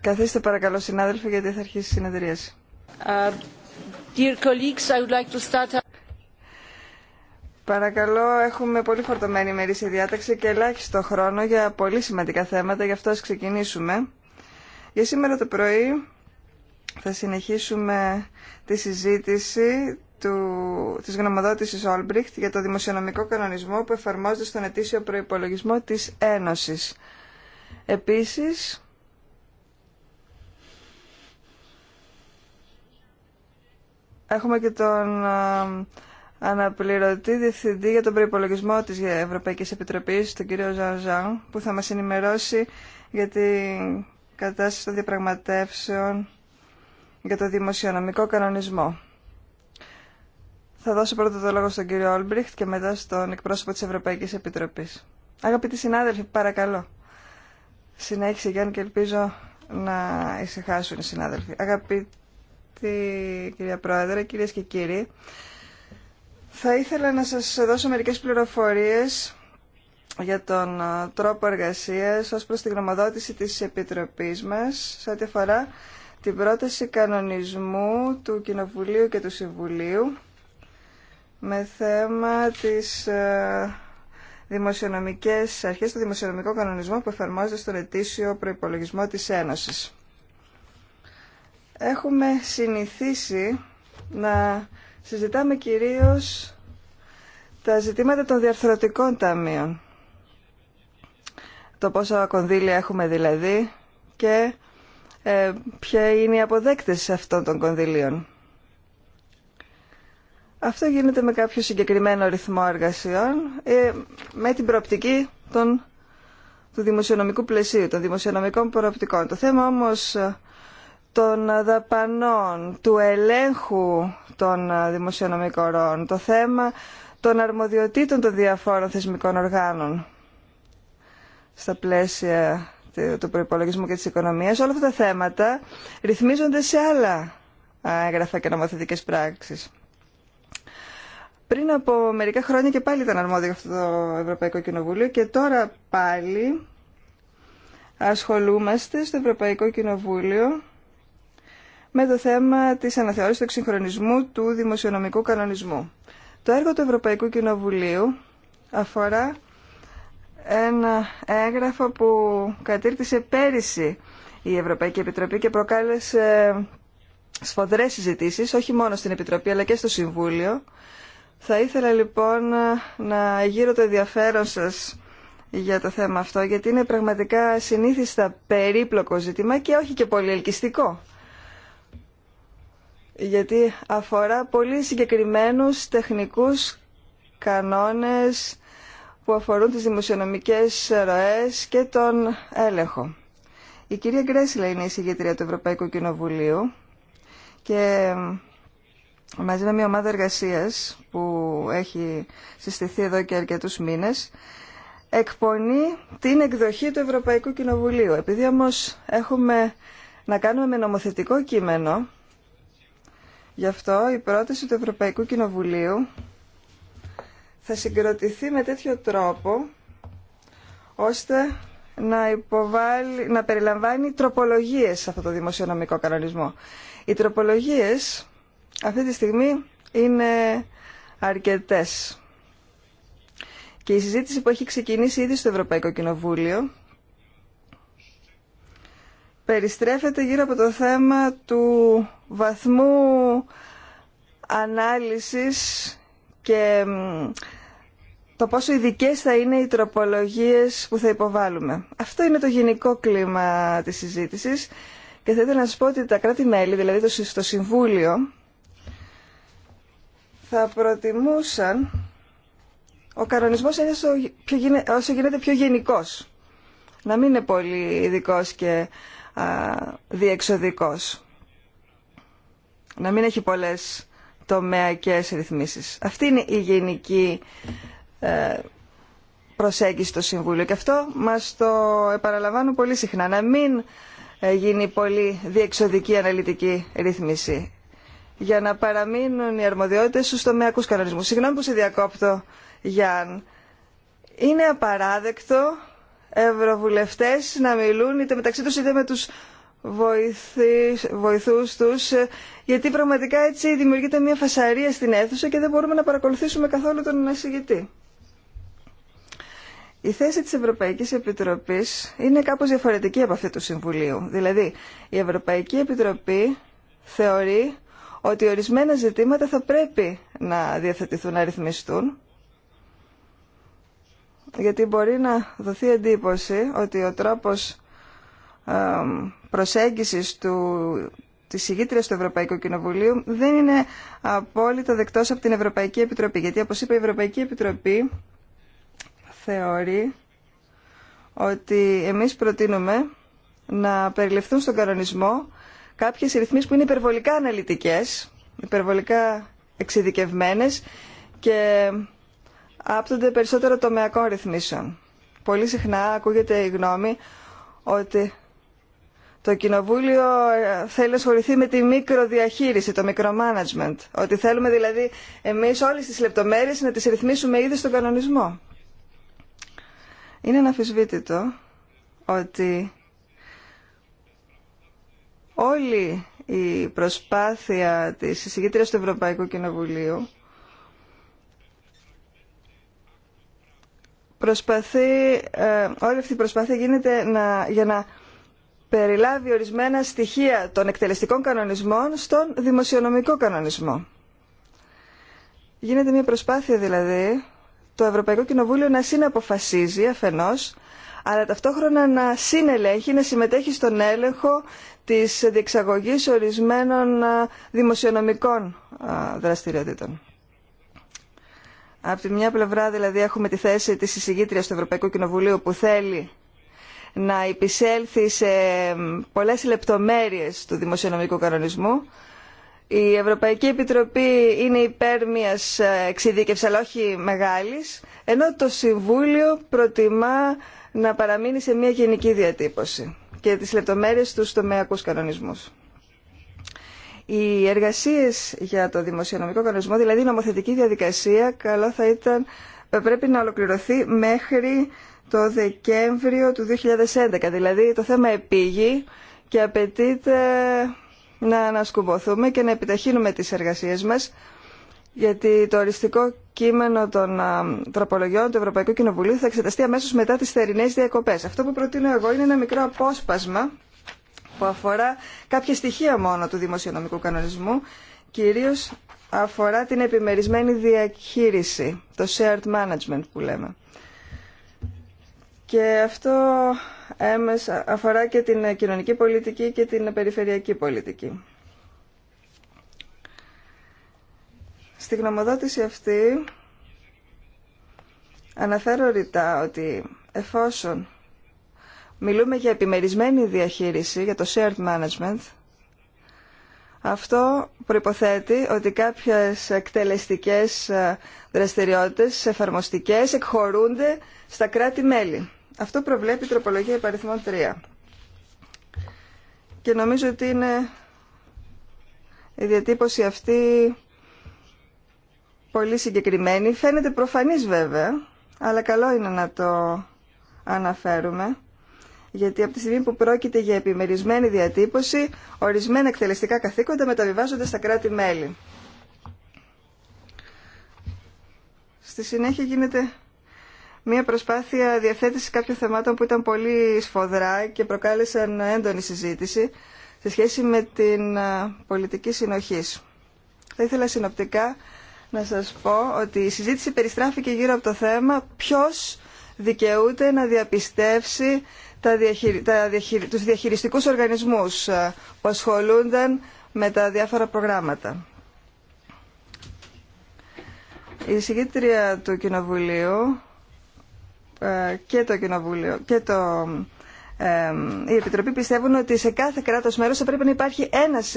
Καθίστε παρακαλώ συνάδελφοι γιατί θα αρχίσει η συνεδρίαση. Uh, dear colleagues, I would like to start... Παρακαλώ, έχουμε πολύ φορτωμένη ημερήσια διάταξη και ελάχιστο χρόνο για πολύ σημαντικά θέματα, γι' αυτό ας ξεκινήσουμε. Για σήμερα το πρωί θα συνεχίσουμε τη συζήτηση του, της γνωμοδότησης Όλμπριχτ για το δημοσιονομικό κανονισμό που εφαρμόζεται στον ετήσιο προϋπολογισμό της Ένωσης. Επίσης, έχουμε και τον ε, αναπληρωτή διευθυντή για τον προϋπολογισμό της Ευρωπαϊκής Επιτροπής, τον κύριο Ζαν που θα μας ενημερώσει για την κατάσταση των διαπραγματεύσεων για το δημοσιονομικό κανονισμό. Θα δώσω πρώτα το λόγο στον κύριο Όλμπριχτ και μετά στον εκπρόσωπο της Ευρωπαϊκής Επιτροπής. Αγαπητοί συνάδελφοι, παρακαλώ. Συνέχισε Γιάννη και ελπίζω να ησυχάσουν οι συνάδελφοι. Αγαπητή κυρία Πρόεδρε, κυρίες και κύριοι, θα ήθελα να σας δώσω μερικές πληροφορίες για τον τρόπο εργασίας ως προς τη γνωμοδότηση της Επιτροπής μας σε ό,τι αφορά την πρόταση κανονισμού του Κοινοβουλίου και του Συμβουλίου με θέμα τις ε, δημοσιονομικές αρχές, του δημοσιονομικού κανονισμού που εφαρμόζεται στον ετήσιο προϋπολογισμό της Ένωσης. Έχουμε συνηθίσει να συζητάμε κυρίως τα ζητήματα των διαρθρωτικών ταμείων. Το πόσα κονδύλια έχουμε δηλαδή και ε, ποια είναι η αποδέκτηση αυτών των κονδυλίων. Αυτό γίνεται με κάποιο συγκεκριμένο ρυθμό εργασιών, ε, με την προοπτική των, του δημοσιονομικού πλαισίου, των δημοσιονομικών προοπτικών. Το θέμα όμως ε, των δαπανών, του ελέγχου των ε, δημοσιονομικών οργάνων το θέμα των αρμοδιοτήτων των διαφόρων θεσμικών οργάνων στα πλαίσια του προϋπολογισμού και της οικονομίας, όλα αυτά τα θέματα ρυθμίζονται σε άλλα έγγραφα και νομοθετικές πράξεις. Πριν από μερικά χρόνια και πάλι ήταν αρμόδιο αυτό το Ευρωπαϊκό Κοινοβούλιο και τώρα πάλι ασχολούμαστε στο Ευρωπαϊκό Κοινοβούλιο με το θέμα της αναθεώρησης του εξυγχρονισμού του δημοσιονομικού κανονισμού. Το έργο του Ευρωπαϊκού Κοινοβουλίου αφορά ένα έγγραφο που κατήρτισε πέρυσι η Ευρωπαϊκή Επιτροπή και προκάλεσε σφοδρές συζητήσεις, όχι μόνο στην Επιτροπή αλλά και στο Συμβούλιο, θα ήθελα λοιπόν να γύρω το ενδιαφέρον σας για το θέμα αυτό, γιατί είναι πραγματικά συνήθιστα περίπλοκο ζήτημα και όχι και πολύ ελκυστικό. Γιατί αφορά πολύ συγκεκριμένους τεχνικούς κανόνες που αφορούν τις δημοσιονομικές ροές και τον έλεγχο. Η κυρία Γκρέσλα είναι η συγγετρία του Ευρωπαϊκού Κοινοβουλίου και μαζί με μια ομάδα εργασίας που έχει συστηθεί εδώ και αρκετούς μήνες εκπονεί την εκδοχή του Ευρωπαϊκού Κοινοβουλίου. Επειδή όμως έχουμε να κάνουμε με νομοθετικό κείμενο, γι' αυτό η πρόταση του Ευρωπαϊκού Κοινοβουλίου θα συγκροτηθεί με τέτοιο τρόπο ώστε να, υποβάλει, να περιλαμβάνει τροπολογίες σε αυτό το δημοσιονομικό κανονισμό. Οι τροπολογίες αυτή τη στιγμή είναι αρκετές. Και η συζήτηση που έχει ξεκινήσει ήδη στο Ευρωπαϊκό Κοινοβούλιο περιστρέφεται γύρω από το θέμα του βαθμού ανάλυσης και το πόσο ειδικέ θα είναι οι τροπολογίες που θα υποβάλουμε. Αυτό είναι το γενικό κλίμα της συζήτησης και θα να σας πω ότι τα κράτη-μέλη, δηλαδή το στο Συμβούλιο, θα προτιμούσαν ο κανονισμός είναι όσο γίνεται πιο γενικός. Να μην είναι πολύ ειδικό και α, διεξοδικός. Να μην έχει πολλές τομεακές ρυθμίσεις. Αυτή είναι η γενική ε, προσέγγιση στο Συμβούλιο και αυτό μας το επαναλαμβάνω πολύ συχνά. Να μην ε, γίνει πολύ διεξοδική αναλυτική ρυθμίση για να παραμείνουν οι αρμοδιότητες στους τομεακούς κανονισμού. Συγγνώμη που σε διακόπτω, Γιάνν. Είναι απαράδεκτο ευρωβουλευτές να μιλούν είτε μεταξύ τους είτε με τους βοηθούς, τους, γιατί πραγματικά έτσι δημιουργείται μια φασαρία στην αίθουσα και δεν μπορούμε να παρακολουθήσουμε καθόλου τον εισηγητή. Η θέση της Ευρωπαϊκής Επιτροπής είναι κάπως διαφορετική από αυτή του Συμβουλίου. Δηλαδή, η Ευρωπαϊκή Επιτροπή θεωρεί ότι ορισμένα ζητήματα θα πρέπει να διαθετηθούν, να ρυθμιστούν, γιατί μπορεί να δοθεί εντύπωση ότι ο τρόπος προσέγγισης του, της ηγήτριας του Ευρωπαϊκού Κοινοβουλίου δεν είναι απόλυτα δεκτός από την Ευρωπαϊκή Επιτροπή. Γιατί, όπως είπα, η Ευρωπαϊκή Επιτροπή θεωρεί ότι εμείς προτείνουμε να περιληφθούν στον κανονισμό κάποιες ρυθμίσεις που είναι υπερβολικά αναλυτικές, υπερβολικά εξειδικευμένες και άπτονται περισσότερο τομεακών ρυθμίσεων. Πολύ συχνά ακούγεται η γνώμη ότι το Κοινοβούλιο ε, θέλει να ασχοληθεί με τη μικροδιαχείριση, το micromanagement. Ότι θέλουμε δηλαδή εμείς όλες τις λεπτομέρειες να τις ρυθμίσουμε ήδη στον κανονισμό. Είναι αναφυσβήτητο ότι Όλη η προσπάθεια της εισηγήτριας του Ευρωπαϊκού Κοινοβουλίου προσπαθεί, ε, όλη αυτή η προσπάθεια γίνεται να, για να περιλάβει ορισμένα στοιχεία των εκτελεστικών κανονισμών στον δημοσιονομικό κανονισμό. Γίνεται μια προσπάθεια δηλαδή το Ευρωπαϊκό Κοινοβούλιο να συναποφασίζει αφενός, αλλά ταυτόχρονα να συνελέγχει, να συμμετέχει στον έλεγχο της διεξαγωγής ορισμένων δημοσιονομικών δραστηριοτήτων. Από τη μια πλευρά δηλαδή έχουμε τη θέση της εισηγήτριας του Ευρωπαϊκού Κοινοβουλίου που θέλει να υπησέλθει σε πολλές λεπτομέρειες του δημοσιονομικού κανονισμού. Η Ευρωπαϊκή Επιτροπή είναι υπέρ μιας ε, εξειδίκευσης αλλά όχι μεγάλης, ενώ το Συμβούλιο προτιμά να παραμείνει σε μια γενική διατύπωση και τις λεπτομέρειες του τομεακούς κανονισμούς. Οι εργασίες για το δημοσιονομικό κανονισμό, δηλαδή η νομοθετική διαδικασία, καλό θα ήταν, ε, πρέπει να ολοκληρωθεί μέχρι το Δεκέμβριο του 2011. Δηλαδή το θέμα επήγει και απαιτείται να ανασκουμποθούμε και να επιταχύνουμε τις εργασίες μας γιατί το οριστικό κείμενο των τροπολογιών του Ευρωπαϊκού Κοινοβουλίου θα εξεταστεί αμέσως μετά τις θερινές διακοπές. Αυτό που προτείνω εγώ είναι ένα μικρό απόσπασμα που αφορά κάποια στοιχεία μόνο του δημοσιονομικού κανονισμού, κυρίως αφορά την επιμερισμένη διαχείριση, το shared management που λέμε. Και αυτό αφορά και την κοινωνική πολιτική και την περιφερειακή πολιτική. Στη γνωμοδότηση αυτή αναφέρω ρητά ότι εφόσον μιλούμε για επιμερισμένη διαχείριση, για το shared management, αυτό προϋποθέτει ότι κάποιες εκτελεστικές ε, δραστηριότητες, εφαρμοστικές, εκχωρούνται στα κράτη-μέλη. Αυτό προβλέπει η τροπολογία υπαριθμών 3. Και νομίζω ότι είναι η διατύπωση αυτή πολύ συγκεκριμένη. Φαίνεται προφανής βέβαια, αλλά καλό είναι να το αναφέρουμε. Γιατί από τη στιγμή που πρόκειται για επιμερισμένη διατύπωση, ορισμένα εκτελεστικά καθήκοντα μεταβιβάζονται στα κράτη-μέλη. Στη συνέχεια γίνεται μια προσπάθεια διαθέτησης κάποιων θεμάτων που ήταν πολύ σφοδρά και προκάλεσαν έντονη συζήτηση σε σχέση με την πολιτική συνοχής. Θα ήθελα συνοπτικά να σας πω ότι η συζήτηση περιστράφηκε γύρω από το θέμα ποιος δικαιούται να διαπιστεύσει τα Τα τους διαχειριστικούς οργανισμούς ε, που ασχολούνταν με τα διάφορα προγράμματα. Η συγκήτρια του Κοινοβουλίου ε, και το Κοινοβούλιο και το, ε, η Επιτροπή πιστεύουν ότι σε κάθε κράτος μέρος θα πρέπει να υπάρχει ένας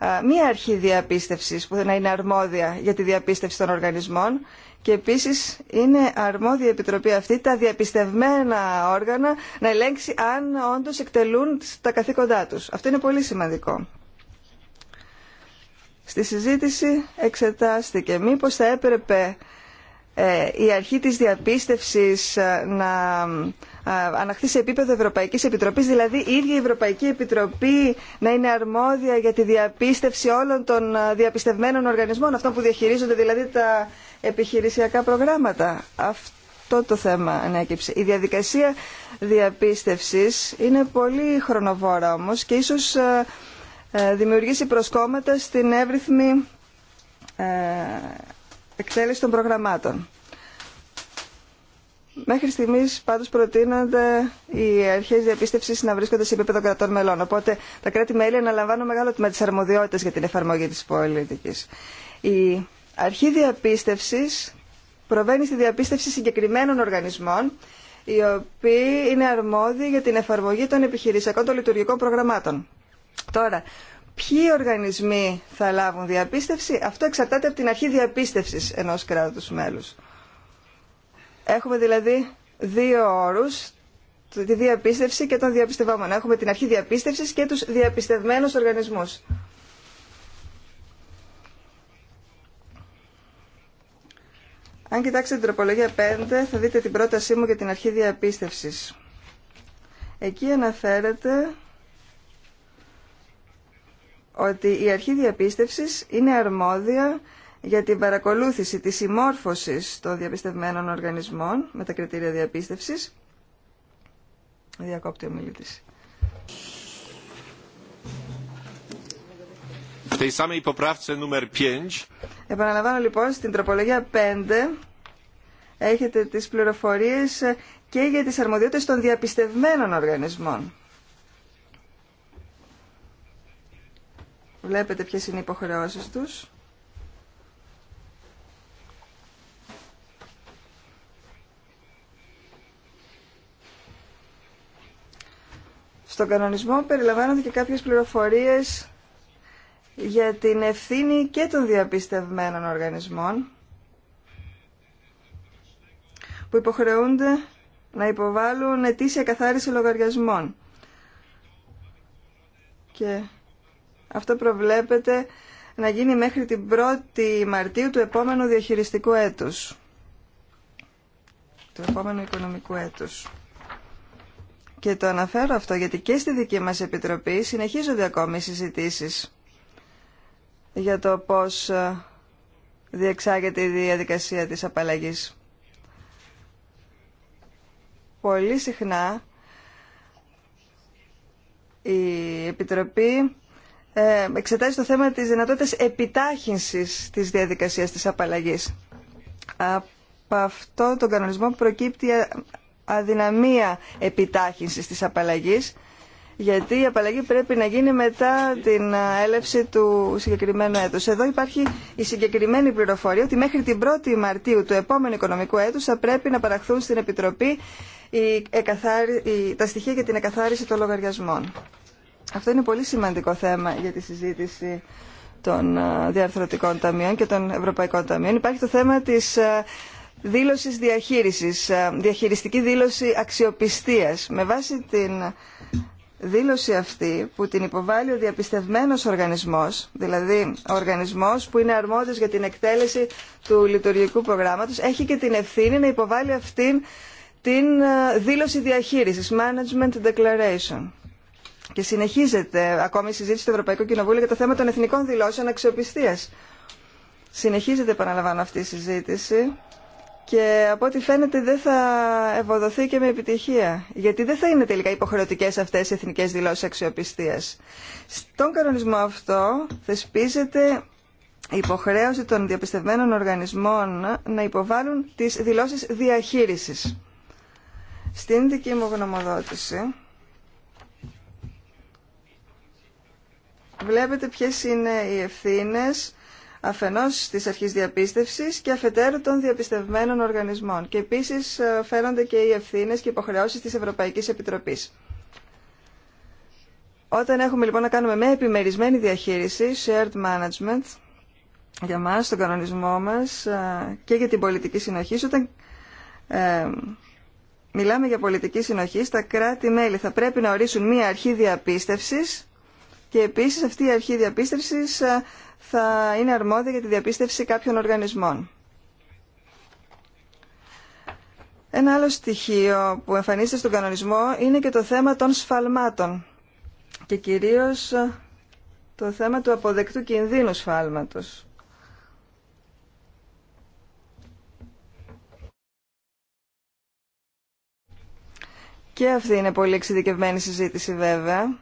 μία αρχή διαπίστευσης που να είναι αρμόδια για τη διαπίστευση των οργανισμών και επίσης είναι αρμόδια η Επιτροπή αυτή τα διαπιστευμένα όργανα να ελέγξει αν όντως εκτελούν τα καθήκοντά τους. Αυτό είναι πολύ σημαντικό. Στη συζήτηση εξετάστηκε μήπως θα έπρεπε ε, η αρχή της διαπίστευσης ε, να αναχθεί σε επίπεδο Ευρωπαϊκής Επιτροπής, δηλαδή η ίδια η Ευρωπαϊκή Επιτροπή να είναι αρμόδια για τη διαπίστευση όλων των διαπιστευμένων οργανισμών, αυτών που διαχειρίζονται δηλαδή τα επιχειρησιακά προγράμματα. Αυτό το θέμα ανέκυψε. Η διαδικασία διαπίστευσης είναι πολύ χρονοβόρα όμως και ίσως δημιουργήσει προσκόμματα στην εύρυθμη εκτέλεση των προγραμμάτων. Μέχρι στιγμή πάντω προτείνονται οι αρχέ διαπίστευση να βρίσκονται σε επίπεδο κρατών μελών. Οπότε τα κράτη-μέλη αναλαμβάνουν μεγάλο τμήμα τη αρμοδιότητα για την εφαρμογή τη πολιτική. Η αρχή διαπίστευση προβαίνει στη διαπίστευση συγκεκριμένων οργανισμών, οι οποίοι είναι αρμόδιοι για την εφαρμογή των επιχειρησιακών των λειτουργικών προγραμμάτων. Τώρα, ποιοι οργανισμοί θα λάβουν διαπίστευση, αυτό εξαρτάται από την αρχή διαπίστευση ενό κράτου μέλου. Έχουμε δηλαδή δύο όρους, τη διαπίστευση και τον διαπιστευόμενο. Έχουμε την αρχή διαπίστευσης και τους διαπιστευμένους οργανισμούς. Αν κοιτάξετε την τροπολογία 5, θα δείτε την πρότασή μου για την αρχή διαπίστευσης. Εκεί αναφέρεται ότι η αρχή διαπίστευσης είναι αρμόδια για την παρακολούθηση της συμμόρφωσης των διαπιστευμένων οργανισμών με τα κριτήρια διαπίστευσης. Διακόπτει ο μιλήτης. Επαναλαμβάνω λοιπόν στην τροπολογία 5 έχετε τις πληροφορίες και για τις αρμοδιότητες των διαπιστευμένων οργανισμών. Βλέπετε ποιες είναι οι υποχρεώσεις τους. Στον κανονισμό περιλαμβάνονται και κάποιες πληροφορίες για την ευθύνη και των διαπιστευμένων οργανισμών που υποχρεούνται να υποβάλουν ετήσια καθάριση λογαριασμών. Και αυτό προβλέπεται να γίνει μέχρι την 1η Μαρτίου του επόμενου διαχειριστικού έτους, του επόμενου οικονομικού έτους. Και το αναφέρω αυτό γιατί και στη δική μας Επιτροπή συνεχίζονται ακόμη οι συζητήσεις για το πώς ε, διεξάγεται η διαδικασία της απαλλαγής. Πολύ συχνά η Επιτροπή ε, εξετάζει το θέμα της δυνατότητας επιτάχυνσης της διαδικασίας της απαλλαγής. Από αυτό τον κανονισμό προκύπτει ε, αδυναμία επιτάχυνσης της απαλλαγής, γιατί η απαλλαγή πρέπει να γίνει μετά την έλευση του συγκεκριμένου έτους. Εδώ υπάρχει η συγκεκριμένη πληροφορία ότι μέχρι την 1η Μαρτίου του επόμενου οικονομικού έτους θα πρέπει να παραχθούν στην Επιτροπή τα στοιχεία για την εκαθάριση των λογαριασμών. Αυτό είναι πολύ σημαντικό θέμα για τη συζήτηση των ε, διαρθρωτικών ταμείων και των ευρωπαϊκών ταμείων. Υπάρχει το θέμα της ε, δήλωσης διαχείρισης, ε, διαχειριστική δήλωση αξιοπιστίας. Με βάση την δήλωση αυτή που την υποβάλλει ο διαπιστευμένος οργανισμός, δηλαδή ο οργανισμός που είναι αρμόδιος για την εκτέλεση του λειτουργικού προγράμματος, έχει και την ευθύνη να υποβάλει αυτήν την ε, δήλωση διαχείρισης, Management Declaration. Και συνεχίζεται ακόμη η συζήτηση του Ευρωπαϊκό Κοινοβούλιο για το θέμα των εθνικών δηλώσεων αξιοπιστίας. Συνεχίζεται, επαναλαμβάνω, αυτή η συζήτηση και από ό,τι φαίνεται δεν θα ευοδοθεί και με επιτυχία. Γιατί δεν θα είναι τελικά υποχρεωτικές αυτές οι εθνικές δηλώσεις αξιοπιστίας. Στον κανονισμό αυτό θεσπίζεται η υποχρέωση των διαπιστευμένων οργανισμών να υποβάλουν τις δηλώσεις διαχείρισης. Στην δική μου γνωμοδότηση βλέπετε ποιες είναι οι ευθύνες αφενός της αρχής διαπίστευσης και αφετέρου των διαπιστευμένων οργανισμών. Και επίσης ε, φέρονται και οι ευθύνε και υποχρεώσεις της Ευρωπαϊκής Επιτροπής. Όταν έχουμε λοιπόν να κάνουμε με επιμερισμένη διαχείριση, shared management, για μας, τον κανονισμό μας ε, και για την πολιτική συνοχή, όταν ε, μιλάμε για πολιτική συνοχή, τα κράτη-μέλη θα πρέπει να ορίσουν μία αρχή διαπίστευσης και επίσης αυτή η αρχή διαπίστευσης θα είναι αρμόδια για τη διαπίστευση κάποιων οργανισμών. Ένα άλλο στοιχείο που εμφανίζεται στον κανονισμό είναι και το θέμα των σφαλμάτων και κυρίως ε, το θέμα του αποδεκτού κινδύνου σφάλματος. Και αυτή είναι πολύ εξειδικευμένη συζήτηση βέβαια.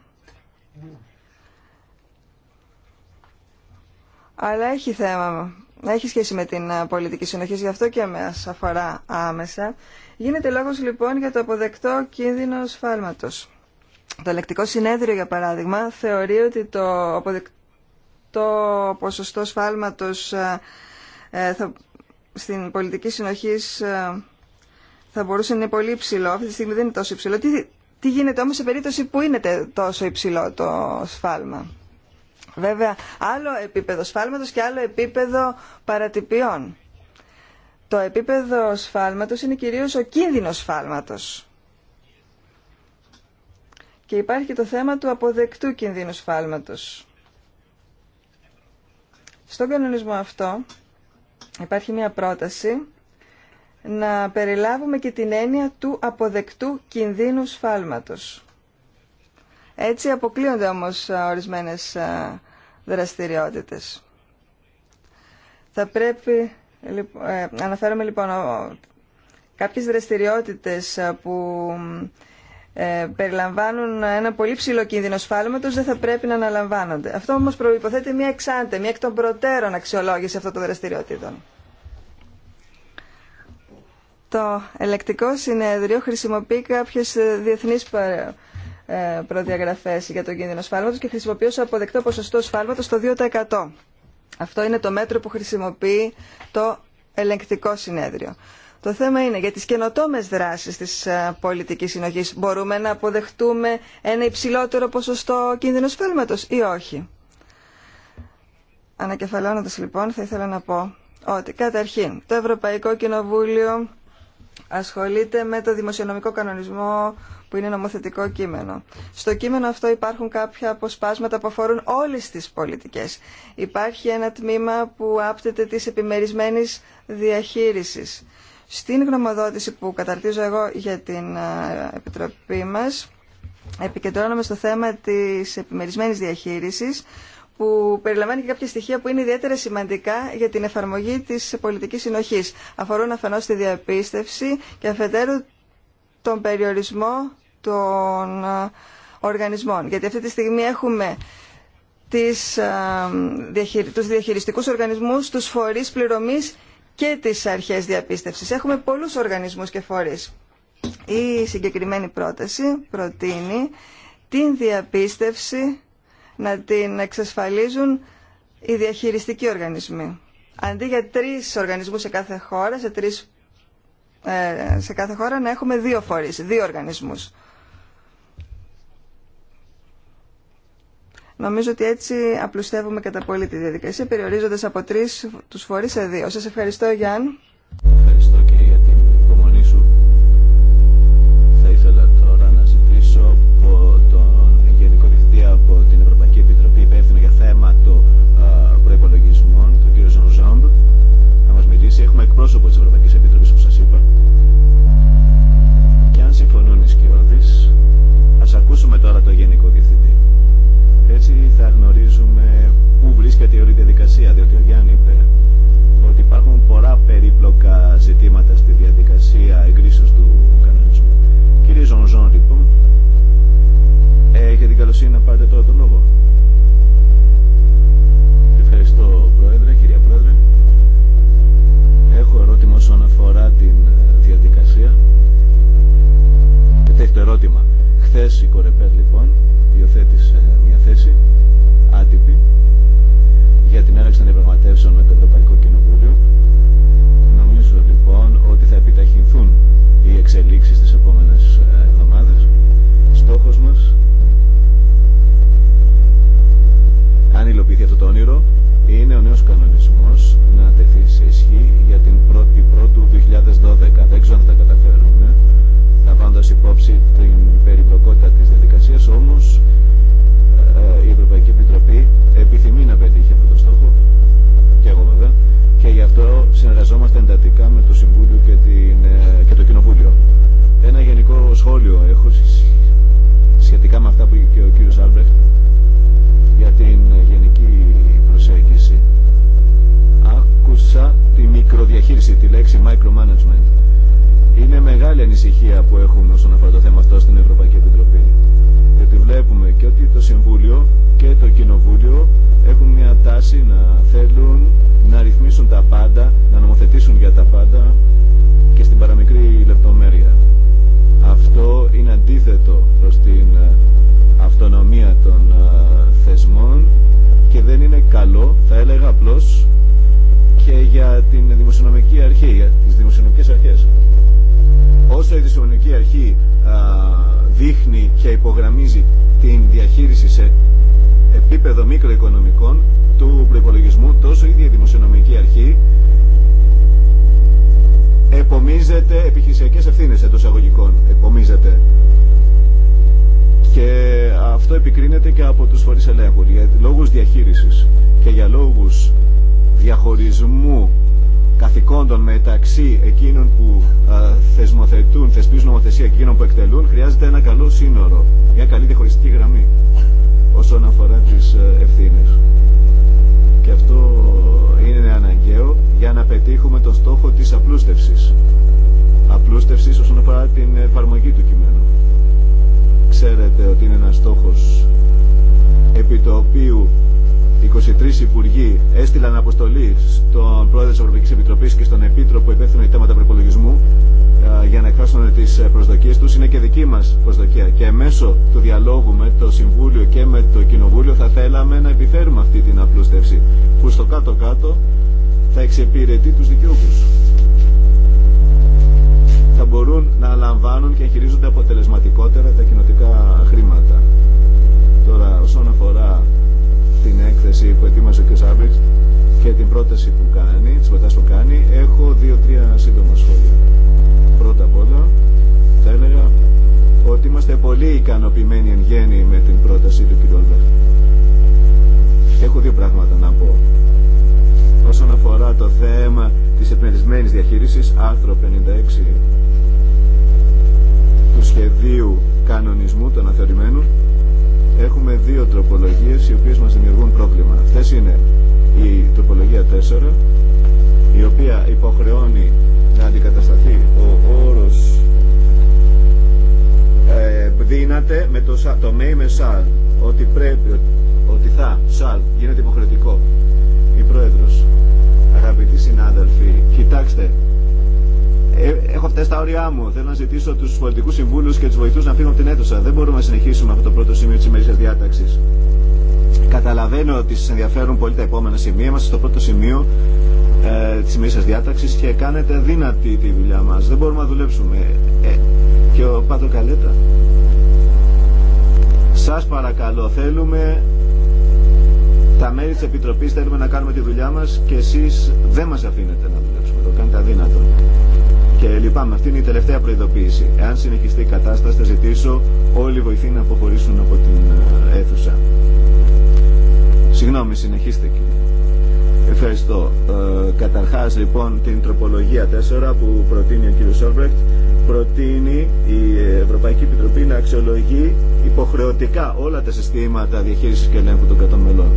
αλλά έχει θέμα, έχει σχέση με την ε, πολιτική συνοχή, γι' αυτό και με αφορά άμεσα. Γίνεται λόγο λοιπόν για το αποδεκτό κίνδυνο σφάλματο. Το ελεκτικό συνέδριο, για παράδειγμα, θεωρεί ότι το αποδεκτό ποσοστό σφάλματος ε, ε, στην πολιτική συνοχή θα μπορούσε να είναι πολύ υψηλό. Αυτή τη στιγμή δεν είναι τόσο υψηλό. Τι, γίνεται όμως σε περίπτωση που είναι τόσο υψηλό το σφάλμα. Βέβαια, άλλο επίπεδο σφάλματος και άλλο επίπεδο παρατυπιών. Το επίπεδο σφάλματος είναι κυρίως ο κίνδυνος σφάλματος. Και υπάρχει και το θέμα του αποδεκτού κινδύνου σφάλματος. Στον κανονισμό αυτό υπάρχει μια πρόταση να περιλάβουμε και την έννοια του αποδεκτού κινδύνου σφάλματος. Έτσι αποκλείονται όμως ε, ορισμένες ε, δραστηριότητες. Θα πρέπει, ε, αναφέρομαι λοιπόν, κάποιες δραστηριότητες που ε, περιλαμβάνουν ένα πολύ ψηλό κίνδυνο σφάλματος δεν θα πρέπει να αναλαμβάνονται. Αυτό όμως προϋποθέτει μια εξάντε, μια εκ των προτέρων αξιολόγηση αυτών των δραστηριοτήτων. Το ελεκτικό συνέδριο χρησιμοποιεί κάποιες ε, διεθνείς ε, Προδιαγραφέ για τον κίνδυνο σφάλματο και χρησιμοποιώ αποδεκτό ποσοστό σφάλματος το 2%. Αυτό είναι το μέτρο που χρησιμοποιεί το ελεγκτικό συνέδριο. Το θέμα είναι για τις καινοτόμες δράσεις της ε, πολιτικής συνοχής μπορούμε να αποδεχτούμε ένα υψηλότερο ποσοστό κίνδυνο σφάλματος ή όχι. Ανακεφαλώνοντα λοιπόν θα ήθελα να πω ότι καταρχήν το Ευρωπαϊκό Κοινοβούλιο ασχολείται με το δημοσιονομικό κανονισμό που είναι νομοθετικό κείμενο. Στο κείμενο αυτό υπάρχουν κάποια αποσπάσματα που αφορούν όλες τις πολιτικές. Υπάρχει ένα τμήμα που άπτεται της επιμερισμένης διαχείρισης. Στην γνωμοδότηση που καταρτίζω εγώ για την Επιτροπή μας, επικεντρώνομαι στο θέμα της επιμερισμένης διαχείρισης, που περιλαμβάνει και κάποια στοιχεία που είναι ιδιαίτερα σημαντικά για την εφαρμογή τη πολιτική συνοχή. Αφορούν αφενός τη διαπίστευση και αφετέρου τον περιορισμό των ε, οργανισμών. Γιατί αυτή τη στιγμή έχουμε τις, ε, τους διαχειριστικούς οργανισμούς, τους φορείς πληρωμής και τις αρχές διαπίστευσης. Έχουμε πολλούς οργανισμούς και φορείς. Η συγκεκριμένη πρόταση προτείνει την διαπίστευση να την εξασφαλίζουν οι διαχειριστικοί οργανισμοί. Αντί για τρεις οργανισμούς σε κάθε χώρα, σε τρεις ε, σε κάθε χώρα να έχουμε δύο φορείς, δύο οργανισμούς. Νομίζω ότι έτσι απλουστεύουμε κατά πολύ τη διαδικασία, περιορίζοντας από τρεις τους φορείς σε δύο. Σας ευχαριστώ, Γιάννη. δημοσιονομική αρχή, για τις δημοσιονομικές αρχές. Όσο η δημοσιονομική αρχή α, δείχνει και υπογραμμίζει την διαχείριση σε επίπεδο μικροοικονομικών του προπολογισμού, τόσο η ίδια δημοσιονομική αρχή επομίζεται επιχειρησιακές ευθύνες εντός αγωγικών. Επομίζεται. Και αυτό επικρίνεται και από τους φορείς ελέγχου για λόγους διαχείρισης και για λόγους διαχωρισμού καθηκόντων μεταξύ εκείνων που ε, θεσμοθετούν, θεσπίζουν νομοθεσία και εκείνων που εκτελούν, χρειάζεται ένα καλό σύνορο, μια καλή διαχωριστική γραμμή όσον αφορά τις ε, ευθύνες. Και αυτό είναι αναγκαίο για να πετύχουμε το στόχο της απλούστευσης. Απλούστευσης όσον αφορά την εφαρμογή του κειμένου. Ξέρετε ότι είναι ένα στόχος επί το οποίου 23 υπουργοί έστειλαν αποστολή στον πρόεδρο τη Ευρωπαϊκή Επιτροπή και στον επίτροπο υπεύθυνο για θέματα προπολογισμού ε, για να εκφράσουν τι ε, προσδοκίε του. Είναι και δική μα προσδοκία. Και μέσω του διαλόγου με το Συμβούλιο και με το Κοινοβούλιο θα θέλαμε να επιφέρουμε αυτή την απλούστευση που στο κάτω-κάτω θα εξυπηρετεί του δικαιούχου. Θα μπορούν να λαμβάνουν και χειρίζονται αποτελεσματικότερα τα κοινοτικά χρήματα. Τώρα, όσον αφορά την έκθεση που ετοίμασε και ο Σάμπριτ και την πρόταση που κάνει, τη που κάνει, έχω δύο-τρία σύντομα σχόλια. Πρώτα απ' όλα, θα έλεγα ότι είμαστε πολύ ικανοποιημένοι εν γέννη με την πρόταση του κ. Έχω δύο πράγματα να πω. Όσον αφορά το θέμα τη επενδυσμένη διαχείριση άρθρο 56 του σχεδίου κανονισμού των αθεωρημένων, έχουμε δύο τροπολογίες οι οποίες μας δημιουργούν πρόβλημα. Αυτές είναι η τροπολογία 4, η οποία υποχρεώνει να αντικατασταθεί ο όρος ε, δύναται με το, το may με σάλ ότι πρέπει, ότι θα, σάλ γίνεται υποχρεωτικό. Η Πρόεδρος, αγαπητοί συνάδελφοι, κοιτάξτε, ε, έχω φτάσει στα όρια μου. Θέλω να ζητήσω του πολιτικού συμβούλου και του βοηθού να φύγουν από την αίθουσα. Δεν μπορούμε να συνεχίσουμε αυτό το πρώτο σημείο τη ημερήσια διάταξη. Καταλαβαίνω ότι σα ενδιαφέρουν πολύ τα επόμενα σημεία. Είμαστε στο πρώτο σημείο ε, τη ημερήσια διάταξη και κάνετε δύνατη τη δουλειά μα. Δεν μπορούμε να δουλέψουμε. Ε, και ο Πάτρο Καλέτα. Σας παρακαλώ, θέλουμε τα μέλη τη επιτροπή θέλουμε να κάνουμε τη δουλειά μα και εσεί δεν μα αφήνετε να δουλέψουμε. Το κάνετε αδύνατο. Και λυπάμαι, αυτή είναι η τελευταία προειδοποίηση. Εάν συνεχιστεί η κατάσταση, θα ζητήσω όλοι οι βοηθοί να αποχωρήσουν από την ε, αίθουσα. Συγγνώμη, συνεχίστε κύριε. Ευχαριστώ. Ε, καταρχάς λοιπόν την τροπολογία 4 που προτείνει ο κ. Σόλμπρεκτ προτείνει η Ευρωπαϊκή Επιτροπή να αξιολογεί υποχρεωτικά όλα τα συστήματα διαχείριση και ελέγχου των καταμελών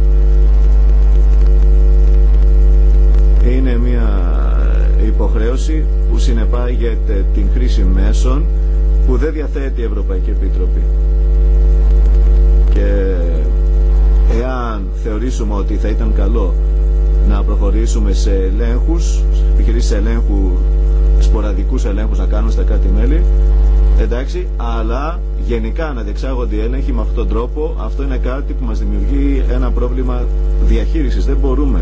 υποχρέωση που συνεπάγεται την χρήση μέσων που δεν διαθέτει η Ευρωπαϊκή Επιτροπή. Και εάν θεωρήσουμε ότι θα ήταν καλό να προχωρήσουμε σε ελέγχους, επιχειρήσεις ελέγχου, σποραδικούς ελέγχους να κάνουμε στα κάτι μέλη, εντάξει, αλλά γενικά να διεξάγονται οι έλεγχοι με αυτόν τον τρόπο, αυτό είναι κάτι που μας δημιουργεί ένα πρόβλημα διαχείρισης. Δεν μπορούμε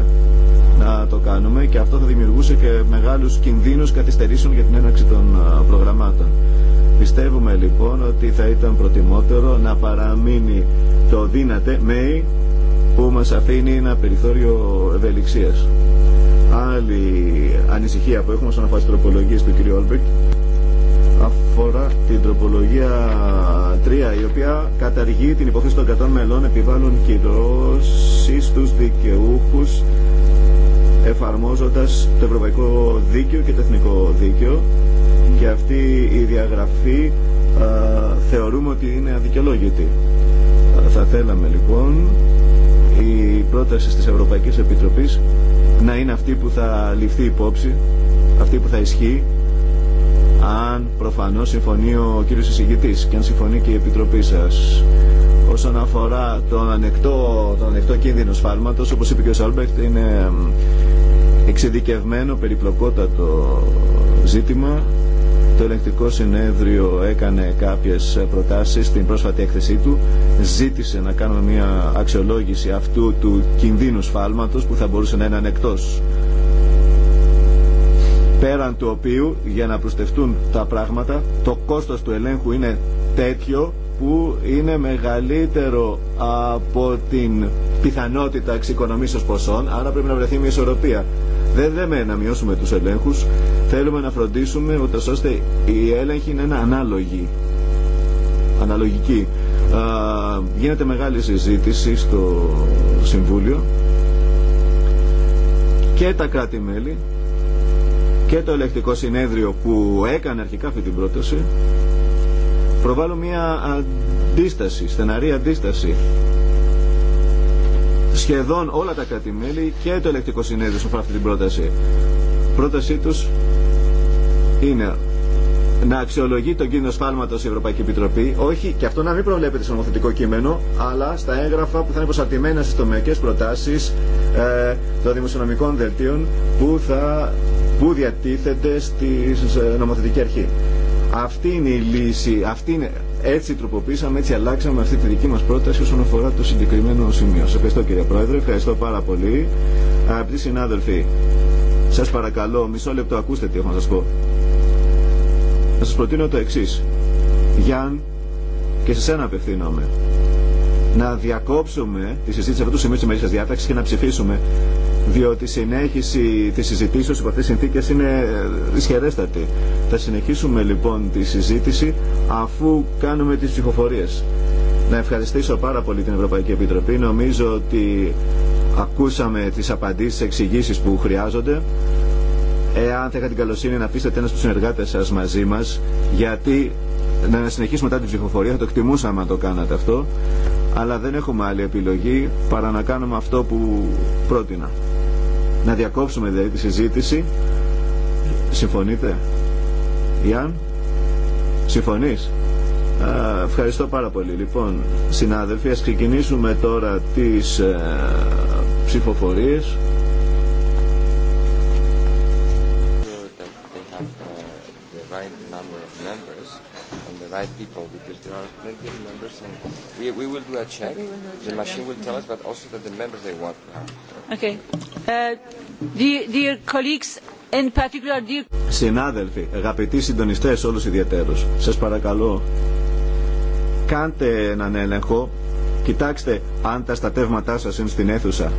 να το κάνουμε και αυτό θα δημιουργούσε και μεγάλους κινδύνους καθυστερήσεων για την έναρξη των προγραμμάτων. Πιστεύουμε λοιπόν ότι θα ήταν προτιμότερο να παραμείνει το δύνατε ΜΕΙ που μας αφήνει ένα περιθώριο ευελιξίας. Άλλη ανησυχία που έχουμε στον αφορά τροπολογίες του κ. Όλμπερτ αφορά την τροπολογία 3 η οποία καταργεί την υπόθεση των 100 μελών επιβάλλουν κυρώσεις στους δικαιούχους εφαρμόζοντας το ευρωπαϊκό δίκαιο και το εθνικό δίκαιο και αυτή η διαγραφή θεωρούμε ότι είναι αδικαιολόγητη. θα θέλαμε λοιπόν η πρόταση της Ευρωπαϊκής Επιτροπής να είναι αυτή που θα ληφθεί υπόψη, αυτή που θα ισχύει αν προφανώς συμφωνεί ο κύριος εισηγητής και αν συμφωνεί και η Επιτροπή σας όσον αφορά τον ανεκτό, τον ανεκτό κίνδυνο σφάλματος όπως είπε και ο Σάλμπερτ είναι εξειδικευμένο περιπλοκότατο ζήτημα το ελεγκτικό συνέδριο έκανε κάποιες προτάσεις στην πρόσφατη έκθεσή του ζήτησε να κάνουμε μια αξιολόγηση αυτού του κινδύνου σφάλματος που θα μπορούσε να είναι ανεκτός πέραν του οποίου για να προστευτούν τα πράγματα το κόστος του ελέγχου είναι τέτοιο που είναι μεγαλύτερο από την πιθανότητα εξοικονομήσεως ποσών, άρα πρέπει να βρεθεί μια ισορροπία. Δεν λέμε να μειώσουμε τους ελέγχους, θέλουμε να φροντίσουμε ούτως ώστε η έλεγχη είναι ανάλογη, αναλογική. γίνεται μεγάλη συζήτηση στο Συμβούλιο και τα κράτη-μέλη και το ελεκτικό συνέδριο που έκανε αρχικά αυτή την πρόταση προβάλλω μια αντίσταση, στεναρή αντίσταση. Σχεδόν όλα τα κράτη-μέλη και το ελεκτικό συνέδριο σε αυτή την πρόταση. Πρότασή του είναι να αξιολογεί τον κίνδυνο σφάλματο η Ευρωπαϊκή Επιτροπή, όχι και αυτό να μην προβλέπεται στο νομοθετικό κείμενο, αλλά στα έγγραφα που θα είναι προσαρτημένα στι τομεακέ προτάσει ε, των δημοσιονομικών δελτίων που, που διατίθεται στη ε, νομοθετική αρχή. Αυτή είναι η λύση. Αυτή Έτσι τροποποίησαμε, έτσι αλλάξαμε αυτή τη δική μας πρόταση όσον αφορά το συγκεκριμένο σημείο. Σε ευχαριστώ κύριε Πρόεδρε, ευχαριστώ πάρα πολύ. Αγαπητοί συνάδελφοι, σας παρακαλώ, μισό λεπτό ακούστε τι έχω να σα πω. Να σα προτείνω το εξή. Γιάν, και σε σένα απευθύνομαι. Να διακόψουμε τη συζήτηση αυτού του σημείου τη μερική διάταξης και να ψηφίσουμε διότι η συνέχιση της συζητήσεως υπό αυτές τις συνθήκες είναι δυσχερέστατη. Ε, θα συνεχίσουμε λοιπόν τη συζήτηση αφού κάνουμε τις ψηφοφορίες. Να ευχαριστήσω πάρα πολύ την Ευρωπαϊκή Επιτροπή. Νομίζω ότι ακούσαμε τις απαντήσεις, εξηγήσει που χρειάζονται. Εάν θα είχα την καλοσύνη να πείσετε ένας από τους συνεργάτες σας μαζί μας, γιατί να συνεχίσουμε μετά την ψηφοφορία, θα το εκτιμούσαμε αν το κάνατε αυτό, αλλά δεν έχουμε άλλη επιλογή παρά να κάνουμε αυτό που πρότεινα. Να διακόψουμε δηλαδή τη συζήτηση. Συμφωνείτε. Ιαν. συμφωνεί. ευχαριστώ πάρα πολύ. Λοιπόν, συνάδελφοι, ας ξεκινήσουμε τώρα τις ε, ψηφοφορίες. Uh, right our not members, and we, we will do a check. Do The machine will tell us, but also that the members they want to have. Okay. Uh, dear, dear colleagues, in particular, dear... Συνάδελφοι, αγαπητοί συντονιστέ, όλου ιδιαίτερου, σα παρακαλώ, κάντε έναν έλεγχο, κοιτάξτε αν τα στατεύματά σα είναι στην αίθουσα.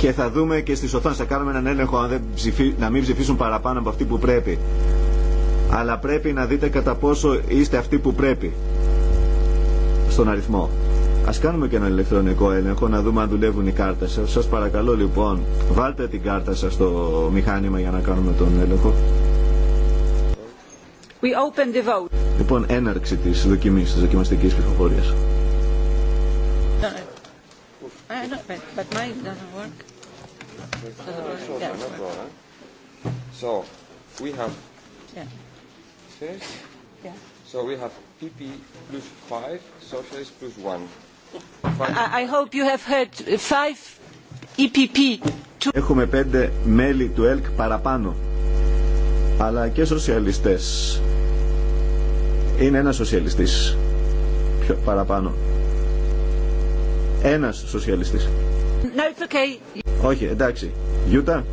και θα δούμε και στι οθόνε. θα κάνουμε έναν έλεγχο αν δεν ψηφί, να μην ψηφίσουν παραπάνω από αυτοί που πρέπει αλλά πρέπει να δείτε κατά πόσο είστε αυτοί που πρέπει στον αριθμό. Ας κάνουμε και ένα ηλεκτρονικό έλεγχο να δούμε αν δουλεύουν οι κάρτες σας. Σας παρακαλώ λοιπόν βάλτε την κάρτα σας στο μηχάνημα για να κάνουμε τον έλεγχο. Λοιπόν, έναρξη της δοκιμής, της δοκιμαστικής πληροφορίας. Uh, yeah. Έχουμε πέντε μέλη του ΕΛΚ παραπάνω, αλλά και σοσιαλιστές. Είναι ένας σοσιαλιστής πιο παραπάνω. Ένας σοσιαλιστής. No, it's okay. Όχι, εντάξει. Γιούτα.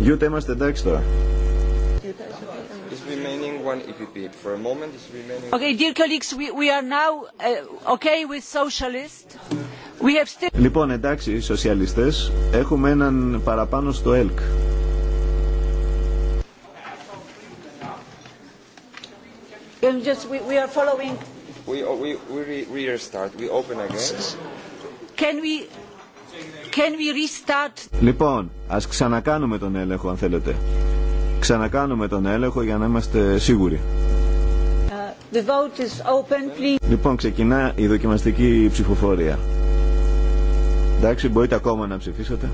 Γιούτα είμαστε εντάξει τώρα. Okay, dear colleagues, we, are now okay with socialists. Λοιπόν, εντάξει, οι σοσιαλιστές, έχουμε έναν παραπάνω στο ΕΛΚ. And just, we, we are following. We, we, we re restart. We open again. Can we, can we restart? Λοιπόν, ας ξανακάνουμε τον έλεγχο αν θέλετε. Ξανακάνουμε τον έλεγχο για να είμαστε σίγουροι. Uh, open, λοιπόν, ξεκινά η δοκιμαστική ψηφοφορία. Εντάξει, μπορείτε ακόμα να ψηφίσετε.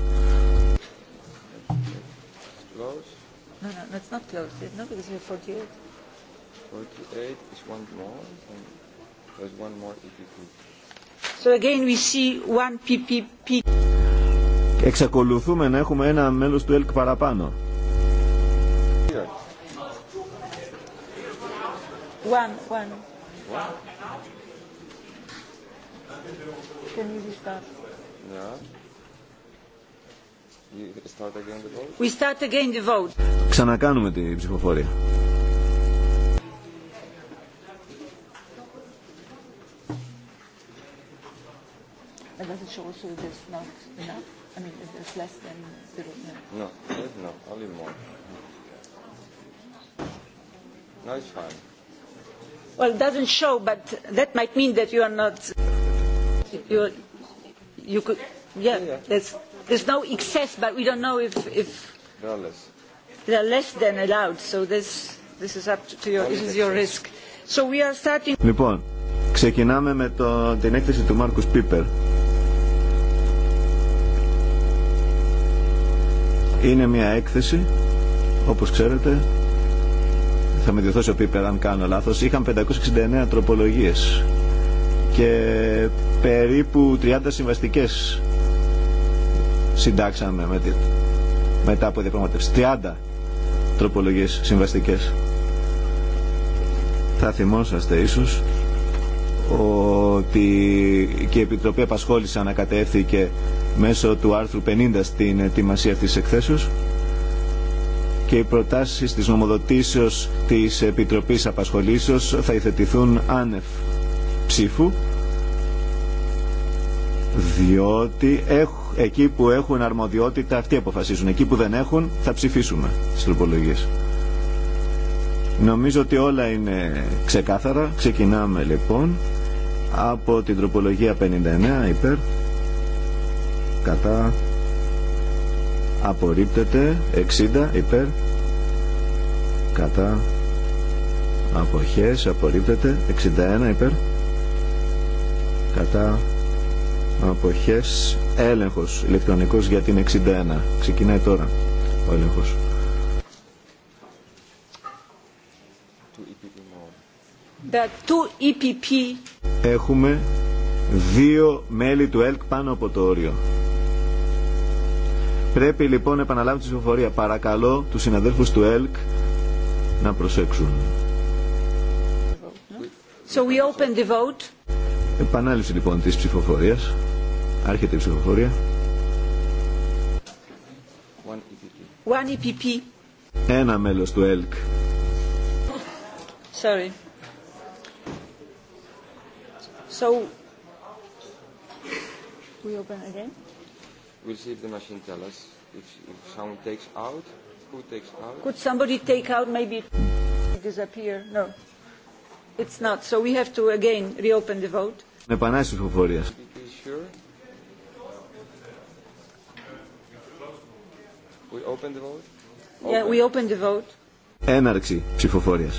Εξακολουθούμε να έχουμε ένα μέλος του ΕΛΚ παραπάνω. One, one. Can you restart? Yeah. You start again the vote? We start again the vote. Ξανακάνουμε την ψηφοφορία. But does it show also that there's not enough? I mean, if there's less than zero? No, no, no only more. No, it's fine. Well, it doesn't show, but that might mean that you are not. You, you could, yeah. There's, there's no excess, but we don't know if if there are less. There are less than allowed, so this this is up to your this is your risk. So we are starting. Λοιπόν, ξεκινάμε με το, την έκθεση του Μάρκους Πίπερ. Είναι μια έκθεση, όπως ξέρετε, θα με διορθώσει ο Πίπερ αν κάνω λάθος, είχαν 569 τροπολογίες και περίπου 30 συμβαστικές συντάξαμε με μετά από διαπραγματεύσεις. 30 τροπολογίες συμβαστικές. Θα θυμόσαστε ίσως ότι και η Επιτροπή Απασχόληση ανακατεύθηκε μέσω του άρθρου 50 στην ετοιμασία αυτής της εκθέσεως και οι προτάσεις της νομοδοτήσεως της Επιτροπής Απασχολήσεως θα υθετηθούν άνευ ψήφου διότι εκεί που έχουν αρμοδιότητα αυτοί αποφασίζουν. Εκεί που δεν έχουν θα ψηφίσουμε στις τροπολογίες. Νομίζω ότι όλα είναι ξεκάθαρα. Ξεκινάμε λοιπόν από την τροπολογία 59 υπέρ κατά απορρίπτεται 60 υπέρ κατά αποχές απορρίπτεται 61 υπέρ κατά αποχές έλεγχος ηλεκτρονικός για την 61 ξεκινάει τώρα ο έλεγχος EPP. E Έχουμε δύο μέλη του ΕΛΚ πάνω από το όριο. Πρέπει λοιπόν να επαναλάβουμε τη ψηφοφορία. Παρακαλώ τους συναδέλφους του ΕΛΚ να προσέξουν. So we open the vote. Επανάληψη λοιπόν της ψηφοφορίας. Άρχεται η ψηφοφορία. E Ένα μέλος του ΕΛΚ. Sorry. So we open again. We'll see if the machine tells us if someone takes out, who takes out. Could somebody take out maybe disappear? No. It's not. So we have to again reopen the vote. Με επανάσταση ψηφοφορία. We open the vote. Yeah, we open the vote. Έναρξη ψηφοφορία.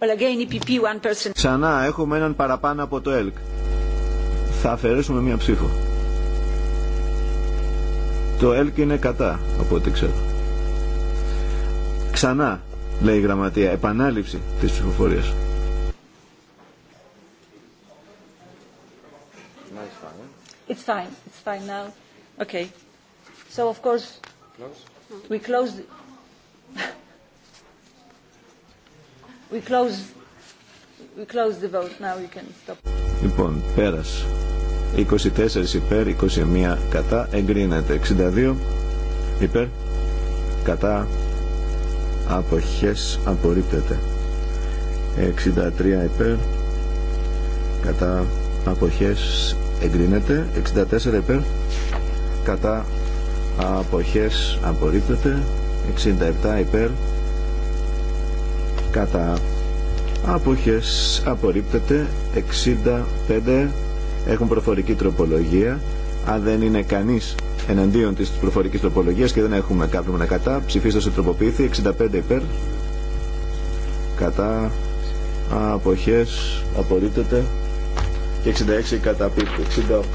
Well, again, EPP, one person. Ξανά έχουμε έναν παραπάνω από το ΕΛΚ θα αφαιρέσουμε μία ψήφο. Το ΕΛΚ είναι κατά, από ό,τι ξέρω. Ξανά, λέει η γραμματεία, επανάληψη της ψηφοφορίας. It's fine. It's fine now. Okay. So of course we close. We close We Λοιπόν, πέρας. 24 υπέρ, 21 κατά, εγκρίνεται. 62 υπέρ, κατά, αποχές, απορρίπτεται. 63 υπέρ, κατά, αποχές, εγκρίνεται. 64 υπέρ, κατά, αποχές, απορρίπτεται. 67 υπέρ, κατά, αποχές απορρίπτεται 65 έχουν προφορική τροπολογία αν δεν είναι κανείς εναντίον της προφορικής τροπολογίας και δεν έχουμε κάποιον κατά ψηφίστε τροποποιηθεί τροποποιήθη 65 υπέρ κατά αποχές απορρίπτεται και 66 κατά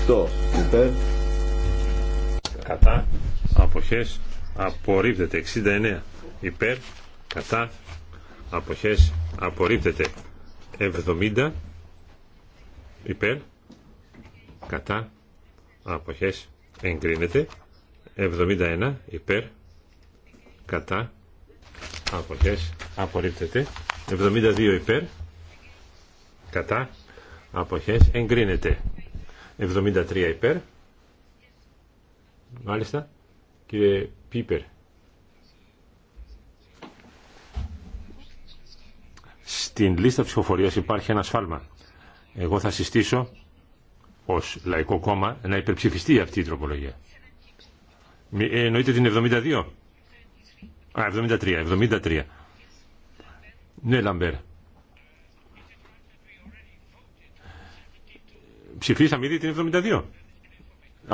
68 υπέρ κατά αποχές απορρίπτεται 69 υπέρ κατά αποχές απορρίπτεται 70 υπέρ κατά αποχές εγκρίνεται 71 υπέρ κατά αποχές απορρίπτεται 72 υπέρ κατά αποχές εγκρίνεται 73 υπέρ μάλιστα κύριε Πίπερ στην λίστα ψηφοφορία υπάρχει ένα σφάλμα. Εγώ θα συστήσω ω Λαϊκό Κόμμα να υπερψηφιστεί αυτή η τροπολογία. Ε, εννοείται την 72. Α, 73, 73. Ναι, Λαμπέρ. Ψηφίσαμε ήδη την 72.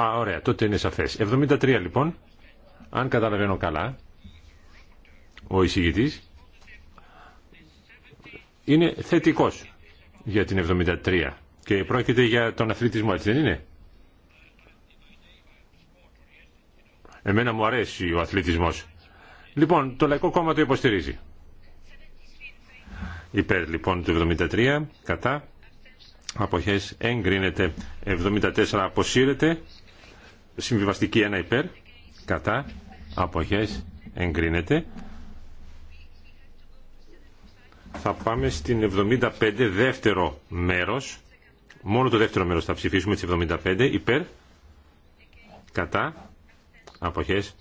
Α, ωραία, τότε είναι σαφέ. 73 λοιπόν, αν καταλαβαίνω καλά, ο εισηγητή είναι θετικό για την 73 και πρόκειται για τον αθλητισμό, έτσι δεν είναι. Εμένα μου αρέσει ο αθλητισμός. Λοιπόν, το Λαϊκό Κόμμα το υποστηρίζει. Υπέρ λοιπόν του 73, κατά, αποχές εγκρίνεται, 74 αποσύρεται, συμβιβαστική ένα υπέρ, κατά, αποχές εγκρίνεται. Θα πάμε στην 75 δεύτερο μέρος. Μόνο το δεύτερο μέρος θα ψηφίσουμε τις 75. Υπέρ. Κατά. Αποχές.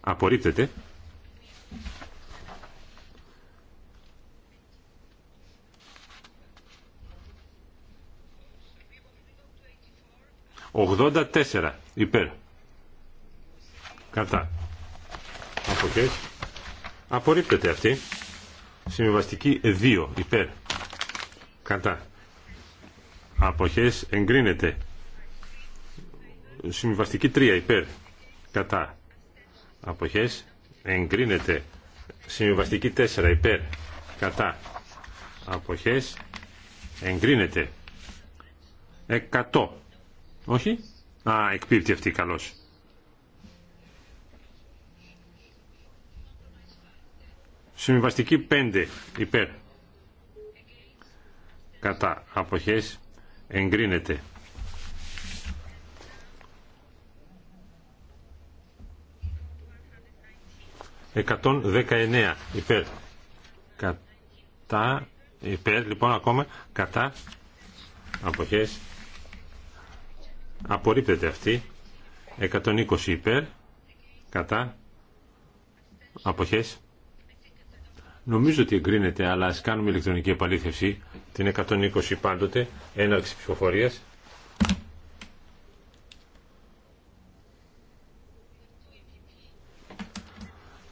Απορρίπτεται. 84 Υπέρ. Κατά. Αποχές. Απορρίπτεται αυτή. Συμβαστική 2 υπέρ. Κατά. Αποχές εγκρίνεται. Συμβαστική 3 υπέρ. Κατά. Αποχές εγκρίνεται. Συμβιβαστική 4 υπέρ. Κατά. Αποχές εγκρίνεται. 100. Όχι. Α, εκπίπτει αυτή καλώς. Συμβαστική 5 υπέρ. Κατά αποχές εγκρίνεται. Εκατόν δεκαεννέα υπέρ. Κατά υπέρ λοιπόν ακόμα κατά αποχές απορρίπτεται αυτή 120 υπέρ κατά αποχές Νομίζω ότι εγκρίνεται, αλλά ας κάνουμε ηλεκτρονική επαλήθευση, την 120 πάντοτε, έναρξη ψηφοφορίας.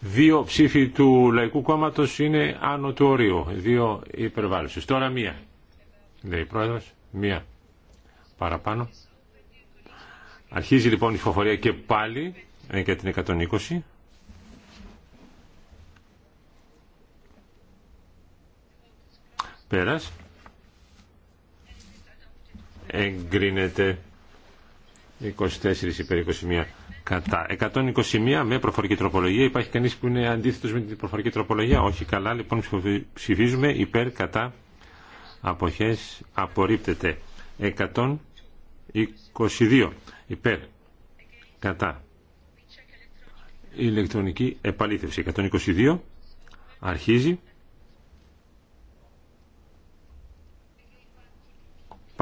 Δύο ψήφοι του Λαϊκού Κόμματος είναι άνω του ορίου, δύο υπερβάλλουσες. Τώρα μία, λέει η Πρόεδρος, μία παραπάνω. Αρχίζει λοιπόν η ψηφοφορία και πάλι, ε, για την 120. Πέρας. Εγκρίνεται 24 υπέρ 21 κατά. 121 με προφορική τροπολογία. Υπάρχει κανείς που είναι αντίθετος με την προφορική τροπολογία. Όχι καλά. Λοιπόν ψηφίζουμε υπέρ κατά. Αποχές απορρίπτεται. 122 υπέρ κατά. Ηλεκτρονική επαλήθευση. 122 αρχίζει.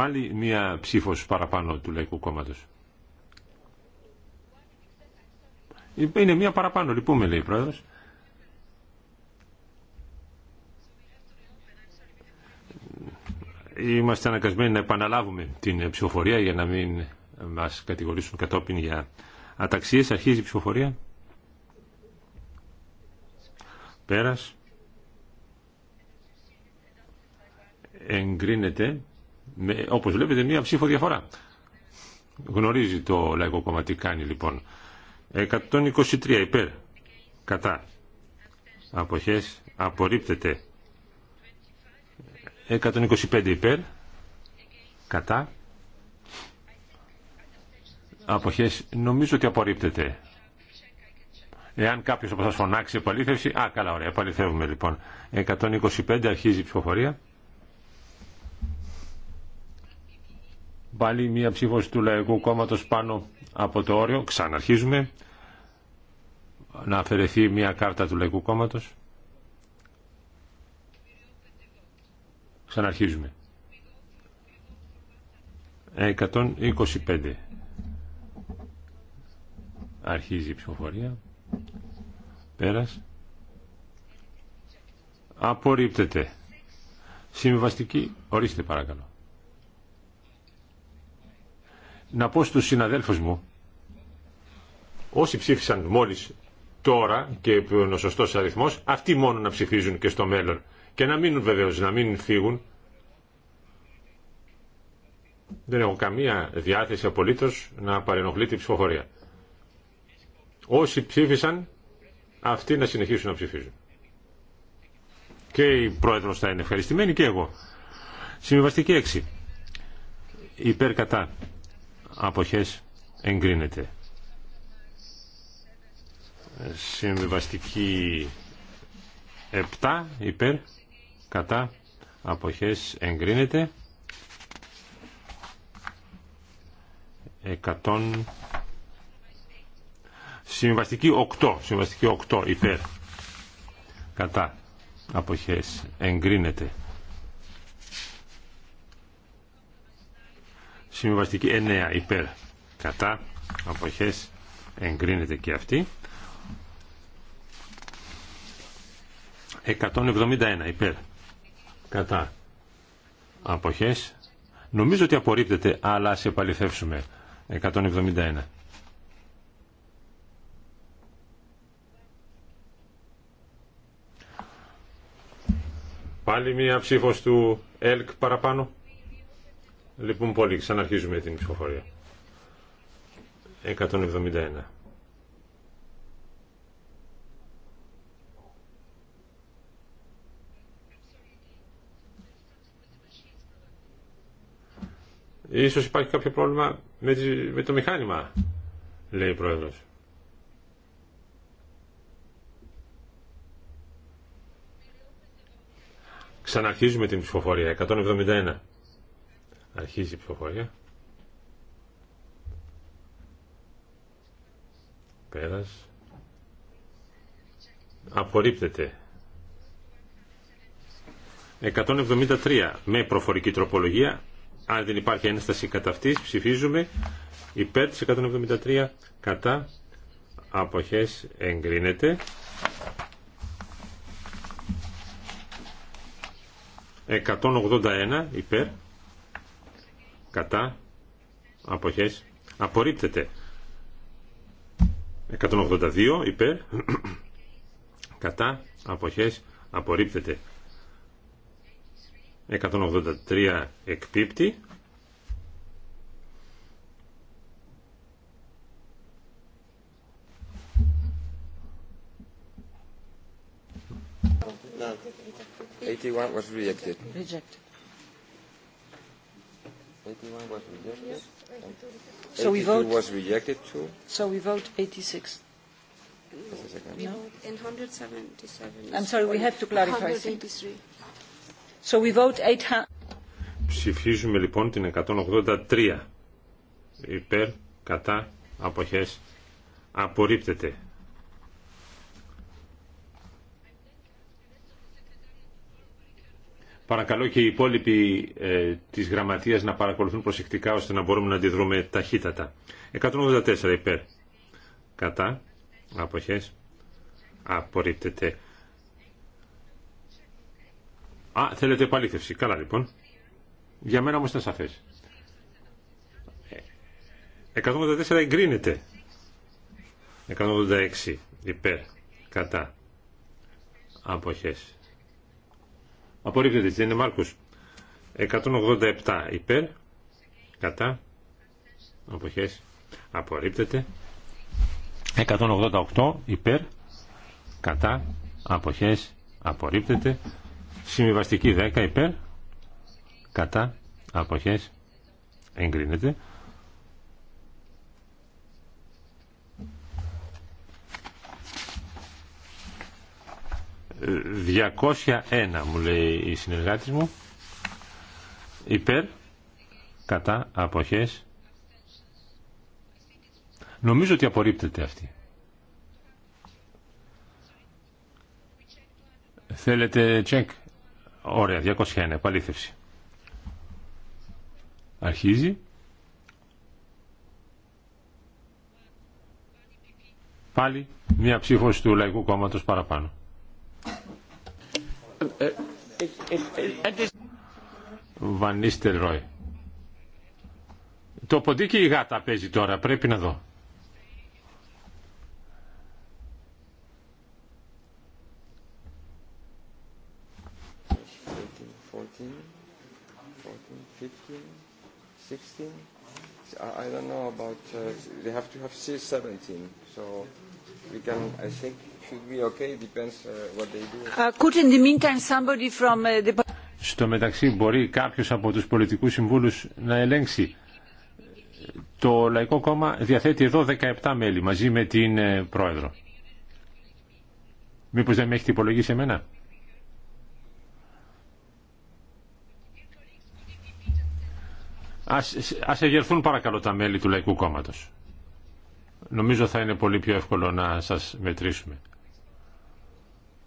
Πάλι μία ψήφο παραπάνω του Λαϊκού Κόμματο. Είναι μία παραπάνω, λυπούμε λέει η Πρόεδρος. Είμαστε αναγκασμένοι να επαναλάβουμε την ψηφοφορία για να μην μας κατηγορήσουν κατόπιν για αταξίες. Αρχίζει η ψηφοφορία. Πέρας. Εγκρίνεται με, όπως βλέπετε, μία ψήφο διαφορά. Γνωρίζει το Λαϊκό Κόμμα τι κάνει, λοιπόν. 123 υπέρ, κατά. Αποχές, απορρίπτεται. 125 υπέρ, κατά. Αποχές, νομίζω ότι απορρίπτεται. Εάν κάποιος από σας φωνάξει επαλήθευση, α, καλά, ωραία, επαληθεύουμε λοιπόν. 125 αρχίζει η ψηφοφορία. πάλι μία ψήφος του Λαϊκού Κόμματος πάνω από το όριο. Ξαναρχίζουμε να αφαιρεθεί μία κάρτα του Λαϊκού Κόμματος. Ξαναρχίζουμε. 125. Αρχίζει η ψηφοφορία. Πέρας. Απορρίπτεται. Συμβαστική. Ορίστε παρακαλώ να πω στους συναδέλφους μου, όσοι ψήφισαν μόλις τώρα και που είναι ο σωστός αριθμός, αυτοί μόνο να ψηφίζουν και στο μέλλον. Και να μείνουν βεβαίως, να μην φύγουν. Δεν έχω καμία διάθεση απολύτως να παρενοχλεί την ψηφοφορία. Όσοι ψήφισαν, αυτοί να συνεχίσουν να ψηφίζουν. Και η πρόεδρος θα είναι ευχαριστημένη και εγώ. Συμβιβαστική 6. Υπέρ κατά αποχές εγκρίνεται. Συμβιβαστική 7 υπέρ κατά αποχές εγκρίνεται. 100 Συμβαστική 8, συμβαστική 8 υπέρ κατά αποχές εγκρίνεται. Συμβιβαστική 9 υπέρ κατά αποχές εγκρίνεται και αυτή. 171 υπέρ κατά αποχές. Νομίζω ότι απορρίπτεται, αλλά ας επαληθεύσουμε. 171. Πάλι μία ψήφος του ΕΛΚ παραπάνω. Λοιπόν πολύ, ξαναρχίζουμε την ψηφοφορία. 171. Ίσως υπάρχει κάποιο πρόβλημα με το μηχάνημα, λέει ο Πρόεδρος. Ξαναρχίζουμε την ψηφοφορία. 171. Αρχίζει η ψηφοφορία. Πέρας. Απορρίπτεται. 173 με προφορική τροπολογία. Αν δεν υπάρχει ένσταση κατά αυτής, ψηφίζουμε υπέρ της 173 κατά αποχές εγκρίνεται. 181 υπέρ κατά αποχές απορρίπτεται 182 υπέρ κατά αποχές απορρίπτεται 183 εκπίπτει 81 was rejected. Rejected. 81 was rejected. So we vote. was rejected too. So we vote 86. No. in 177. I'm sorry, we have to clarify. 183. So we vote 800. Ψηφίζουμε λοιπόν την 183. Υπέρ, κατά, αποχές, απορρίπτεται. Παρακαλώ και οι υπόλοιποι ε, της γραμματείας να παρακολουθούν προσεκτικά ώστε να μπορούμε να αντιδρούμε ταχύτατα. 184 υπέρ. Κατά. Αποχές. Απορρίπτεται. Α, θέλετε επαλήθευση. Καλά λοιπόν. Για μένα όμως ήταν σαφές. 184 εγκρίνεται. 186 υπέρ. Κατά. Αποχές Απορρίπτεται. Δεν είναι Μάρκο 187 υπέρ. Κατά. Αποχές. Απορρίπτεται. 188 υπέρ. Κατά. Αποχές. Απορρίπτεται. Συμβιβαστική 10 υπέρ. Κατά. Αποχές. Εγκρίνεται. 201 μου λέει η συνεργάτη μου υπέρ κατά αποχές νομίζω ότι απορρίπτεται αυτή θέλετε τσεκ ωραία 201 επαλήθευση αρχίζει πάλι μια ψήφωση του Λαϊκού Κόμματος παραπάνω Βανίστερ Ρόι. Το ποντίκι η γάτα παίζει τώρα, πρέπει να δω. I don't know about, they στο μεταξύ μπορεί κάποιος από τους πολιτικούς συμβούλους να ελέγξει. Το Λαϊκό Κόμμα διαθέτει εδώ 17 μέλη μαζί με την ε, Πρόεδρο. Μήπως δεν με έχετε υπολογίσει εμένα. Ας, ας εγερθούν παρακαλώ τα μέλη του Λαϊκού Κόμματος. Νομίζω θα είναι πολύ πιο εύκολο να σας μετρήσουμε.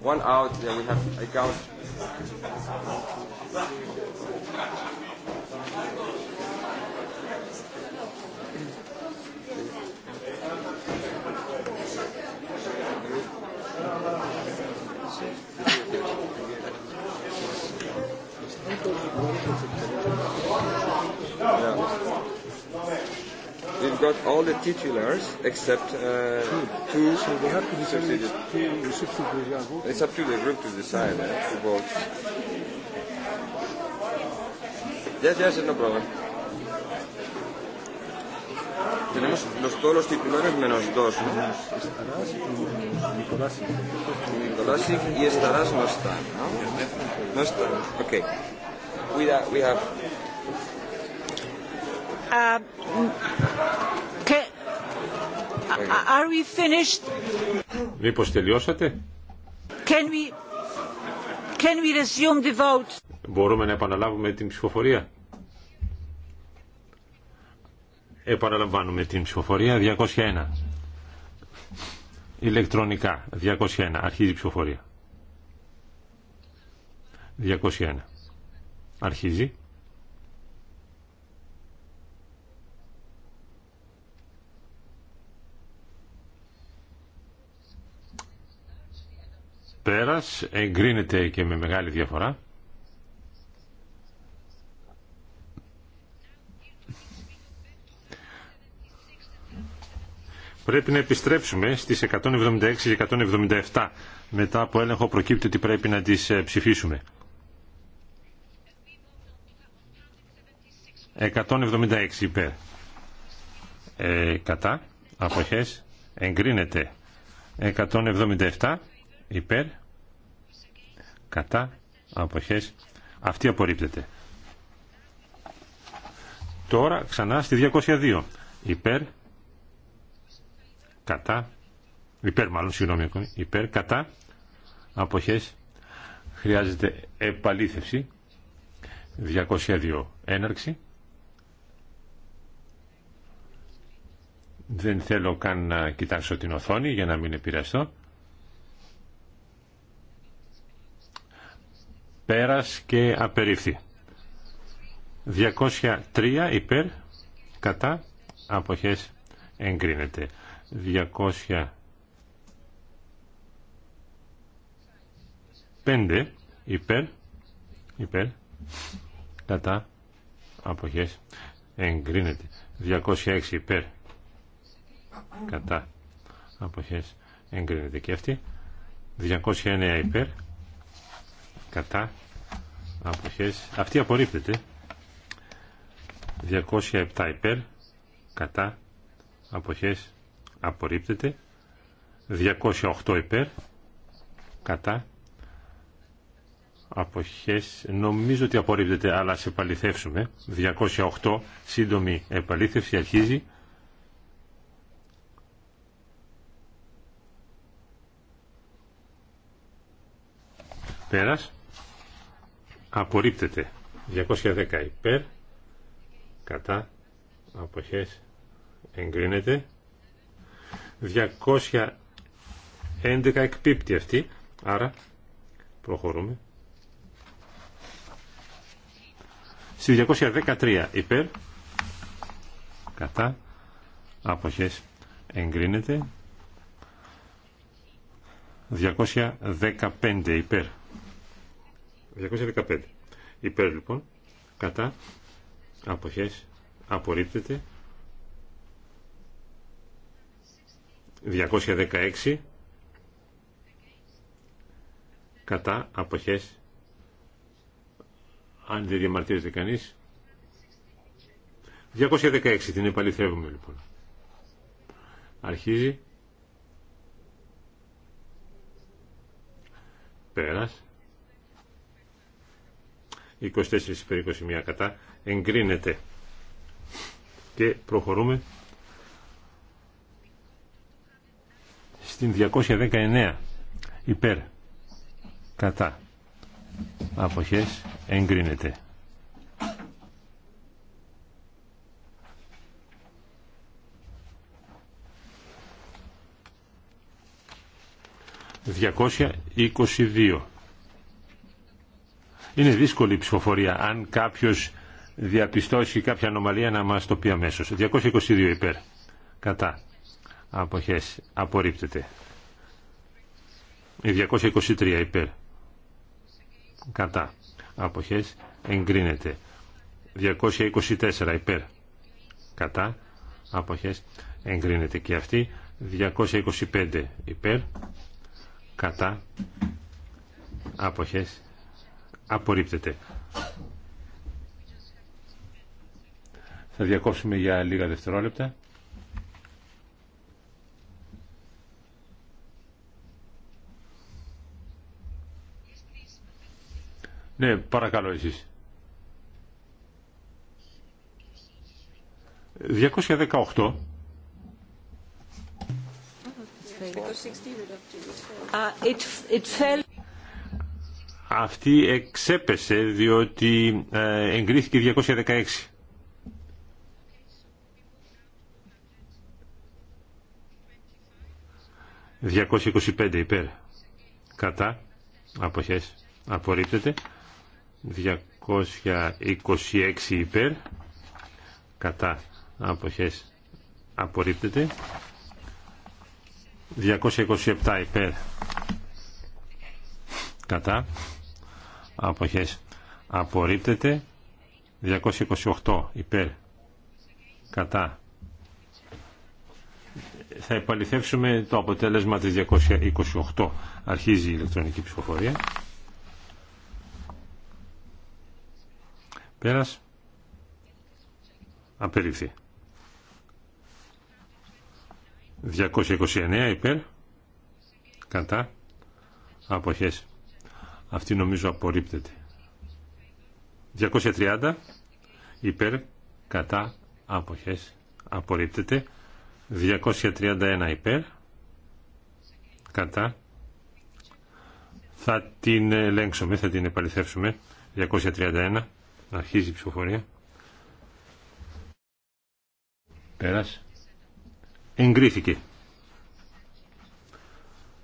One out. Yeah, we have. a count. got all the titulars except uh, two. So they have to be It's up to the group to decide uh, who votes. Yes, yes, no problem. Tenemos los, todos los titulares menos dos, ¿no? Estarás y Nicolás. Nicolás y Estarás no está, y estaras No está. Okay. We, we have... Uh, Are we finished? Μήπως τελειώσατε? Can we... Can we resume the vote? Μπορούμε να επαναλάβουμε την ψηφοφορία. Επαναλαμβάνουμε την ψηφοφορία 201. Ηλεκτρονικά 201. Αρχίζει η ψηφοφορία. 201. Αρχίζει. πέρας εγκρίνεται και με μεγάλη διαφορά. Πρέπει να επιστρέψουμε στις 176 και 177. Μετά από έλεγχο προκύπτει ότι πρέπει να τις ε, ψηφίσουμε. 176 υπέρ. Ε, κατά. Αποχές. Εγκρίνεται. 177 υπέρ κατά αποχές αυτή απορρίπτεται τώρα ξανά στη 202 υπέρ κατά υπέρ μάλλον συγγνώμη ακόμη υπέρ κατά αποχές χρειάζεται επαλήθευση 202 έναρξη δεν θέλω καν να κοιτάξω την οθόνη για να μην επηρεαστώ πέρας και απερίφθη. 203 υπέρ, κατά, αποχές εγκρίνεται. 205 υπέρ, υπέρ, κατά, αποχές εγκρίνεται. 206 υπέρ, κατά, αποχές εγκρίνεται και αυτή. 209 υπέρ, κατά αποχές αυτή απορρίπτεται 207 υπέρ κατά αποχές απορρίπτεται 208 υπέρ κατά αποχές νομίζω ότι απορρίπτεται αλλά σε επαληθεύσουμε 208 σύντομη επαλήθευση αρχίζει πέρας απορρίπτεται 210 υπέρ κατά αποχές εγκρίνεται 211 εκπίπτει αυτή άρα προχωρούμε στη 213 υπέρ κατά αποχές εγκρίνεται 215 υπέρ 215. Υπέρ λοιπόν, κατά, αποχές, απορρίπτεται. 216. Κατά, αποχές, αν δεν διαμαρτύρεται κανείς. 216 την επαληθεύουμε λοιπόν. Αρχίζει. Πέρας. 24 υπέρ 21 κατά εγκρίνεται. Και προχωρούμε στην 219 υπέρ κατά αποχές εγκρίνεται. Διακόσια είναι δύσκολη η ψηφοφορία. Αν κάποιο διαπιστώσει κάποια ανομαλία να μας το πει αμέσω. 222 υπέρ. Κατά. Αποχές. Απορρίπτεται. 223 υπέρ. Κατά. Αποχές. Εγκρίνεται. 224 υπέρ. Κατά. Αποχές. Εγκρίνεται και αυτή. 225 υπέρ. Κατά. Αποχές Απορρίπτεται. Θα διακόψουμε για λίγα δευτερόλεπτα. Ναι, παρακαλώ εσείς. 218. Uh, it, it fell αυτή εξέπεσε διότι ε, εγκρίθηκε 216. ...225 υπέρ... ...κατά... ...αποχές... ...απορρίπτεται... ...226 υπέρ... ...κατά... ...αποχές... ...απορρίπτεται... ...227 υπέρ... ...κατά αποχές απορρίπτεται 228 υπέρ κατά θα επαληθεύσουμε το αποτέλεσμα της 228 αρχίζει η ηλεκτρονική ψηφοφορία πέρας απερίφθη 229 υπέρ κατά αποχές αυτή νομίζω απορρίπτεται. 230 υπέρ κατά αποχές απορρίπτεται. 231 υπέρ κατά θα την ελέγξουμε, θα την επαληθεύσουμε. 231 αρχίζει η ψηφοφορία. Πέρας. Εγκρίθηκε.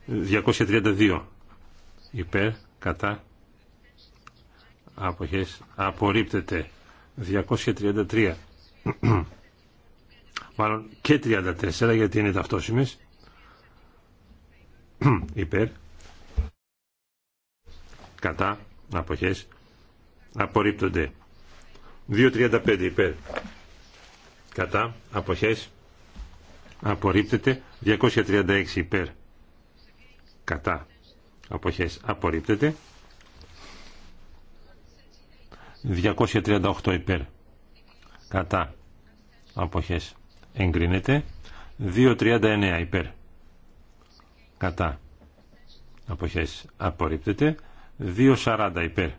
232 υπέρ κατά αποχές απορρίπτεται 233 μάλλον και 34 γιατί είναι ταυτόσιμες υπέρ κατά αποχές απορρίπτονται 2.35 υπέρ κατά αποχές απορρίπτεται 236 υπέρ κατά αποχές απορρίπτεται 238 υπέρ κατά αποχές εγκρίνεται 239 υπέρ κατά αποχές απορρίπτεται 240 υπέρ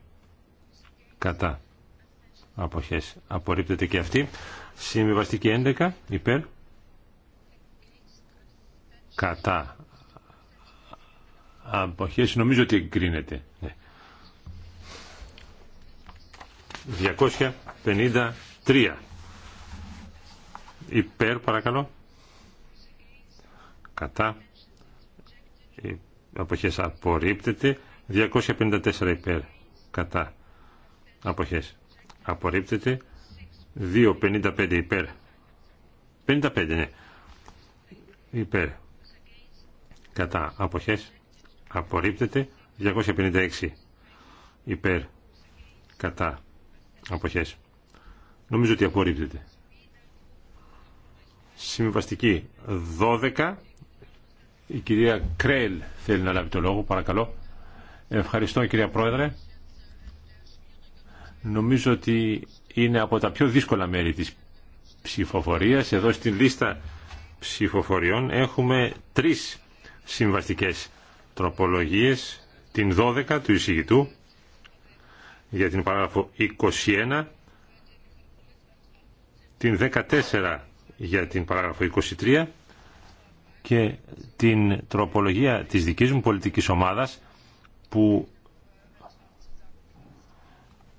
κατά αποχές απορρίπτεται και αυτή συμβιβαστική 11 υπέρ κατά Αποχές νομίζω ότι εγκρίνεται. 253. Ναι. Υπέρ παρακαλώ. Κατά. Οι ε, αποχές απορρίπτεται. 254 υπέρ. Κατά. Αποχές. Απορρίπτεται. 255 υπέρ. 55 ναι. Υπέρ. Κατά. Αποχές απορρίπτεται 256 υπέρ κατά αποχές νομίζω ότι απορρίπτεται συμβαστική 12 η κυρία Κρέλ θέλει να λάβει το λόγο παρακαλώ ευχαριστώ κυρία Πρόεδρε νομίζω ότι είναι από τα πιο δύσκολα μέρη της ψηφοφορίας εδώ στην λίστα ψηφοφοριών έχουμε τρεις συμβαστικές τροπολογίες, την 12 του εισηγητού για την παράγραφο 21, την 14 για την παράγραφο 23 και την τροπολογία της δικής μου πολιτικής ομάδας που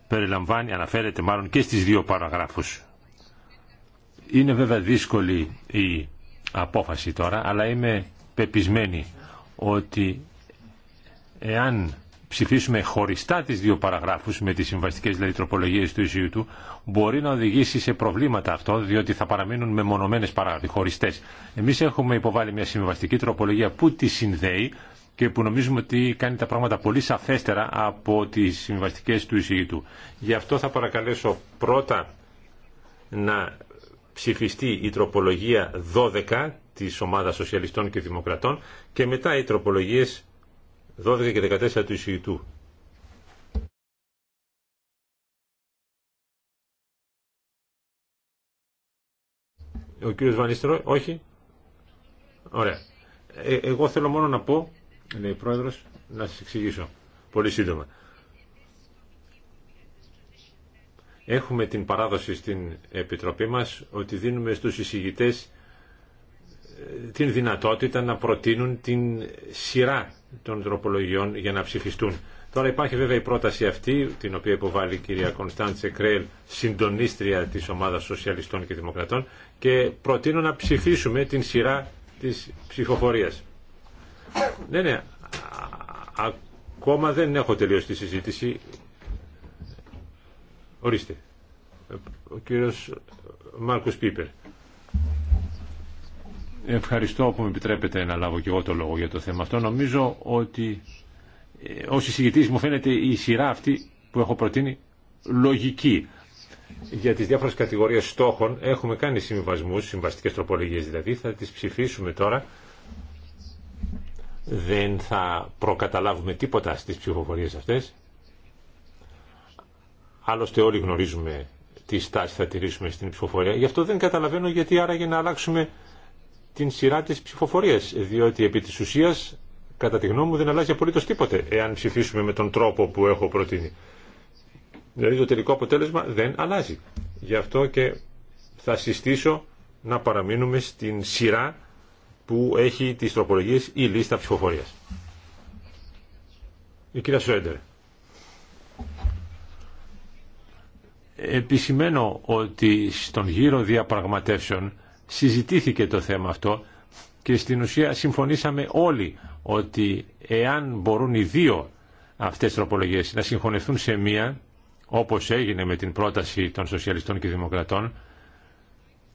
περιλαμβάνει, αναφέρεται μάλλον και στις δύο παραγράφους. Είναι βέβαια δύσκολη η απόφαση τώρα, αλλά είμαι πεπισμένη ότι εάν ψηφίσουμε χωριστά τις δύο παραγράφους με τις συμβαστικές δηλαδή τροπολογίες του ισίου του μπορεί να οδηγήσει σε προβλήματα αυτό διότι θα παραμείνουν μεμονωμένες παράγραφοι χωριστές. Εμείς έχουμε υποβάλει μια συμβαστική τροπολογία που τη συνδέει και που νομίζουμε ότι κάνει τα πράγματα πολύ σαφέστερα από τις συμβαστικές του του. Γι' αυτό θα παρακαλέσω πρώτα να ψηφιστεί η τροπολογία 12 της ομάδας Σοσιαλιστών και Δημοκρατών και μετά οι τροπολογίες 12 και 14 του εισηγητού. Ο κύριος Βανίστερο, όχι. Ωραία. Ε, εγώ θέλω μόνο να πω, λέει πρόεδρος, να σας εξηγήσω πολύ σύντομα. Έχουμε την παράδοση στην Επιτροπή μας ότι δίνουμε στους εισηγητές την δυνατότητα να προτείνουν την σειρά των τροπολογιών για να ψηφιστούν. Τώρα υπάρχει βέβαια η πρόταση αυτή, την οποία υποβάλλει η κυρία Κωνσταντσε Κρέλ, συντονίστρια της ομάδας Σοσιαλιστών και Δημοκρατών, και προτείνω να ψηφίσουμε την σειρά της ψηφοφορίας. Ναι, ναι, ακόμα δεν έχω τελειώσει τη συζήτηση. Ορίστε, ο κύριος Μάρκος Πίπερ. Ευχαριστώ που με επιτρέπετε να λάβω και εγώ το λόγο για το θέμα αυτό. Νομίζω ότι ε, ως εισηγητής μου φαίνεται η σειρά αυτή που έχω προτείνει λογική. Για τις διάφορες κατηγορίες στόχων έχουμε κάνει συμβασμούς, συμβαστικές τροπολογίες δηλαδή, θα τις ψηφίσουμε τώρα. Δεν θα προκαταλάβουμε τίποτα στις ψηφοφορίες αυτές. Άλλωστε όλοι γνωρίζουμε τι στάση θα τηρήσουμε στην ψηφοφορία. Γι' αυτό δεν καταλαβαίνω γιατί άραγε να αλλάξουμε την σειρά της ψηφοφορίας, διότι επί της ουσίας, κατά τη γνώμη μου, δεν αλλάζει απολύτως τίποτε, εάν ψηφίσουμε με τον τρόπο που έχω προτείνει. Δηλαδή το τελικό αποτέλεσμα δεν αλλάζει. Γι' αυτό και θα συστήσω να παραμείνουμε στην σειρά που έχει τις τροπολογίες ή λίστα ψηφοφορίας. Η κυρία Σουέντερ. Επισημαίνω ότι στον γύρο διαπραγματεύσεων συζητήθηκε το θέμα αυτό και στην ουσία συμφωνήσαμε όλοι ότι εάν μπορούν οι δύο αυτές τροπολογίες να συγχωνευτούν σε μία, όπως έγινε με την πρόταση των Σοσιαλιστών και Δημοκρατών,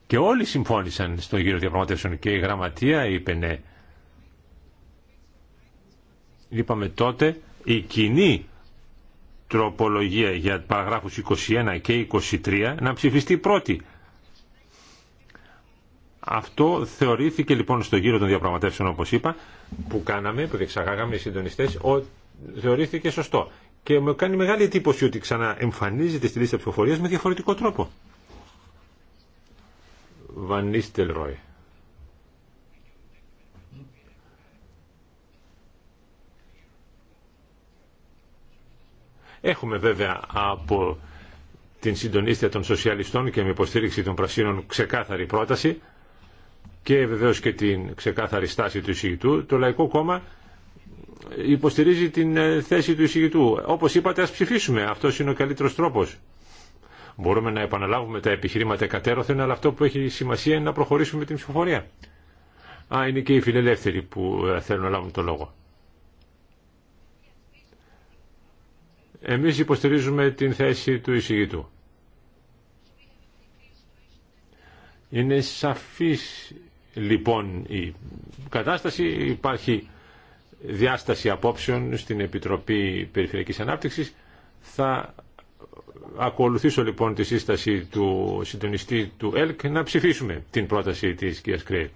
και όλοι συμφώνησαν στον γύρο διαπραγματεύσεων και η γραμματεία είπε ναι. Είπαμε τότε η κοινή τροπολογία για παραγράφους 21 και 23 να ψηφιστεί πρώτη αυτό θεωρήθηκε λοιπόν στο γύρο των διαπραγματεύσεων όπως είπα που κάναμε, που διεξαγάγαμε οι συντονιστέ, ότι θεωρήθηκε σωστό. Και μου κάνει μεγάλη εντύπωση ότι ξαναεμφανίζεται στη λίστα ψηφοφορία με διαφορετικό τρόπο. Βανίστελ Έχουμε βέβαια από την συντονίστρια των σοσιαλιστών και με υποστήριξη των πρασίνων ξεκάθαρη πρόταση και βεβαίως και την ξεκάθαρη στάση του εισηγητού, το Λαϊκό Κόμμα υποστηρίζει την ε, θέση του εισηγητού. Όπως είπατε, ας ψηφίσουμε. Αυτός είναι ο καλύτερος τρόπος. Μπορούμε να επαναλάβουμε τα επιχειρήματα κατέρωθεν, αλλά αυτό που έχει σημασία είναι να προχωρήσουμε την ψηφοφορία. Α, είναι και οι φιλελεύθεροι που ε, θέλουν να λάβουν το λόγο. Εμείς υποστηρίζουμε την θέση του εισηγητού. Είναι σαφής λοιπόν η κατάσταση, υπάρχει διάσταση απόψεων στην Επιτροπή Περιφερειακής Ανάπτυξης. Θα ακολουθήσω λοιπόν τη σύσταση του συντονιστή του ΕΛΚ να ψηφίσουμε την πρόταση της κ. Κρέη.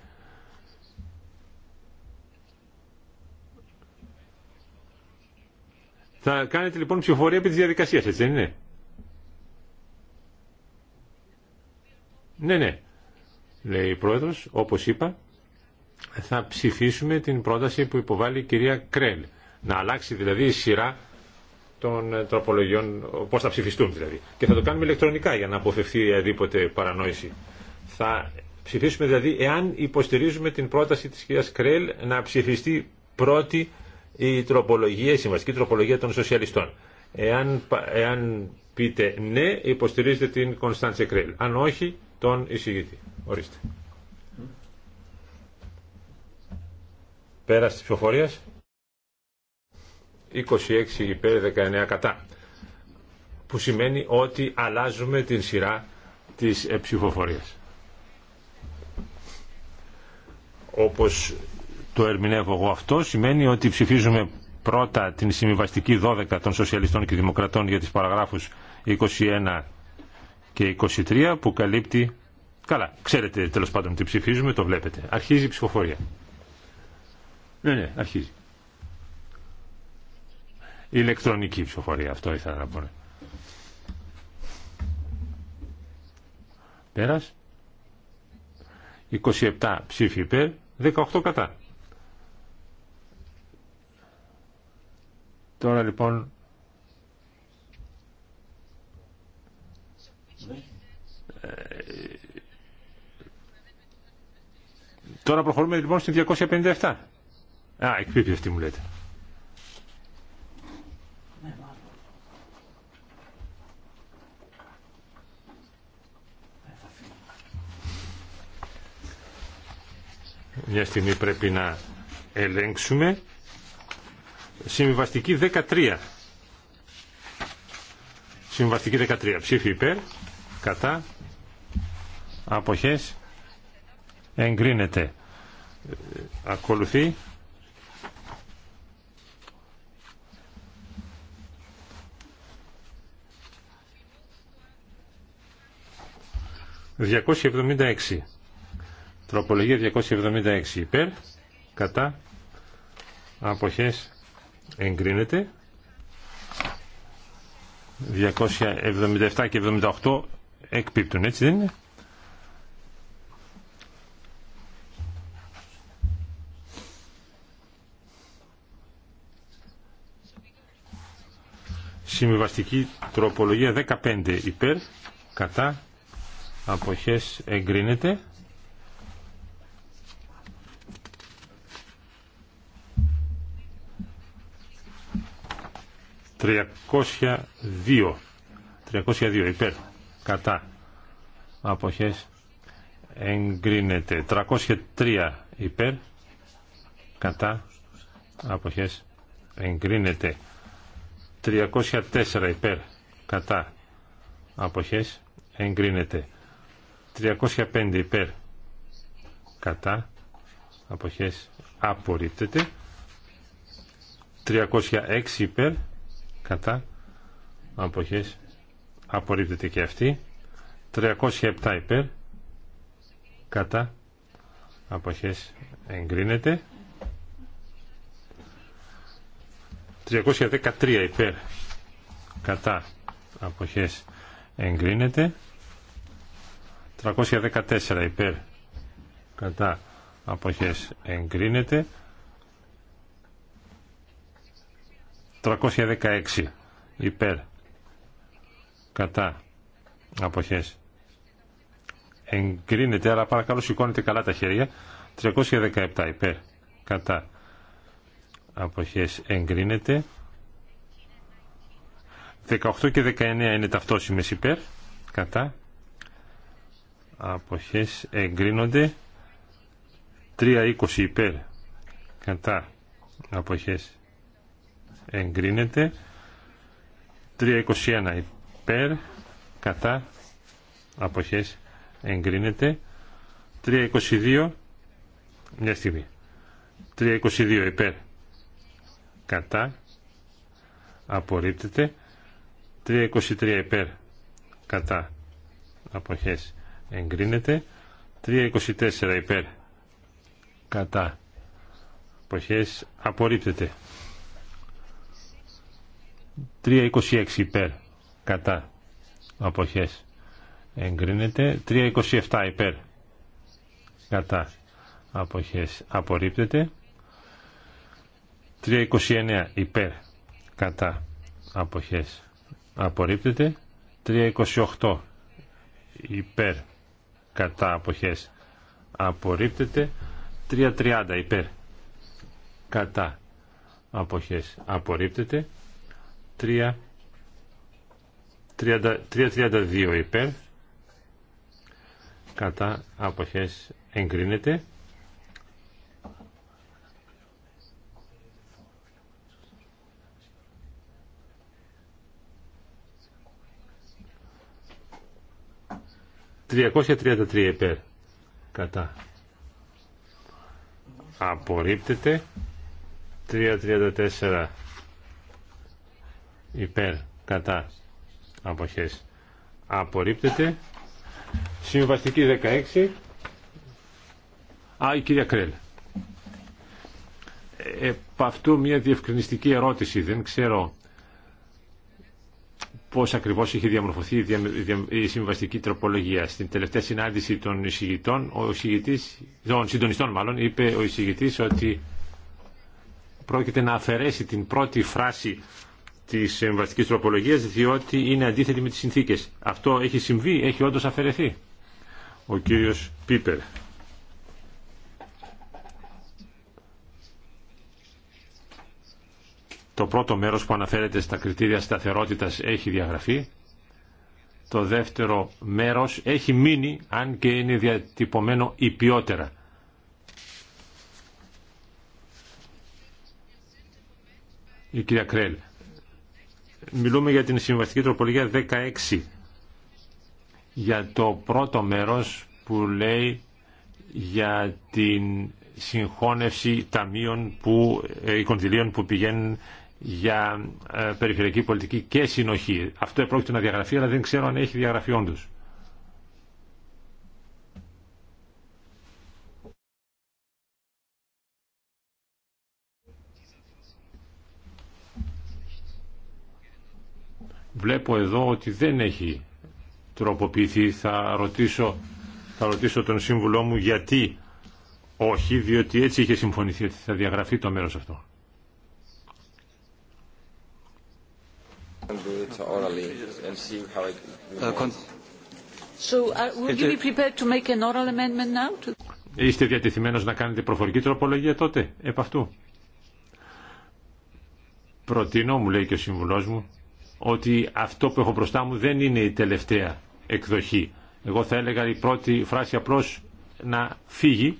Θα κάνετε λοιπόν ψηφοφορία επί της διαδικασίας, έτσι δεν είναι. Ναι, ναι λέει η Πρόεδρος, όπως είπα, θα ψηφίσουμε την πρόταση που υποβάλλει η κυρία Κρέλ. Να αλλάξει δηλαδή η σειρά των ε, τροπολογιών, πώς θα ψηφιστούν δηλαδή. Και θα το κάνουμε ηλεκτρονικά για να αποφευθεί οποιαδήποτε παρανόηση. Θα ψηφίσουμε δηλαδή εάν υποστηρίζουμε την πρόταση της κυρίας Κρέλ να ψηφιστεί πρώτη η τροπολογία, η συμβαστική τροπολογία των σοσιαλιστών. Εάν, εάν πείτε ναι, υποστηρίζετε την Κωνσταντσε Κρέλ. Αν όχι, τον εισηγητή. Ορίστε. Πέρα τη ψηφοφορία. 26 υπέρ 19 κατά. Που σημαίνει ότι αλλάζουμε την σειρά της ε, ψηφοφορίας. Όπως το ερμηνεύω εγώ αυτό, σημαίνει ότι ψηφίζουμε πρώτα την συμβιβαστική 12 των Σοσιαλιστών και Δημοκρατών για τις παραγράφους 21 και 23 που καλύπτει Καλά, ξέρετε τέλος πάντων τι ψηφίζουμε, το βλέπετε. Αρχίζει η ψηφοφορία. Ναι, ναι, αρχίζει. Ηλεκτρονική ψηφοφορία, αυτό ήθελα να πω. Ναι. Πέρας. 27 ψήφοι υπέρ, 18 κατά. Τώρα λοιπόν Τώρα προχωρούμε λοιπόν στην 257. Α, εκπίπτει αυτή μου λέτε. Μια στιγμή πρέπει να ελέγξουμε. Συμβαστική 13. Συμβαστική 13. Ψήφι υπέρ, κατά, αποχές, εγκρίνεται ακολουθεί ...276... ...τροπολογία 276 υπέρ... ...κατά... ...αποχές... ...εγκρίνεται... ...277 και 78... ...εκπίπτουν έτσι δεν είναι... Συμβιβαστική τροπολογία 15 υπέρ, κατά, αποχές εγκρίνεται. 302, 302 υπέρ, κατά, αποχές εγκρίνεται. 303 υπέρ, κατά, αποχές εγκρίνεται. 304 υπέρ κατά αποχές εγκρίνεται 305 υπέρ κατά αποχές απορρίπτεται 306 υπέρ κατά αποχές απορρίπτεται και αυτή 307 υπέρ κατά αποχές εγκρίνεται 313 υπέρ κατά αποχές εγκρίνεται 314 υπέρ κατά αποχές εγκρίνεται 316 υπέρ κατά αποχές εγκρίνεται αλλά παρακαλώ σηκώνετε καλά τα χέρια 317 υπέρ κατά αποχές εγκρίνεται 18 και 19 είναι ταυτόσιμες υπέρ κατά αποχές εγκρίνονται 3-20 υπέρ κατά αποχές 321 υπερ υπέρ κατά αποχές εγκρίνεται 3-22 μια στιγμή 3-22 υπέρ κατά απορρίπτεται 323 υπέρ κατά αποχές εγκρίνεται 324 υπέρ κατά αποχές απορρίπτεται 326 υπέρ κατά αποχές εγκρίνεται 327 υπέρ κατά αποχές απορρίπτεται 329 υπέρ κατά αποχές απορρίπτεται 328 υπέρ κατά αποχές απορρίπτεται 330 υπέρ κατά αποχές απορρίπτεται 3 332 υπέρ κατά αποχές εγκρίνεται 233 υπέρ κατά απορρίπτεται 334 υπέρ κατά αποχές απορρίπτεται συμβαστική 16 Α, η κυρία Κρέλ ε, επ' αυτού μια διευκρινιστική ερώτηση δεν ξέρω πώς ακριβώς είχε διαμορφωθεί η συμβαστική τροπολογία. Στην τελευταία συνάντηση των, εισηγητών, ο των συντονιστών μάλλον, είπε ο εισηγητή ότι πρόκειται να αφαιρέσει την πρώτη φράση τη συμβαστική τροπολογία, διότι είναι αντίθετη με τι συνθήκε. Αυτό έχει συμβεί, έχει όντω αφαιρεθεί. Ο κύριο Πίπερ. Το πρώτο μέρος που αναφέρεται στα κριτήρια σταθερότητας έχει διαγραφεί. Το δεύτερο μέρος έχει μείνει, αν και είναι διατυπωμένο υπιότερα. Η κυρία Κρέλ. Μιλούμε για την συμβαστική τροπολογία 16 για το πρώτο μέρος που λέει για την συγχώνευση ταμείων που, ε, κονδυλίων που πηγαίνουν για ε, περιφερειακή πολιτική και συνοχή. Αυτό επρόκειτο να διαγραφεί, αλλά δεν ξέρω αν έχει διαγραφεί όντω. Βλέπω εδώ ότι δεν έχει τροποποιηθεί. Θα ρωτήσω, θα ρωτήσω τον σύμβουλό μου γιατί όχι, διότι έτσι είχε συμφωνηθεί ότι θα διαγραφεί το μέρος αυτό. Είστε διατεθειμένος να κάνετε προφορική τροπολογία τότε, επ' αυτού. Προτείνω, μου λέει και ο σύμβουλός μου, ότι αυτό που έχω μπροστά μου δεν είναι η τελευταία εκδοχή. Εγώ θα έλεγα η πρώτη φράση απλώς να φύγει,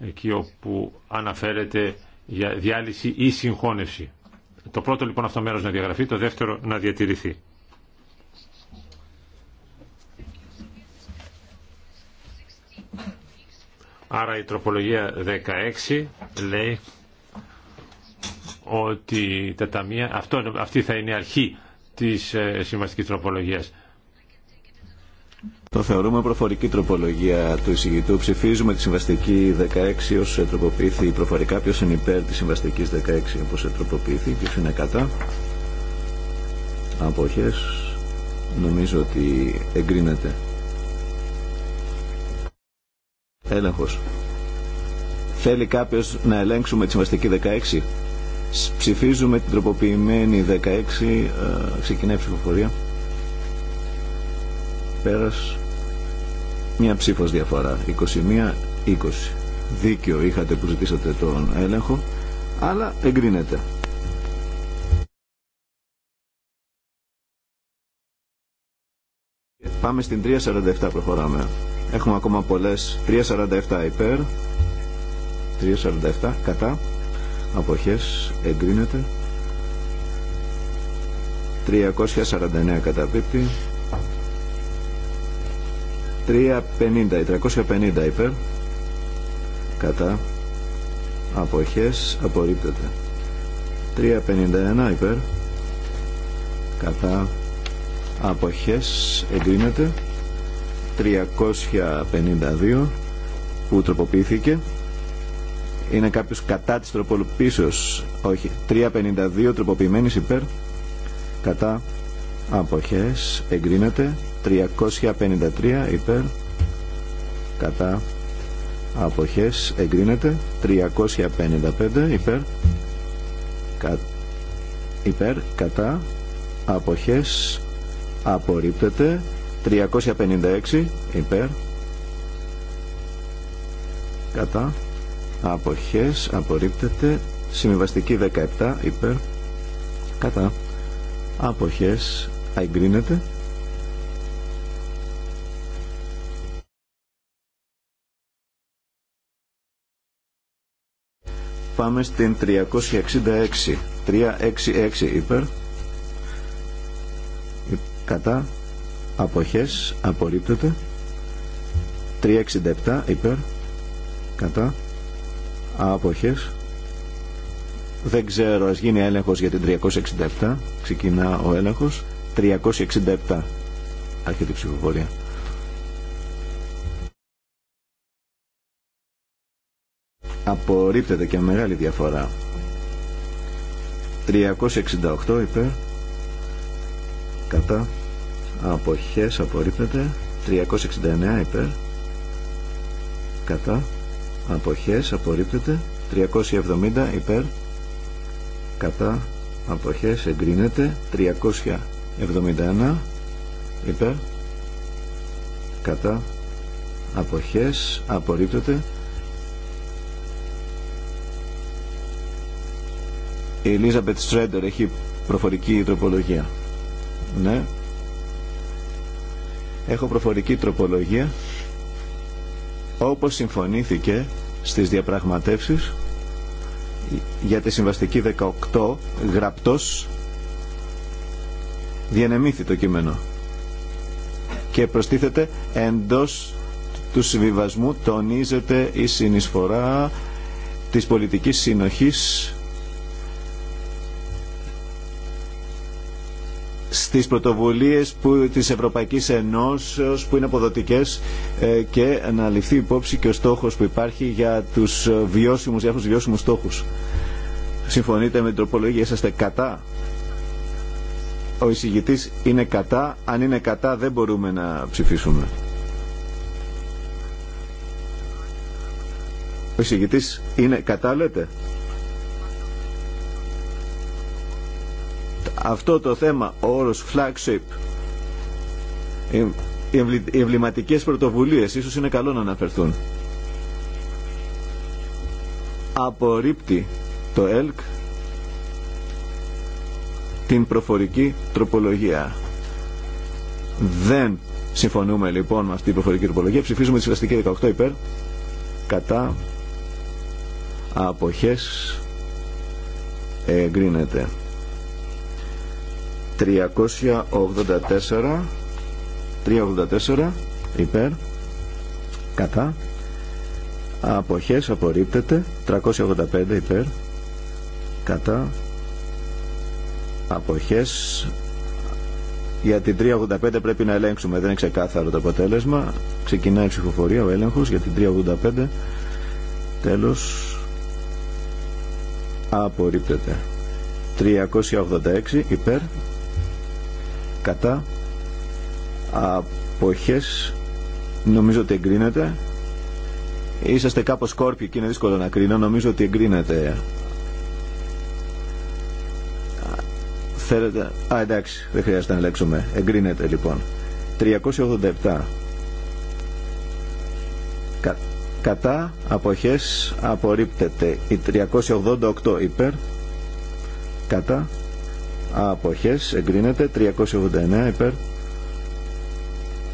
εκεί όπου αναφέρεται για διάλυση ή συγχώνευση. Το πρώτο λοιπόν αυτό μέρος να διαγραφεί, το δεύτερο να διατηρηθεί. Άρα η τροπολογία 16 λέει ότι τα ταμεία, αυτό, αυτή θα είναι η αρχή της ε, συμβαστικής τροπολογίας. Το θεωρούμε προφορική τροπολογία του εισηγητού. Ψηφίζουμε τη συμβαστική 16 όσο τροποποιήθη προφορικά. Ποιο είναι υπέρ τη συμβαστική 16 όπω τροποποιήθη, ποιο είναι κατά. Αποχέ. Νομίζω ότι εγκρίνεται. Έλεγχο. Θέλει κάποιο να ελέγξουμε τη συμβαστική 16. Ψηφίζουμε την τροποποιημένη 16. Ε, ξεκινάει η ψηφοφορία μια ψήφος διαφορά 21-20 δίκιο είχατε που ζητήσατε τον έλεγχο αλλά εγκρίνεται Πάμε στην 3.47 προχωράμε. Έχουμε ακόμα πολλές. 3.47 υπέρ. 3.47 κατά. Αποχές εγκρίνεται. 349 καταπίπτει. 350, 350 υπέρ κατά αποχές απορρίπτεται 351 υπέρ κατά αποχές εγκρίνεται 352 που τροποποιήθηκε είναι κάποιος κατά της τροποποίησεως όχι 352 τροποποιημένης υπέρ κατά αποχές εγκρίνεται 353 υπέρ κατά αποχές εγκρίνεται 355 υπέρ κα, υπέρ κατά αποχές απορρίπτεται 356 υπέρ κατά αποχές απορρίπτεται συμβιβαστική 17 υπέρ κατά αποχές εγκρίνεται Πάμε στην 366. 366 υπέρ. Κατά. Αποχές. Απορρίπτεται. 367 υπέρ. Κατά. Αποχές. Δεν ξέρω, ας γίνει έλεγχος για την 367. Ξεκινά ο έλεγχος. 367. αρχή η ψηφοφορία. απορρίπτεται και μεγάλη διαφορά 368 υπέρ κατά αποχές απορρίπτεται 369 υπέρ κατά αποχές απορρίπτεται 370 υπέρ κατά αποχές εγκρίνεται 371 υπέρ κατά αποχές απορρίπτεται Η Ελίζαμπετ Στρέντερ έχει προφορική τροπολογία. Ναι. Έχω προφορική τροπολογία όπως συμφωνήθηκε στις διαπραγματεύσεις για τη συμβαστική 18 γραπτός διανεμήθη το κείμενο και προστίθεται εντός του συμβιβασμού τονίζεται η συνεισφορά της πολιτικής συνοχής στις πρωτοβουλίες που, της Ευρωπαϊκής Ενώσεως που είναι αποδοτικές ε, και να ληφθεί υπόψη και ο στόχος που υπάρχει για τους βιώσιμους, για τους βιώσιμους στόχους. Συμφωνείτε με την τροπολογία, είσαστε κατά. Ο εισηγητής είναι κατά. Αν είναι κατά δεν μπορούμε να ψηφίσουμε. Ο εισηγητής είναι κατά λέτε. αυτό το θέμα, ο όρος flagship, οι εμβληματικές πρωτοβουλίες, ίσως είναι καλό να αναφερθούν. Απορρίπτει το ΕΛΚ την προφορική τροπολογία. Δεν συμφωνούμε λοιπόν με αυτή την προφορική τροπολογία. Ψηφίζουμε τη συμβαστική 18 υπέρ, κατά, αποχές, εγκρίνεται. 384 384 υπέρ κατά αποχές απορρίπτεται 385 υπέρ κατά αποχές για την 385 πρέπει να ελέγξουμε δεν είναι ξεκάθαρο το αποτέλεσμα ξεκινάει η ψηφοφορία ο έλεγχος για την 385 τέλος απορρίπτεται 386 υπέρ κατά αποχές νομίζω ότι εγκρίνεται είσαστε κάπως σκόρπιοι και είναι δύσκολο να κρίνω νομίζω ότι εγκρίνεται θέλετε α εντάξει δεν χρειάζεται να λέξουμε. εγκρίνεται λοιπόν 387 κατά αποχές απορρίπτεται η 388 υπέρ κατά αποχές εγκρίνεται 389 υπέρ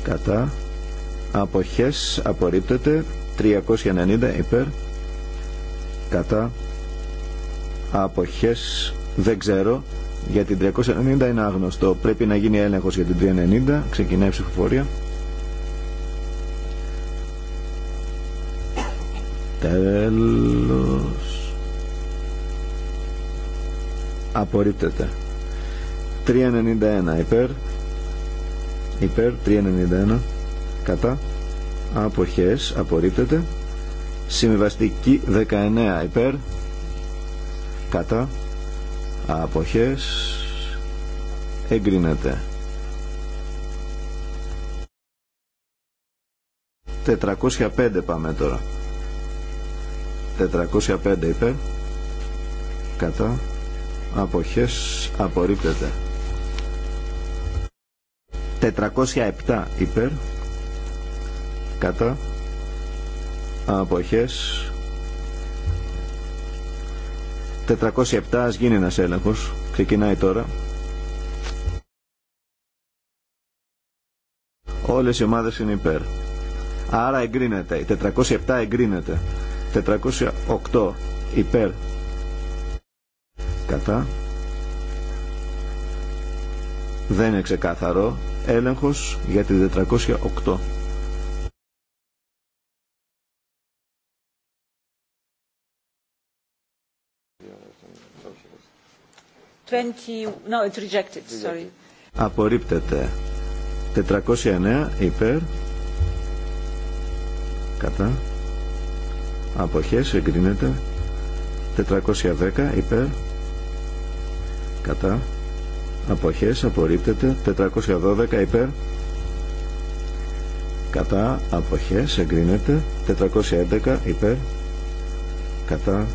κατά αποχές απορρίπτεται 390 υπέρ κατά αποχές δεν ξέρω για την 390 είναι άγνωστο πρέπει να γίνει έλεγχος για την 390 ξεκινάει η ψηφοφορία τέλος απορρίπτεται 391 υπέρ υπέρ 391 κατά αποχές απορρίπτεται συμβιβαστική 19 υπέρ κατά αποχές εγκρίνεται 405 πάμε τώρα 405 υπέρ κατά αποχές απορρίπτεται 407 υπέρ κατά αποχές 407 ας γίνει ένας έλεγχος ξεκινάει τώρα όλες οι ομάδες είναι υπέρ άρα εγκρίνεται 407 εγκρίνεται 408 υπέρ κατά δεν είναι ξεκάθαρο έλεγχος για την 408. Απορρίπτεται. 409 υπέρ. Κατά. Αποχές εγκρίνεται. 410 υπέρ. Κατά αποχές απορρίπτεται 412 υπέρ κατά αποχές εγκρίνεται 411 υπέρ κατά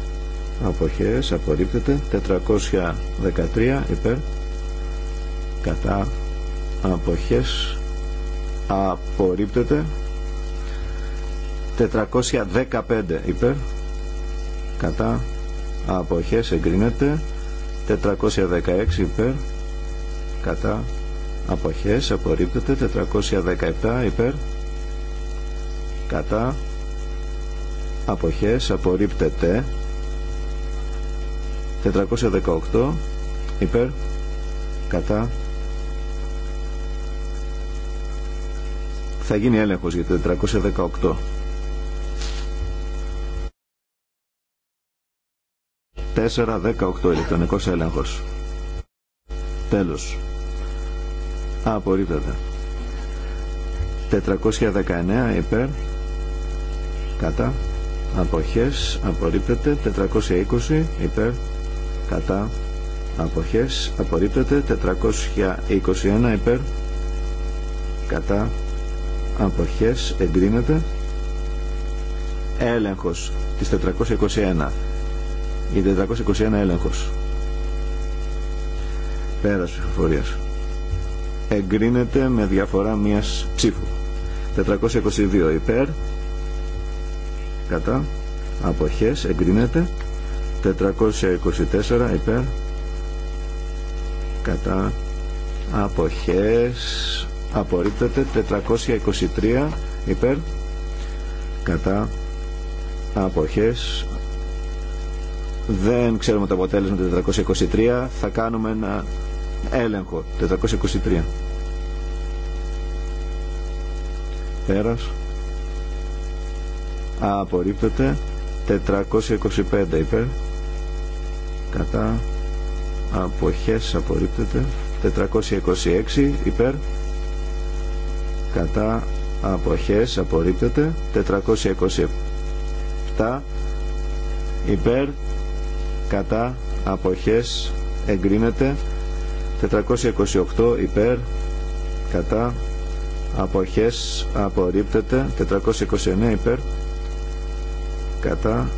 αποχές απορρίπτεται 413 υπέρ κατά αποχές απορρίπτεται 415 υπέρ κατά αποχές εγκρίνεται 416 υπέρ κατά αποχές απορρίπτεται 417 υπέρ κατά αποχές απορρίπτεται 418 υπέρ κατά θα γίνει έλεγχος για το 418 4-18 ηλεκτρονικός έλεγχος. Τέλος απορρίπτεται 419 υπέρ κατά αποχές απορρίπτεται 420 υπέρ κατά αποχές απορρίπτεται 421 υπέρ κατά αποχές εγκρίνεται έλεγχος της 421 η 421 έλεγχος πέρας ψηφοφορίας εγκρίνεται με διαφορά μίας ψήφου. 422 υπέρ, κατά, αποχές, εγκρίνεται. 424 υπέρ, κατά, αποχές, απορρίπτεται. 423 υπέρ, κατά, αποχές, δεν ξέρουμε το αποτέλεσμα του 423. Θα κάνουμε ένα έλεγχο 423 πέρας Α, απορρίπτεται 425 υπέρ κατά αποχές απορρίπτεται 426 υπέρ κατά αποχές απορρίπτεται 427 υπέρ κατά αποχές εγκρίνεται 428 υπέρ κατά αποχές απορρίπτεται 429 υπέρ κατά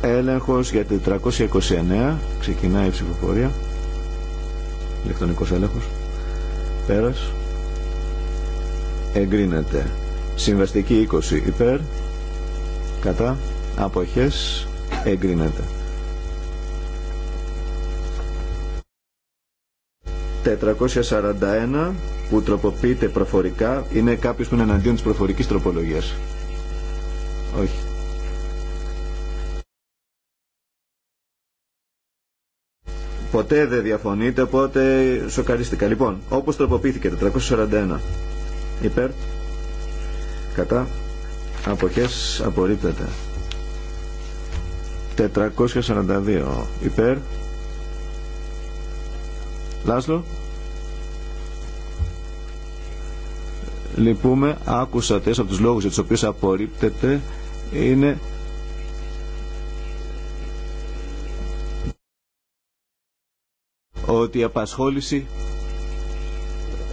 έλεγχος για 429 ξεκινάει η ψηφοφορία ηλεκτρονικός έλεγχος πέρας εγκρίνεται συμβαστική 20 υπέρ κατά αποχές εγκρίνεται 441 που τροποποιείται προφορικά είναι κάποιος που είναι εναντίον της προφορικής τροπολογίας. Όχι. Ποτέ δεν διαφωνείτε, οπότε σοκαρίστηκα. Λοιπόν, όπως τροποποιήθηκε, 441. Υπέρ. Κατά. Αποχές απορρίπτεται. 442. Υπέρ. Λάσλο. Λυπούμε, άκουσα τέσσερα από τους λόγους για τους οποίους απορρίπτεται είναι ότι η απασχόληση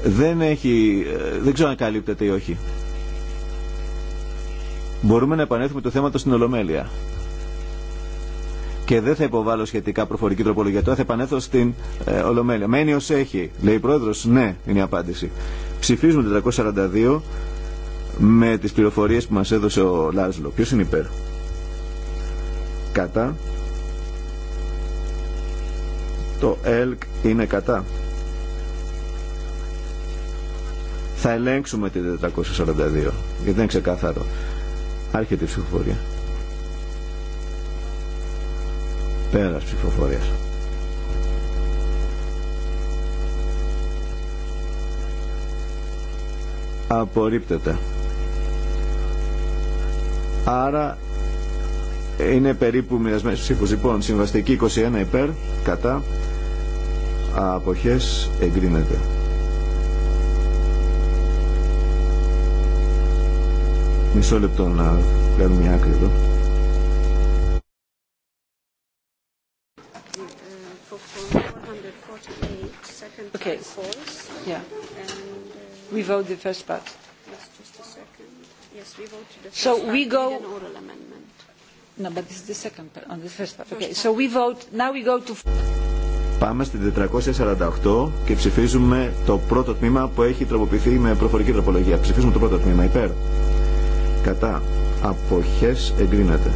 δεν έχει, δεν ξέρω αν καλύπτεται ή όχι. Μπορούμε να επανέλθουμε το θέμα το στην Ολομέλεια και δεν θα υποβάλω σχετικά προφορική τροπολογία. Τώρα θα επανέλθω στην ε, Ολομέλεια. Μένει ω έχει. Λέει η πρόεδρο, ναι, είναι η απάντηση. Ψηφίζουμε το 442 με τι πληροφορίε που μα έδωσε ο Λάσλο. Ποιο είναι υπέρ. Κατά. Το ΕΛΚ είναι κατά. Θα ελέγξουμε την 442, γιατί δεν ξεκάθαρο. Άρχεται η ψηφοφορία. πέρας ψηφοφορίας απορρίπτεται άρα είναι περίπου μοιρασμένες ψήφους λοιπόν συμβαστική 21 υπέρ κατά αποχές εγκρίνεται μισό λεπτό να κάνουμε μια άκρη εδώ we vote the first part. So we go. No, but this the second on the first part. Okay, so we vote, now we go to... Πάμε στην 448 και ψηφίζουμε το πρώτο τμήμα που έχει τροποποιηθεί με προφορική τροπολογία. Ψηφίζουμε το πρώτο τμήμα, υπέρ. Κατά. Αποχές εγκρίνεται.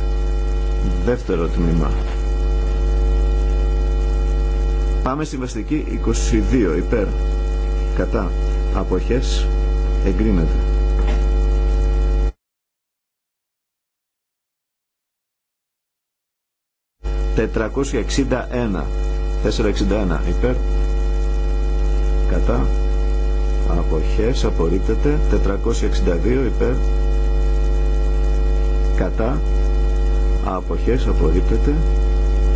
Δεύτερο τμήμα. Πάμε στη βαστική 22, υπέρ. Κατά αποχές εγκρίνεται. 461 461, Υπέρ. Κατά. Αποχές απορρίπτεται. 462, Υπέρ. Κατά. Αποχές απορρίπτεται.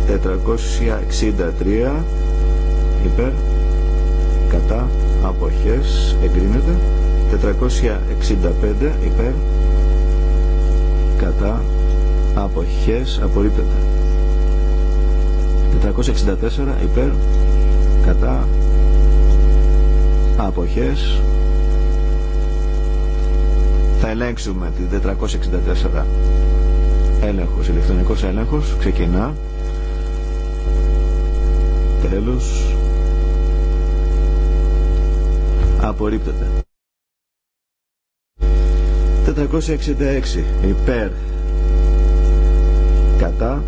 463 υπέρ κατά αποχές εγκρίνεται 465 υπέρ κατά αποχές απορρίπτεται 464 υπέρ κατά αποχές θα ελέγξουμε τη 464 έλεγχος ηλεκτρονικός έλεγχος ξεκινά τέλος Απορρίπτεται. 466 υπέρ κατά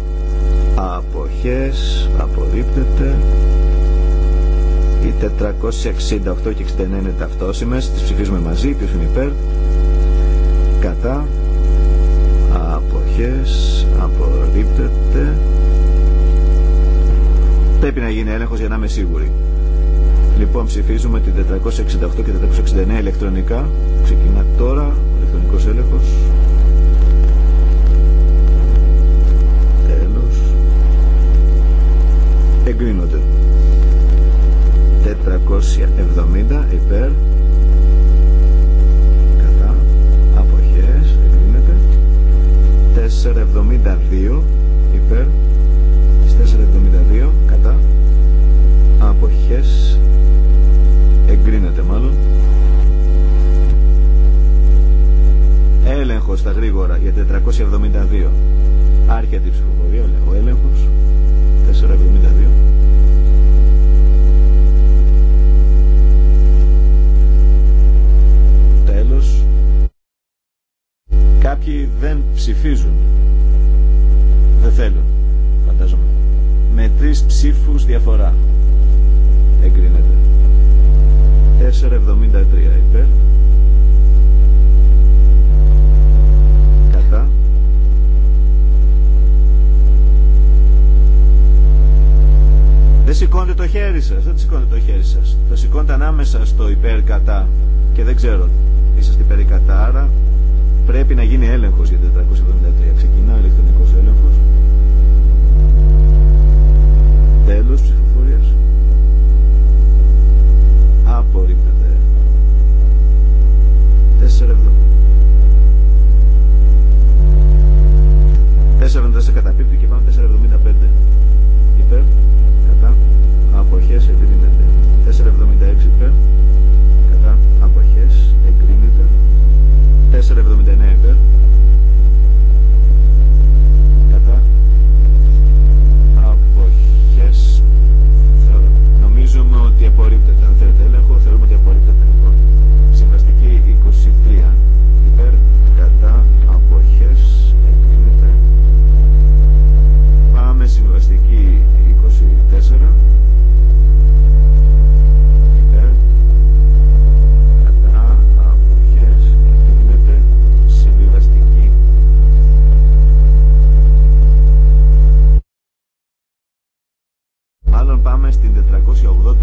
αποχές απορρίπτεται οι 468 και 69 είναι ταυτόσιμες τις ψηφίζουμε μαζί ποιος είναι υπέρ κατά αποχές απορρίπτεται πρέπει να γίνει έλεγχος για να είμαι σίγουροι Λοιπόν, ψηφίζουμε την 468 και 469 ηλεκτρονικά. Ξεκινά τώρα ο ηλεκτρονικός έλεγχος. Τέλος. Εγκρίνονται. 470 υπέρ. Κατά. Αποχές. Εγκρίνεται. 472 υπέρ. 472 κατά. Αποχές εγκρίνεται μάλλον έλεγχος στα γρήγορα για 472 άρχεται η ψηφοφορία ο έλεγχος 472 Τέλος. Κάποιοι δεν ψηφίζουν. Δεν θέλουν, φαντάζομαι. Με τρεις ψήφους διαφορά. Εγκρίνεται. 473 υπέρ κατά δεν σηκώνετε το χέρι σας δεν σηκώνετε το χέρι σας το σηκώνετε ανάμεσα στο υπέρ κατά και δεν ξέρω είσαστε υπέρ κατά άρα πρέπει να γίνει έλεγχος για 473 ξεκινά ο ηλεκτρονικός έλεγχος τέλος ψηφοφορίας απορρίπτεται 4,74 καταπίπτει και πάμε 4,75 υπέρ κατά αποχές εγκρίνεται 4,76 υπέρ κατά αποχές εγκρίνεται 4,79 υπέρ κατά αποχές νομίζουμε ότι απορρίπτεται 280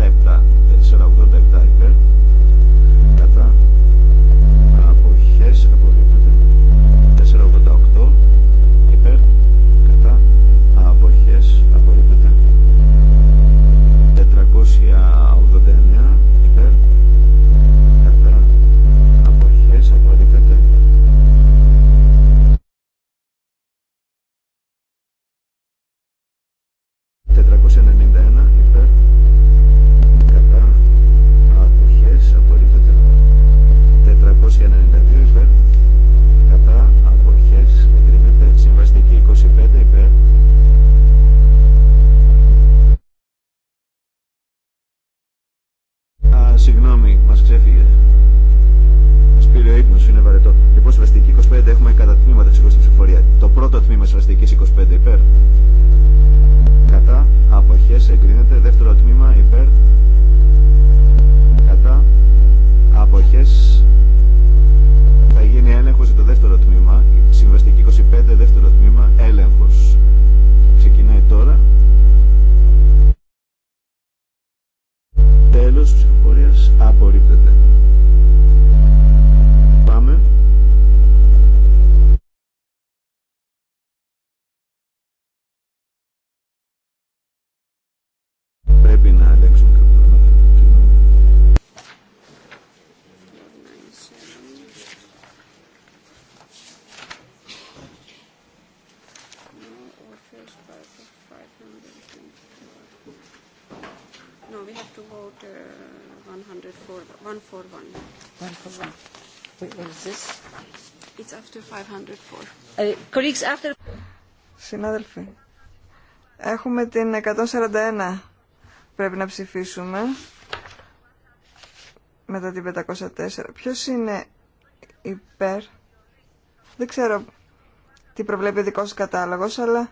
Ε, Συνάδελφοι, έχουμε την 141 πρέπει να ψηφίσουμε μετά την 504. Ποιος είναι υπέρ, δεν ξέρω τι προβλέπει ο δικός κατάλογος, αλλά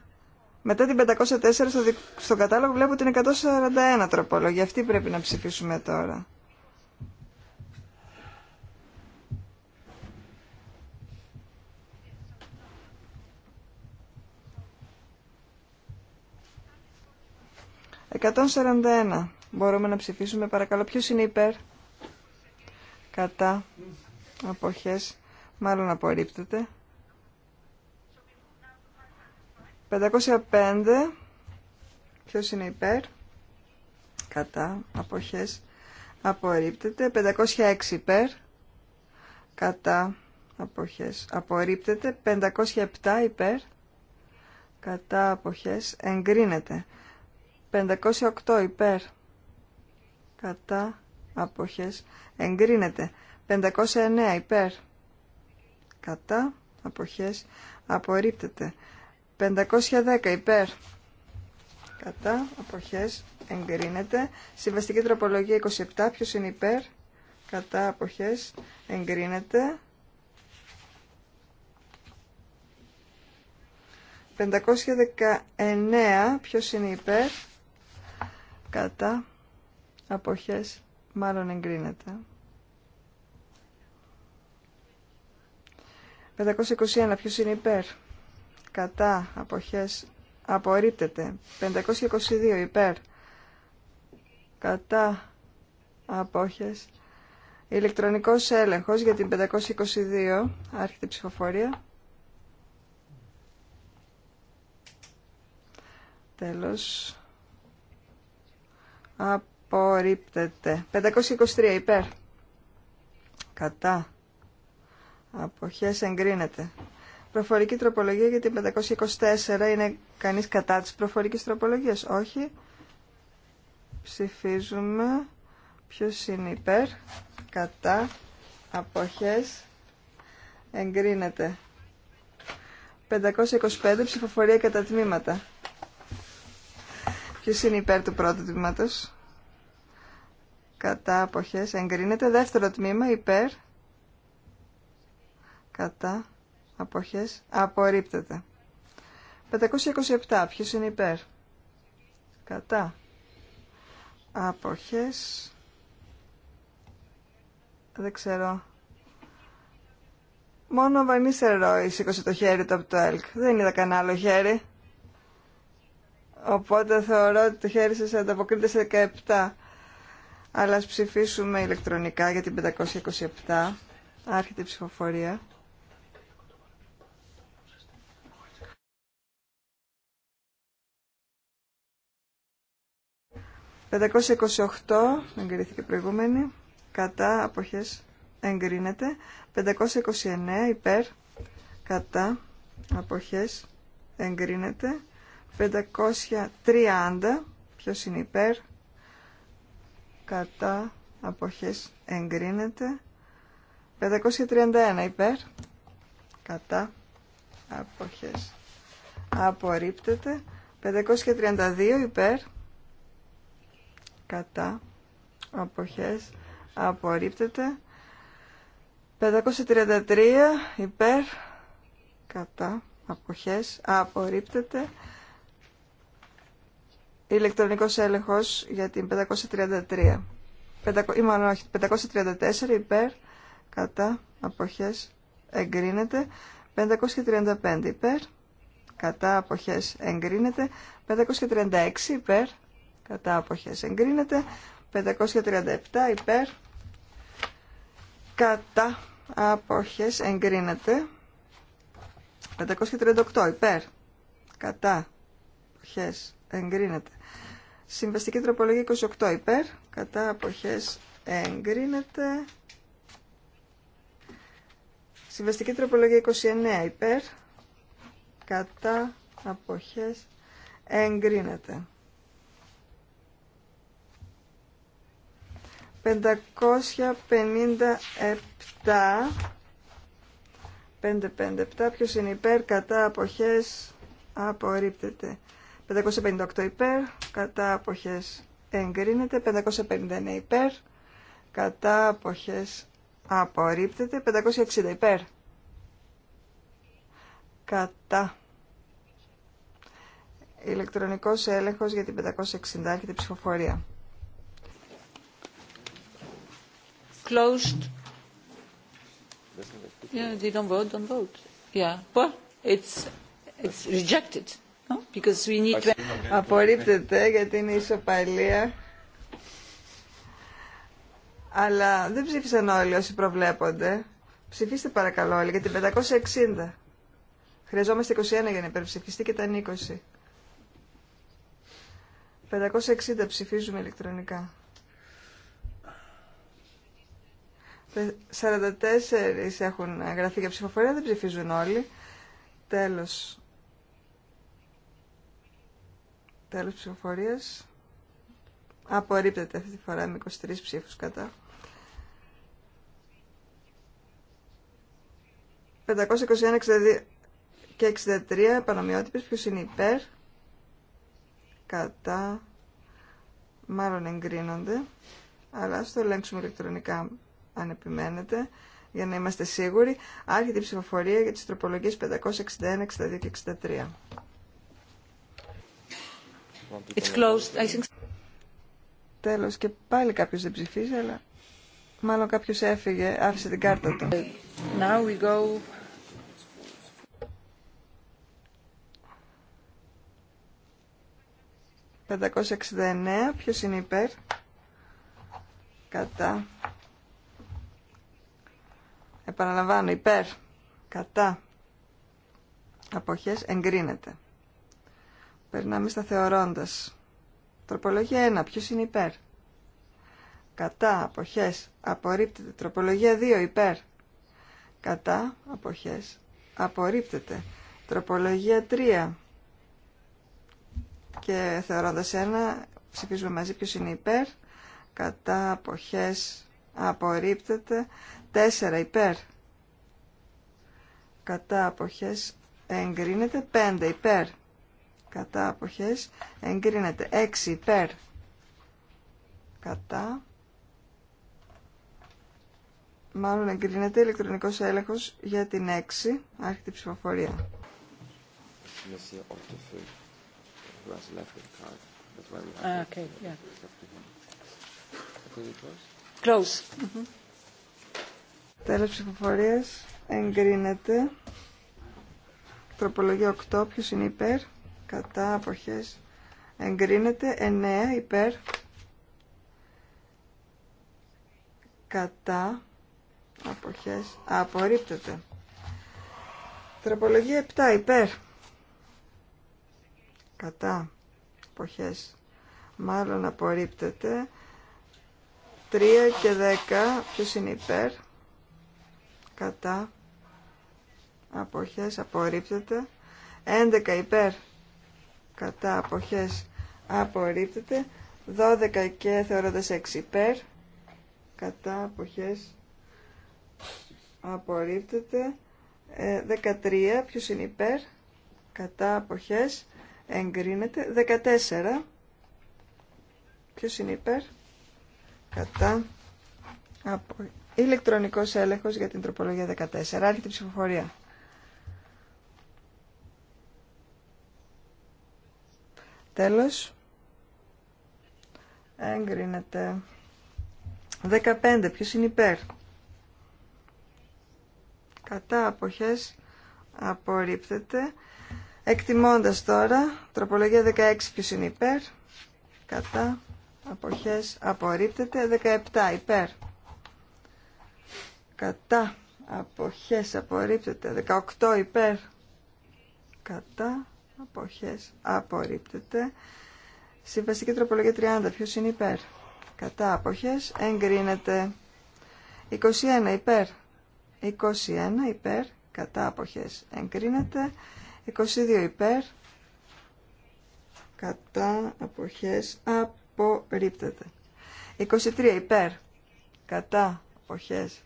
μετά την 504 στο, στο κατάλογο βλέπω την 141 τροπολογία. Αυτή πρέπει να ψηφίσουμε τώρα. 141. Μπορούμε να ψηφίσουμε παρακαλώ. Ποιος είναι υπέρ. Κατά. Αποχές. Μάλλον απορρίπτεται. 505. Ποιος είναι υπέρ. Κατά. Αποχές. Απορρίπτεται. 506 υπέρ. Κατά. Αποχές. Απορρίπτεται. 507 υπέρ. Κατά. Αποχές. Εγκρίνεται. 508 υπέρ κατά αποχές εγκρίνεται 509 υπέρ κατά αποχές απορρίπτεται 510 υπέρ κατά αποχές εγκρίνεται συμβαστική τροπολογία 27 ποιος είναι υπέρ κατά αποχές εγκρίνεται 519 ποιος είναι υπέρ κατά αποχές μάλλον εγκρίνεται. 521 ποιος είναι υπέρ κατά αποχές απορρίπτεται. 522 υπέρ κατά απόχες. Ηλεκτρονικός έλεγχος για την 522 άρχεται ψηφοφορία. Τέλος. Απορρίπτεται. 523 υπέρ. Κατά. Αποχές εγκρίνεται. Προφορική τροπολογία για την 524. Είναι κανείς κατά της προφορικής τροπολογίας. Όχι. Ψηφίζουμε. Ποιος είναι υπέρ. Κατά. Αποχές εγκρίνεται. 525 ψηφοφορία κατά τμήματα. Ποιος είναι υπέρ του πρώτου τμήματος. Κατά αποχές εγκρίνεται. Δεύτερο τμήμα υπέρ. Κατά αποχές απορρίπτεται. 527. Ποιος είναι υπέρ. Κατά. Αποχές. Δεν ξέρω. Μόνο ο ή σήκωσε το χέρι του από το ΕΛΚ. Δεν είδα κανένα άλλο χέρι. Οπότε θεωρώ ότι το χέρι σας ανταποκρίνεται σε 17. Αλλά ας ψηφίσουμε ηλεκτρονικά για την 527. Άρχεται η ψηφοφορία. «528» εγκρίθηκε προηγούμενη, κατά αποχές εγκρίνεται, «529» υπέρ, κατά αποχές εγκρίνεται, 530 ποιος είναι υπέρ κατά αποχές εγκρίνεται 531 υπέρ κατά αποχές απορρίπτεται 532 υπέρ κατά αποχές απορρίπτεται 533 υπέρ κατά αποχές απορρίπτεται ηλεκτρονικός έλεγχος για την 533. ή μάλλον 534 υπέρ, κατά, αποχές, εγκρίνεται. 535 υπέρ, κατά, αποχές, εγκρίνεται. 536 υπέρ, κατά, αποχές, εγκρίνεται. 537 υπέρ, κατά, αποχές, εγκρίνεται. 538 υπέρ, κατά, αποχές, εγκρίνεται. Συμβαστική τροπολογία 28 υπέρ, κατά αποχές εγκρίνεται. Συμβαστική τροπολογία 29 υπέρ, κατά αποχές εγκρίνεται. 557 557 ποιος είναι υπέρ κατά αποχές απορρίπτεται 558 υπέρ, κατά αποχές εγκρίνεται. 559 υπέρ, κατά αποχές απορρίπτεται. 560 υπέρ, κατά. Ηλεκτρονικός έλεγχος για την 560 την ψηφοφορία. Closed. Yeah, they don't vote, don't vote. Yeah, well, it's, it's rejected. Because ναι, ναι, Απορρίπτεται ναι. γιατί είναι ισοπαλία. Αλλά δεν ψήφισαν όλοι όσοι προβλέπονται. Ψηφίστε παρακαλώ όλοι για την 560. Χρειαζόμαστε 21 για να υπερψηφιστεί και ήταν 20. 560 ψηφίζουμε ηλεκτρονικά. 44 έχουν γραφεί για ψηφοφορία, δεν ψηφίζουν όλοι. Τέλος. Τέλος ψηφοφορίας. Απορρίπτεται αυτή τη φορά με 23 ψήφους κατά. 521 και 63 επανομοιότυπες. Ποιος είναι υπέρ. Κατά. Μάλλον εγκρίνονται. Αλλά στο το ελέγξουμε ηλεκτρονικά αν επιμένετε για να είμαστε σίγουροι. Άρχεται η ψηφοφορία για τις τροπολογίες 561, 62 και 63. Τέλος και πάλι κάποιος δεν ψηφίζει, αλλά μάλλον κάποιος έφυγε, άφησε την κάρτα του. Now we go... ...569, ποιος είναι υπέρ, κατά, επαναλαμβάνω, υπέρ, κατά, αποχές, εγκρίνεται. Περνάμε στα θεωρώντας. Τροπολογία 1. Ποιος είναι υπέρ. Κατά. Αποχές. Απορρίπτεται. Τροπολογία 2. Υπέρ. Κατά. Αποχές. Απορρίπτεται. Τροπολογία 3. Και θεωρώντας 1. Ψηφίζουμε μαζί ποιος είναι υπέρ. Κατά. Αποχές. Απορρίπτεται. 4. Υπέρ. Κατά. Αποχές. Εγκρίνεται. 5. Υπέρ κατά αποχές εγκρίνεται 6 υπέρ κατά μάλλον εγκρίνεται ηλεκτρονικός έλεγχος για την 6 άρχιτη ψηφοφορία Τέλος ψηφοφορίας εγκρίνεται τροπολογία 8 ποιος είναι υπέρ κατά αποχές εγκρίνεται 9 υπέρ κατά αποχές απορρίπτεται τροπολογία 7 υπέρ κατά αποχές μάλλον απορρίπτεται 3 και 10 ποιος είναι υπέρ κατά αποχές απορρίπτεται 11 υπέρ κατά αποχές απορρίπτεται 12 και θεωρώντας 6 υπέρ κατά αποχές απορρίπτεται 13 ε, ποιος είναι υπέρ κατά αποχές εγκρίνεται 14 ποιος είναι υπέρ κατά απο... ηλεκτρονικός έλεγχος για την τροπολογία 14 άρχεται ψηφοφορία Τέλος. Έγκρινεται. 15. Ποιος είναι υπέρ. Κατά αποχές απορρίπτεται. Εκτιμώντας τώρα, τροπολογία 16 ποιος είναι υπέρ. Κατά αποχές απορρίπτεται. 17 υπέρ. Κατά αποχές απορρίπτεται. 18 υπέρ. Κατά αποχές απορρίπτεται. Συμβαστική τροπολογία 30. Ποιος είναι υπέρ. Κατά αποχές εγκρίνεται. 21 υπέρ. 21 υπέρ. Κατά αποχές εγκρίνεται. 22 υπέρ. Κατά αποχές απορρίπτεται. 23 υπέρ. Κατά αποχές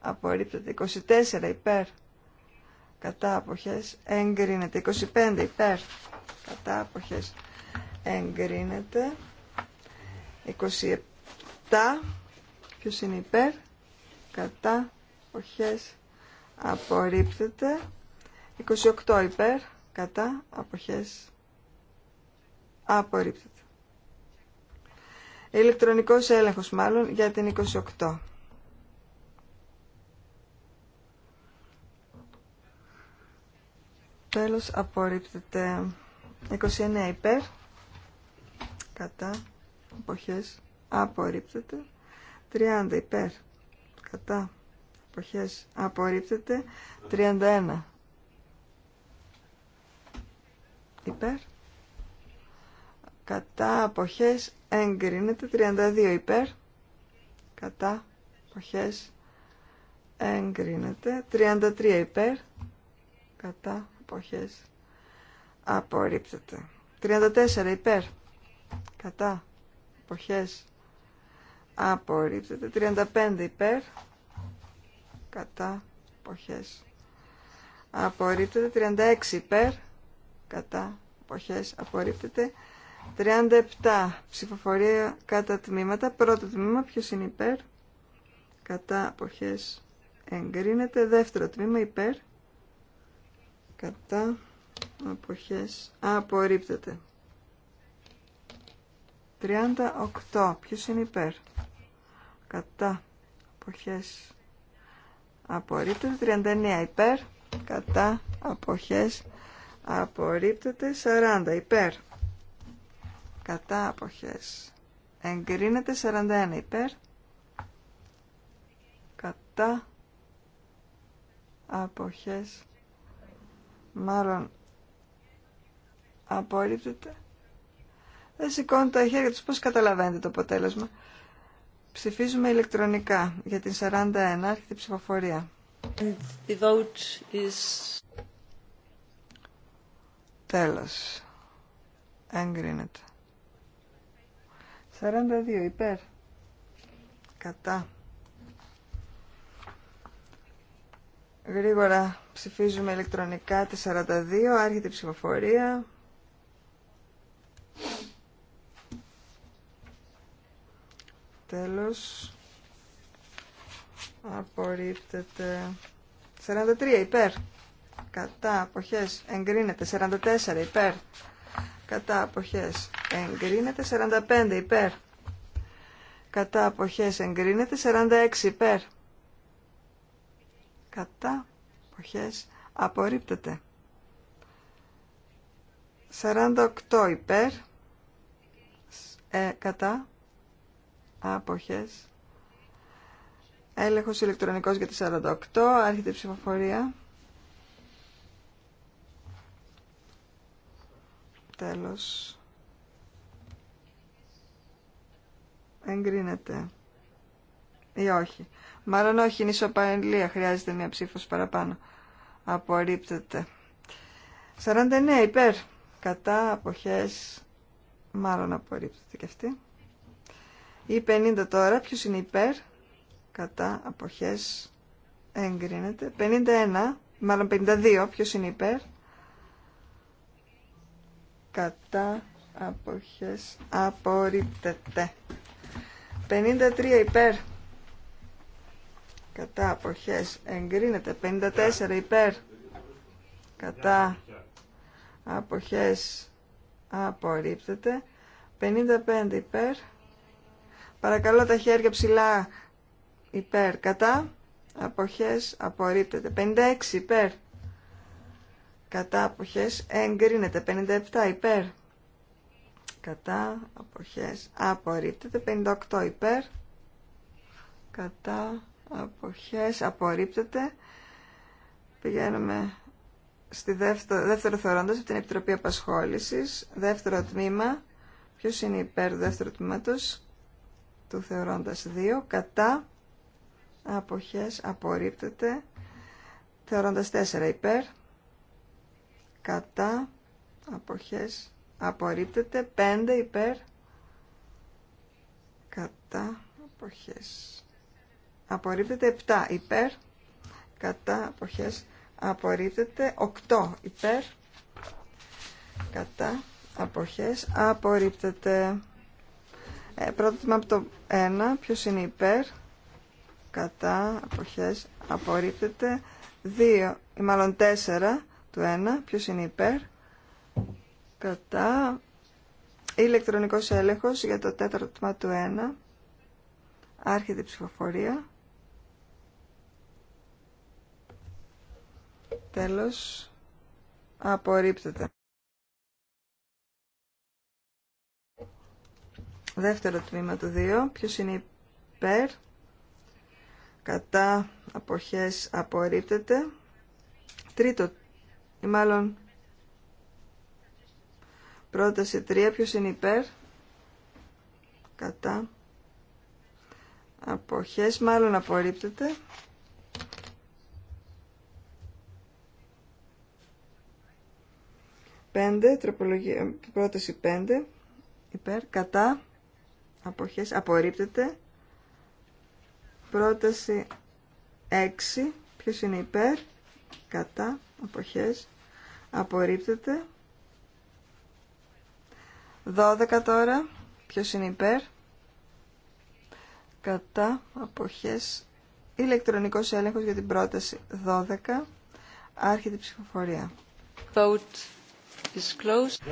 απορρίπτεται. 24 υπέρ κατά αποχές εγκρίνεται. 25 υπέρ κατά αποχές εγκρίνεται. 27 ποιος είναι υπέρ κατά αποχές απορρίπτεται. 28 υπέρ κατά αποχές απορρίπτεται. Ηλεκτρονικός έλεγχος μάλλον για την 28. Τέλος απορρίπτεται 29 υπέρ. Κατά. Αποχές. Απορρίπτεται. 30 υπέρ. Κατά. Αποχές. Απορρίπτεται. 31. Υπέρ. Κατά. Αποχές. Εγκρίνεται. 32 υπέρ. Κατά. Αποχές. Εγκρίνεται. 33 υπέρ. Κατά εποχές απορρίπτεται. 34 υπέρ κατά εποχές απορρίπτεται. 35 υπέρ κατά εποχές απορρίπτεται. 36 υπέρ κατά εποχές απορρίπτεται. 37 ψηφοφορία κατά τμήματα. Πρώτο τμήμα ποιος είναι υπέρ κατά εποχές εγκρίνεται. Δεύτερο τμήμα υπέρ κατά αποχές απορρίπτεται 38 ποιος είναι υπέρ κατά αποχές απορρίπτεται 39 υπέρ κατά αποχές απορρίπτεται 40 υπέρ κατά αποχές εγκρίνεται 41 υπέρ κατά αποχές Μάλλον απορρίπτεται. Δεν σηκώνουν τα χέρια τους. Πώς καταλαβαίνετε το αποτέλεσμα. Ψηφίζουμε ηλεκτρονικά για την 41. η ψηφοφορία. The vote is... Τέλος. Εγκρίνεται. 42 υπέρ. Κατά. Γρήγορα ψηφίζουμε ηλεκτρονικά τη 42, άρχεται η ψηφοφορία. Τέλος. Απορρίπτεται. 43 υπέρ. Κατά αποχές εγκρίνεται. 44 υπέρ. Κατά αποχές εγκρίνεται. 45 υπέρ. Κατά αποχές εγκρίνεται. 46 υπέρ κατά αποχές απορρίπτεται 48 υπέρ ε, κατά αποχές έλεγχος ηλεκτρονικός για τι 48 άρχεται η ψηφοφορία τέλος εγκρίνεται ή όχι. Μάλλον όχι, είναι ισοπαλία, χρειάζεται μία ψήφο παραπάνω. Απορρίπτεται. 49 υπέρ, κατά, απόχέ, μάλλον απορρίπτεται και αυτή. Ή 50 τώρα, ποιο είναι υπέρ, κατά, απόχέ. εγκρίνεται. 51, μάλλον 52, ποιο είναι υπέρ, κατά, αποχές, απορρίπτεται. 53 υπέρ, κατά αποχές εγκρίνεται 54 υπέρ κατά αποχές απορρίπτεται 55 υπέρ παρακαλώ τα χέρια ψηλά υπέρ κατά αποχές απορρίπτεται 56 υπέρ κατά αποχές εγκρίνεται 57 υπέρ κατά αποχές απορρίπτεται 58 υπέρ κατά αποχές απορρίπτεται. Πηγαίνουμε στη δεύτερο, δεύτερο θεωρώντας από την Επιτροπή Απασχόλησης. Δεύτερο τμήμα. Ποιος είναι υπέρ του δεύτερου τμήματος του θεωρώντας 2. Κατά αποχές απορρίπτεται. Θεωρώντας 4 υπέρ. Κατά αποχές απορρίπτεται. 5 υπέρ. Κατά αποχές απορρίπτεται 7 υπέρ κατά αποχές απορρίπτεται 8 υπέρ κατά αποχές απορρίπτεται ε, πρώτο τμήμα από το 1 ποιος είναι υπέρ κατά αποχές απορρίπτεται 2 ή μάλλον 4 του 1 ποιος είναι υπέρ κατά ηλεκτρονικός έλεγχος για το τέταρτο τμήμα του 1 άρχεται η ψηφοφορία Τέλος. Απορρίπτεται. Δεύτερο τμήμα του 2. Ποιος είναι υπέρ. Κατά αποχές απορρίπτεται. Τρίτο ή μάλλον πρόταση 3. Ποιος είναι υπέρ. Κατά αποχές μάλλον απορρίπτεται. 5, τροπολογία, πρόταση 5, υπέρ, κατά, αποχές, απορρίπτεται. Πρόταση 6, ποιος είναι υπέρ, κατά, αποχές, απορρίπτεται. 12 τώρα, ποιος είναι υπέρ, κατά, αποχές, ηλεκτρονικός έλεγχος για την πρόταση 12, άρχεται η ψηφοφορία. Vote is closed.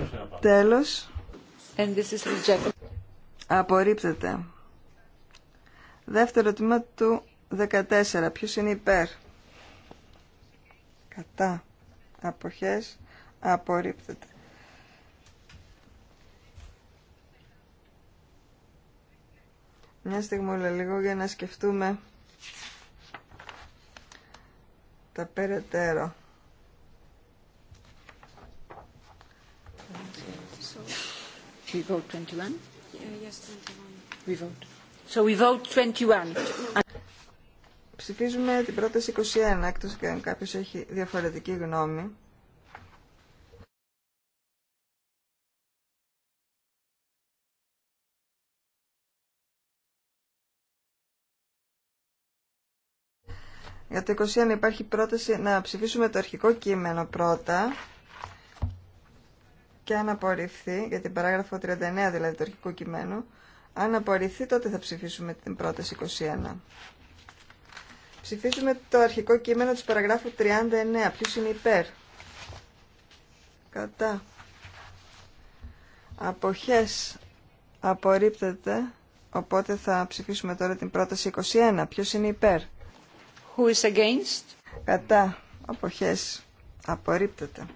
Τέλος. Απορρίπτεται. Δεύτερο τμήμα του 14. Ποιος είναι υπέρ. Κατά. Αποχές. Απορρίπτεται. Μια στιγμή λίγο για να σκεφτούμε τα περαιτέρω. 21? Yes, 21. We vote. So we vote 21. Ψηφίζουμε την πρόταση 21, εκτός και αν κάποιος έχει διαφορετική γνώμη. Για το 21 υπάρχει πρόταση να ψηφίσουμε το αρχικό κείμενο πρώτα και αν απορριφθεί, για την παράγραφο 39 δηλαδή του αρχικού κειμένου, αν απορριφθεί τότε θα ψηφίσουμε την πρόταση 21. Ψηφίζουμε το αρχικό κείμενο της παραγράφου 39. Ποιος είναι υπέρ. Κατά. Αποχές απορρίπτεται, οπότε θα ψηφίσουμε τώρα την πρόταση 21. Ποιος είναι υπέρ. Who is against? Κατά. Αποχές απορρίπτεται.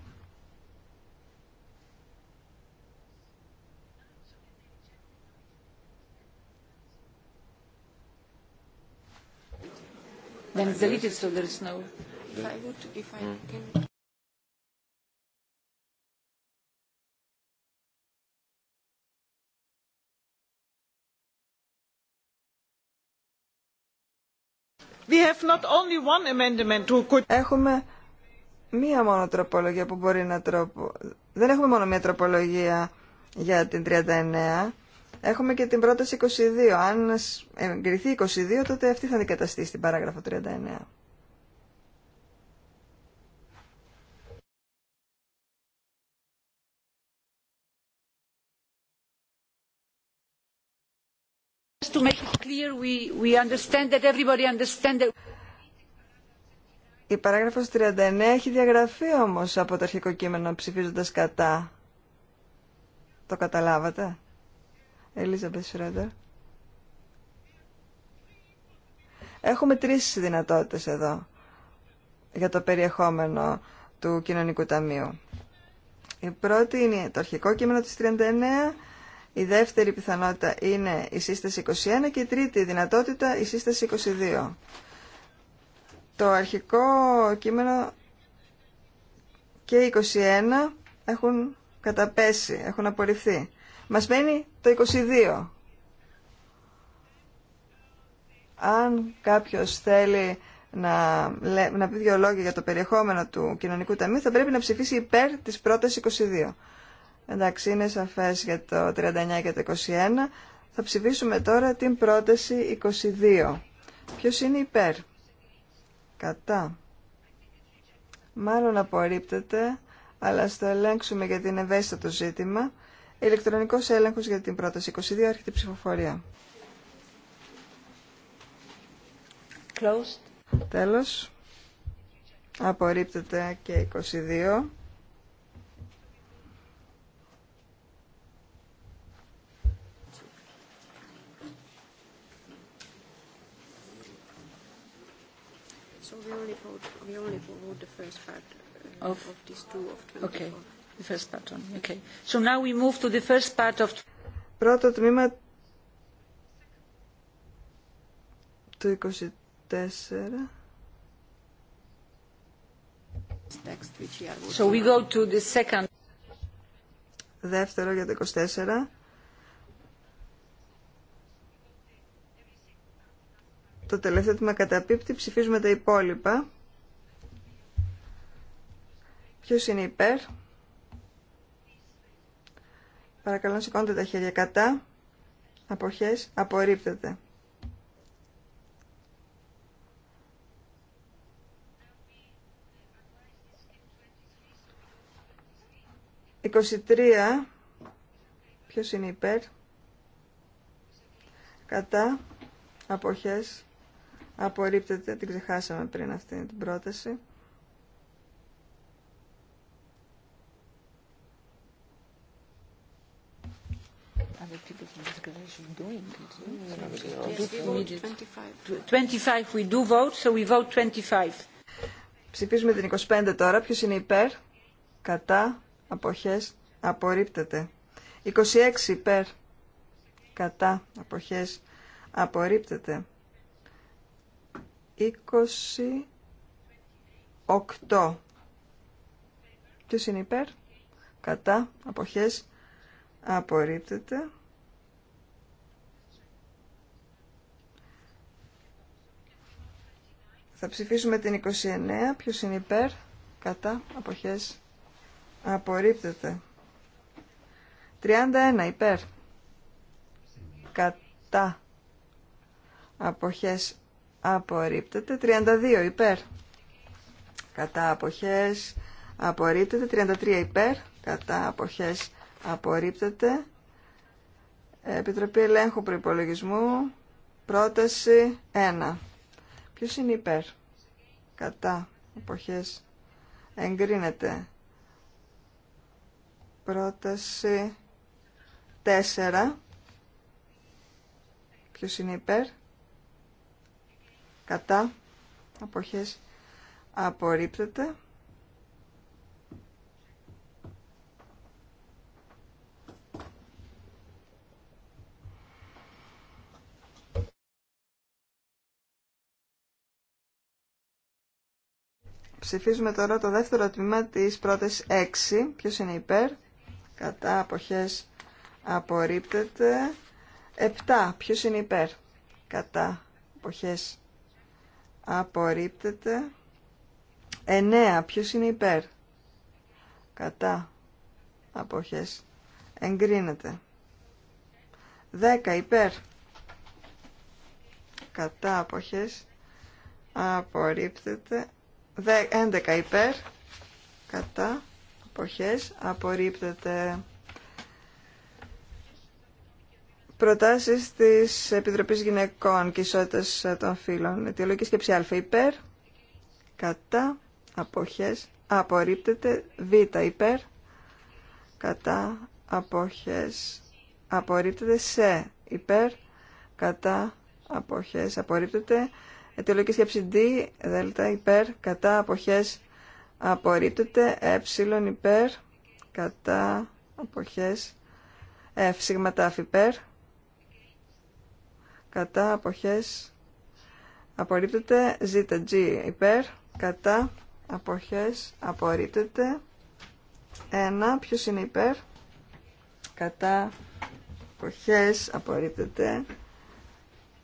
Έχουμε μία μόνο τροπολογία που μπορεί να τρόπο. Δεν έχουμε μόνο μία τροπολογία για την 39 Έχουμε και την πρόταση 22. Αν εγκριθεί 22, τότε αυτή θα δικαταστεί στην παράγραφο 39. Η παράγραφος 39 έχει διαγραφεί όμως από το αρχικό κείμενο ψηφίζοντας κατά. Το καταλάβατε. Elizabeth Έχουμε τρεις δυνατότητες εδώ για το περιεχόμενο του Κοινωνικού Ταμείου. Η πρώτη είναι το αρχικό κείμενο της 39, η δεύτερη πιθανότητα είναι η σύσταση 21 και η τρίτη δυνατότητα η σύσταση 22. Το αρχικό κείμενο και 21 έχουν καταπέσει, έχουν απορριφθεί. Μας μένει το 22. Αν κάποιος θέλει να, να πει δύο λόγια για το περιεχόμενο του κοινωνικού ταμείου, θα πρέπει να ψηφίσει υπέρ της πρώτης 22. Εντάξει, είναι σαφές για το 39 και το 21. Θα ψηφίσουμε τώρα την πρόταση 22. Ποιος είναι υπέρ. Κατά. Μάλλον απορρίπτεται, αλλά στο ελέγξουμε γιατί είναι ευαίσθητο το ζήτημα. Ηλεκτρονικός έλεγχος για την πρόταση 22, έρχεται ψηφοφορία. Closed. Τέλος. Απορρίπτεται και 22. we only vote, we only vote the first of these two of 24. Okay. The first part on. Okay. So now we move to the first part of. Πρώτο τμήμα του 24. So we go to the second. Δεύτερο για το 24. Το τελευταίο τμήμα καταπίπτει, ψηφίζουμε τα υπόλοιπα. Ποιος είναι υπέρ. Παρακαλώ σηκώντε τα χέρια κατά. Αποχές απορρίπτεται. 23. Ποιος είναι υπέρ. Κατά. Αποχές. Απορρίπτεται. Την ξεχάσαμε πριν αυτή την πρόταση. other people from this delegation doing it. 25 we do vote, so we vote 25. Ψηφίζουμε την 25 τώρα. Ποιος είναι υπέρ, κατά, αποχές, απορρίπτεται. 26 υπέρ, κατά, αποχές, απορρίπτεται. 28. Ποιος είναι υπέρ, κατά, αποχές, απορρίπτεται. Θα ψηφίσουμε την 29. Ποιος είναι υπέρ, κατά, αποχές, απορρίπτεται. 31 υπέρ, κατά, αποχές, απορρίπτεται. 32 υπέρ, κατά, αποχές, απορρίπτεται. 33 υπέρ, κατά, αποχές, απορρίπτεται. Επιτροπή Ελέγχου Προϋπολογισμού, πρόταση 1. Ποιο είναι υπέρ. Κατά. Εποχές. Εγκρίνεται. Πρόταση 4. Ποιο είναι υπέρ. Κατά. εποχές Απορρίπτεται. Ψηφίζουμε τώρα το δεύτερο τμήμα της πρώτης 6. Ποιος είναι υπέρ. Κατά αποχές απορρίπτεται. 7. Ποιος είναι υπέρ. Κατά αποχές απορρίπτεται. 9. Ποιος είναι υπέρ. Κατά αποχές εγκρίνεται. 10. Υπέρ. Κατά αποχές απορρίπτεται. 11 υπέρ κατά αποχές απορρίπτεται προτάσεις της Επιτροπής Γυναικών και Ισότητας των Φύλων αιτιολογική σκέψη α υπέρ κατά αποχές απορρίπτεται β υπέρ κατά αποχές απορρίπτεται σε υπέρ κατά αποχές απορρίπτεται αιτιολογική σκέψη D, δέλτα, υπέρ, κατά, αποχές, απορρίπτεται, ε, υπέρ, κατά, αποχές, F, ε, σίγμα τάφ, υπέρ, κατά, αποχές, απορρίπτεται, Z, G, υπέρ, κατά, αποχές, απορρίπτεται, ένα ποιο είναι υπέρ, κατά, αποχές, απορρίπτεται,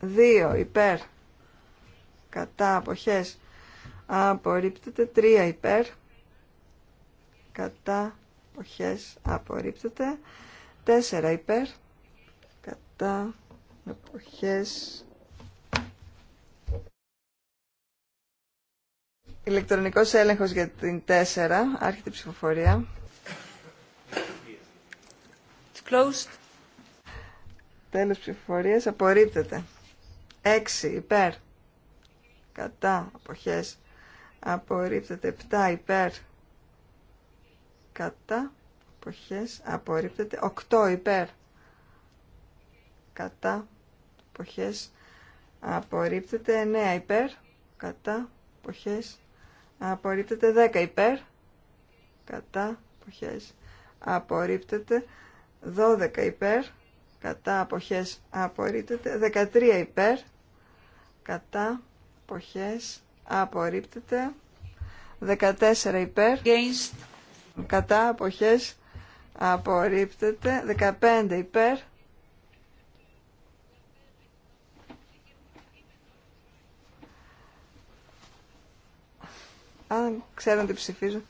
2, υπέρ, κατά αποχές απορρίπτεται 3 υπέρ κατά αποχές απορρίπτεται 4 υπέρ κατά αποχές ηλεκτρονικός έλεγχος για την 4 άρχεται η ψηφοφορία It's closed τέλος ψηφοφορίας απορρίπτεται 6 υπέρ κατά αποχές απορρίπτεται 7 υπέρ κατά αποχές απορρίπτεται 8 υπέρ κατά αποχές απορρίπτεται 9 υπέρ κατά αποχές απορρίπτεται 10 υπέρ κατά αποχές απορρίπτεται 12 υπέρ κατά αποχές απορρίπτεται 13 υπέρ κατά αποχές απορρίπτεται 14 υπέρ κατά αποχές απορρίπτεται 15 υπέρ αν ξέρω τι ψηφίζω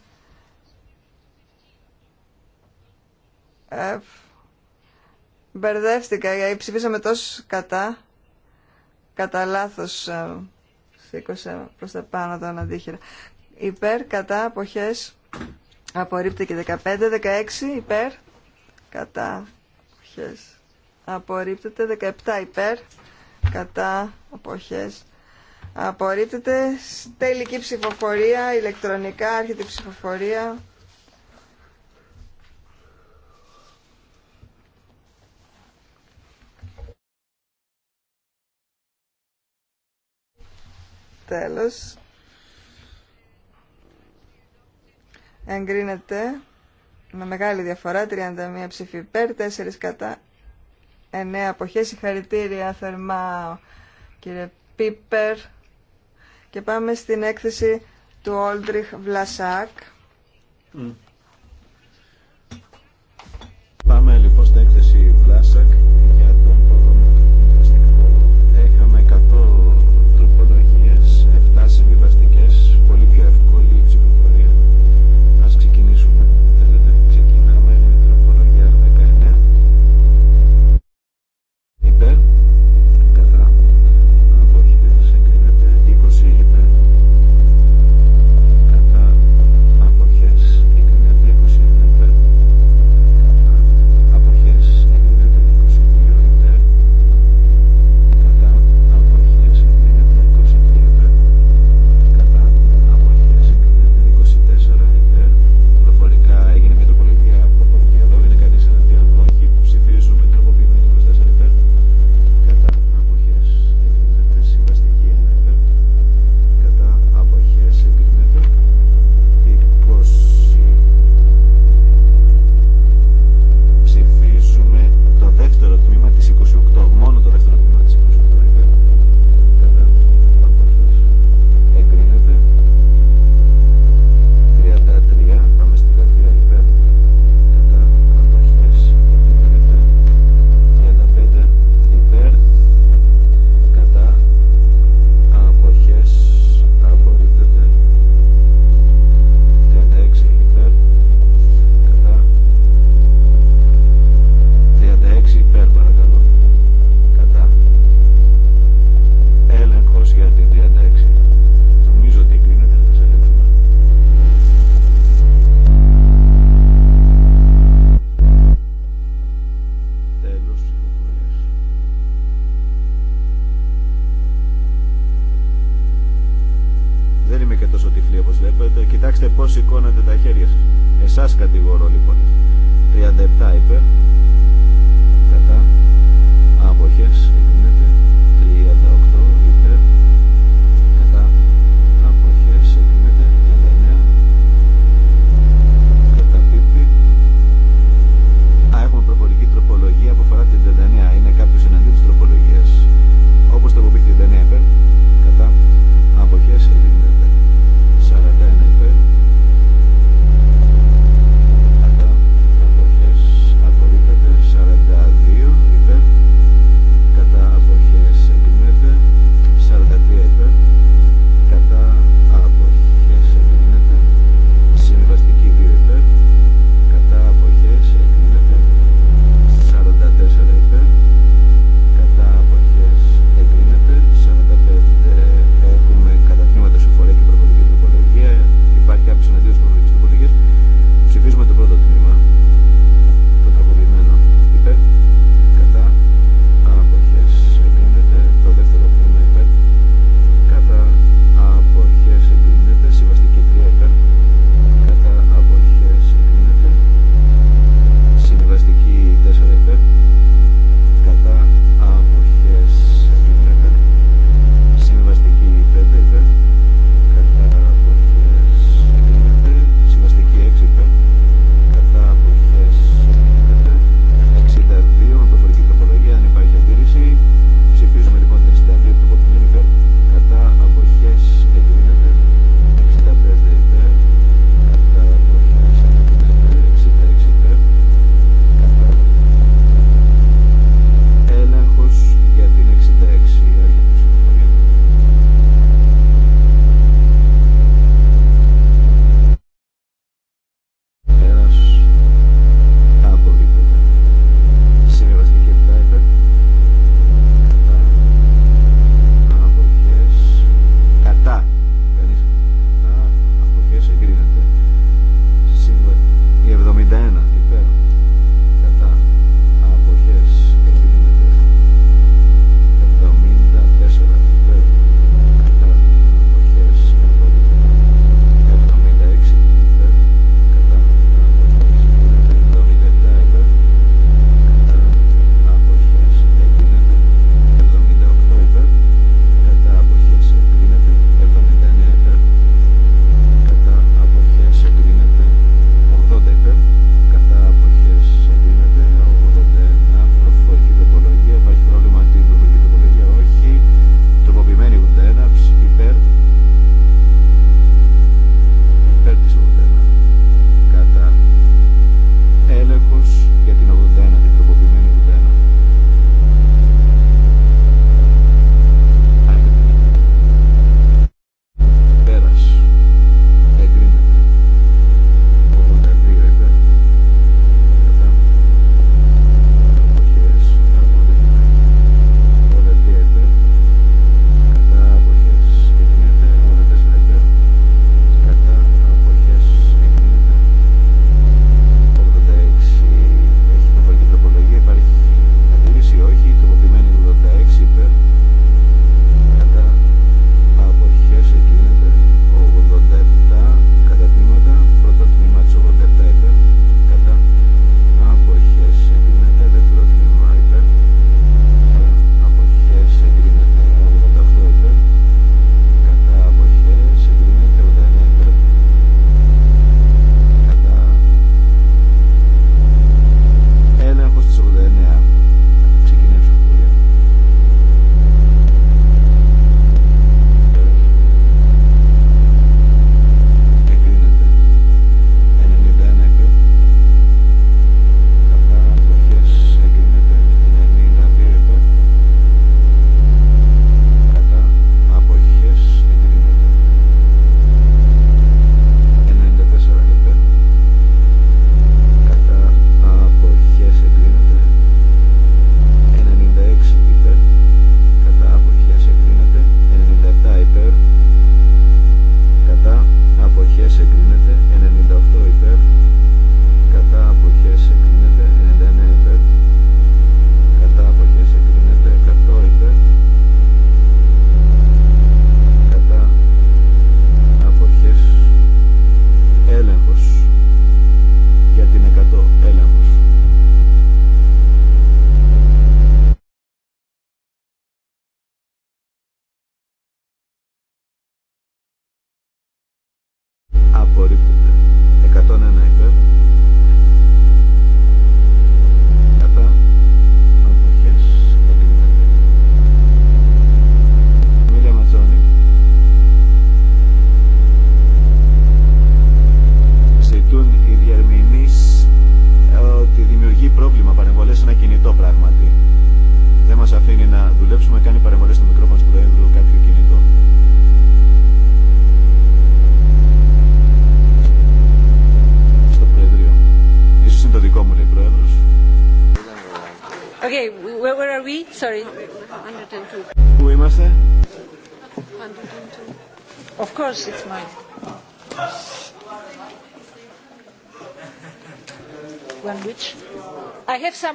ε, μπερδεύτηκα γιατί ψηφίσαμε τόσο κατά κατά λάθος ε, σήκωσα προς τα πάνω τα αντίχειρα. Υπέρ, κατά, αποχές, απορρίπτεται και 15, 16, υπέρ, κατά, αποχές, απορρίπτεται, 17, υπέρ, κατά, αποχές, απορρίπτεται, τελική ψηφοφορία, ηλεκτρονικά, άρχεται ψηφοφορία. Τέλος. Εγκρίνεται με μεγάλη διαφορά, 31 ψηφί υπέρ, 4 κατά, 9 αποχές. Συγχαρητήρια θερμά κύριε Πίπερ. Και πάμε στην έκθεση του Όλτριχ Βλασάκ. Mm.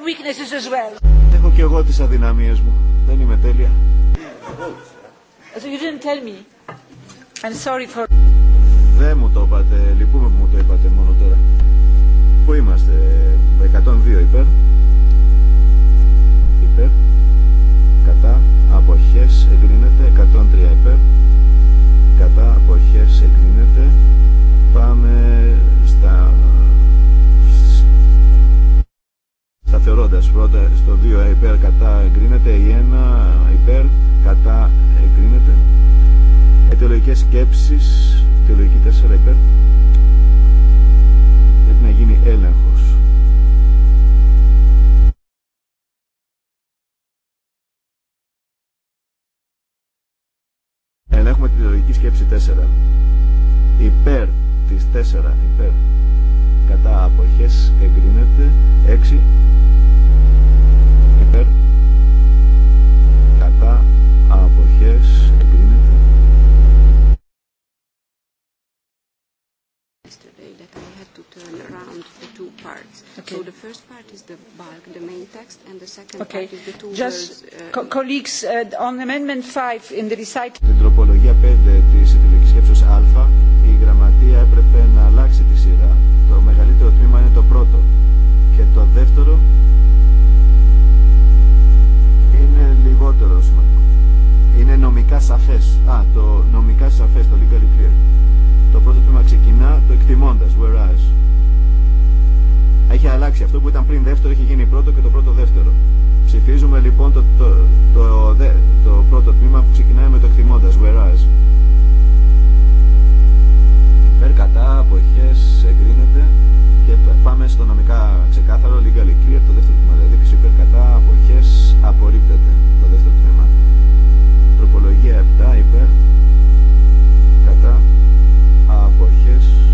weaknesses as well. Έχω και εγώ τις αδυναμίες μου. Δεν είμαι τέλεια. So you didn't tell me. I'm sorry for... Δεν μου το είπατε. Λυπούμε που μου το είπατε μόνο τώρα. Πού είμαστε. 102 υπέρ. Υπέρ. Κατά. Αποχές εγκρίνεται. 103 υπέρ. Κατά. Αποχές εγκρίνεται. Πάμε Αναθεωρώντας πρώτα στο 2 ε, υπέρ κατά εγκρίνεται, η 1 υπέρ κατά εγκρίνεται. Αιτιολογικές σκέψεις, αιτιολογική 4 υπέρ. Πρέπει να γίνει έλεγχος. Ελέγχουμε την αιτιολογική σκέψη 4. Υπέρ τη 4 υπέρ κατά αποχές εγκρίνεται 6 Στην τροπολογία 5 της ιδεολογικής σκέψης Α, η γραμματεία έπρεπε να αλλάξει τη σειρά. Το μεγαλύτερο τμήμα είναι το πρώτο και το δεύτερο νομικά σαφές. Α, το νομικά σαφές, το legally clear. Το πρώτο τμήμα ξεκινά το εκτιμώντας, whereas. Έχει αλλάξει. Αυτό που ήταν πριν δεύτερο έχει γίνει πρώτο και το πρώτο δεύτερο. Ψηφίζουμε λοιπόν το, το, το, το πρώτο τμήμα που ξεκινάει με το εκτιμώντας, whereas. Υπέρ κατά, αποχές, εγκρίνεται και πάμε στο νομικά ξεκάθαρο, legally clear, το δεύτερο τμήμα. Δηλαδή, υπέρ κατά, αποχές, απορρίπτεται. Το ανθρωπολογία 7 υπέρ κατά αποχές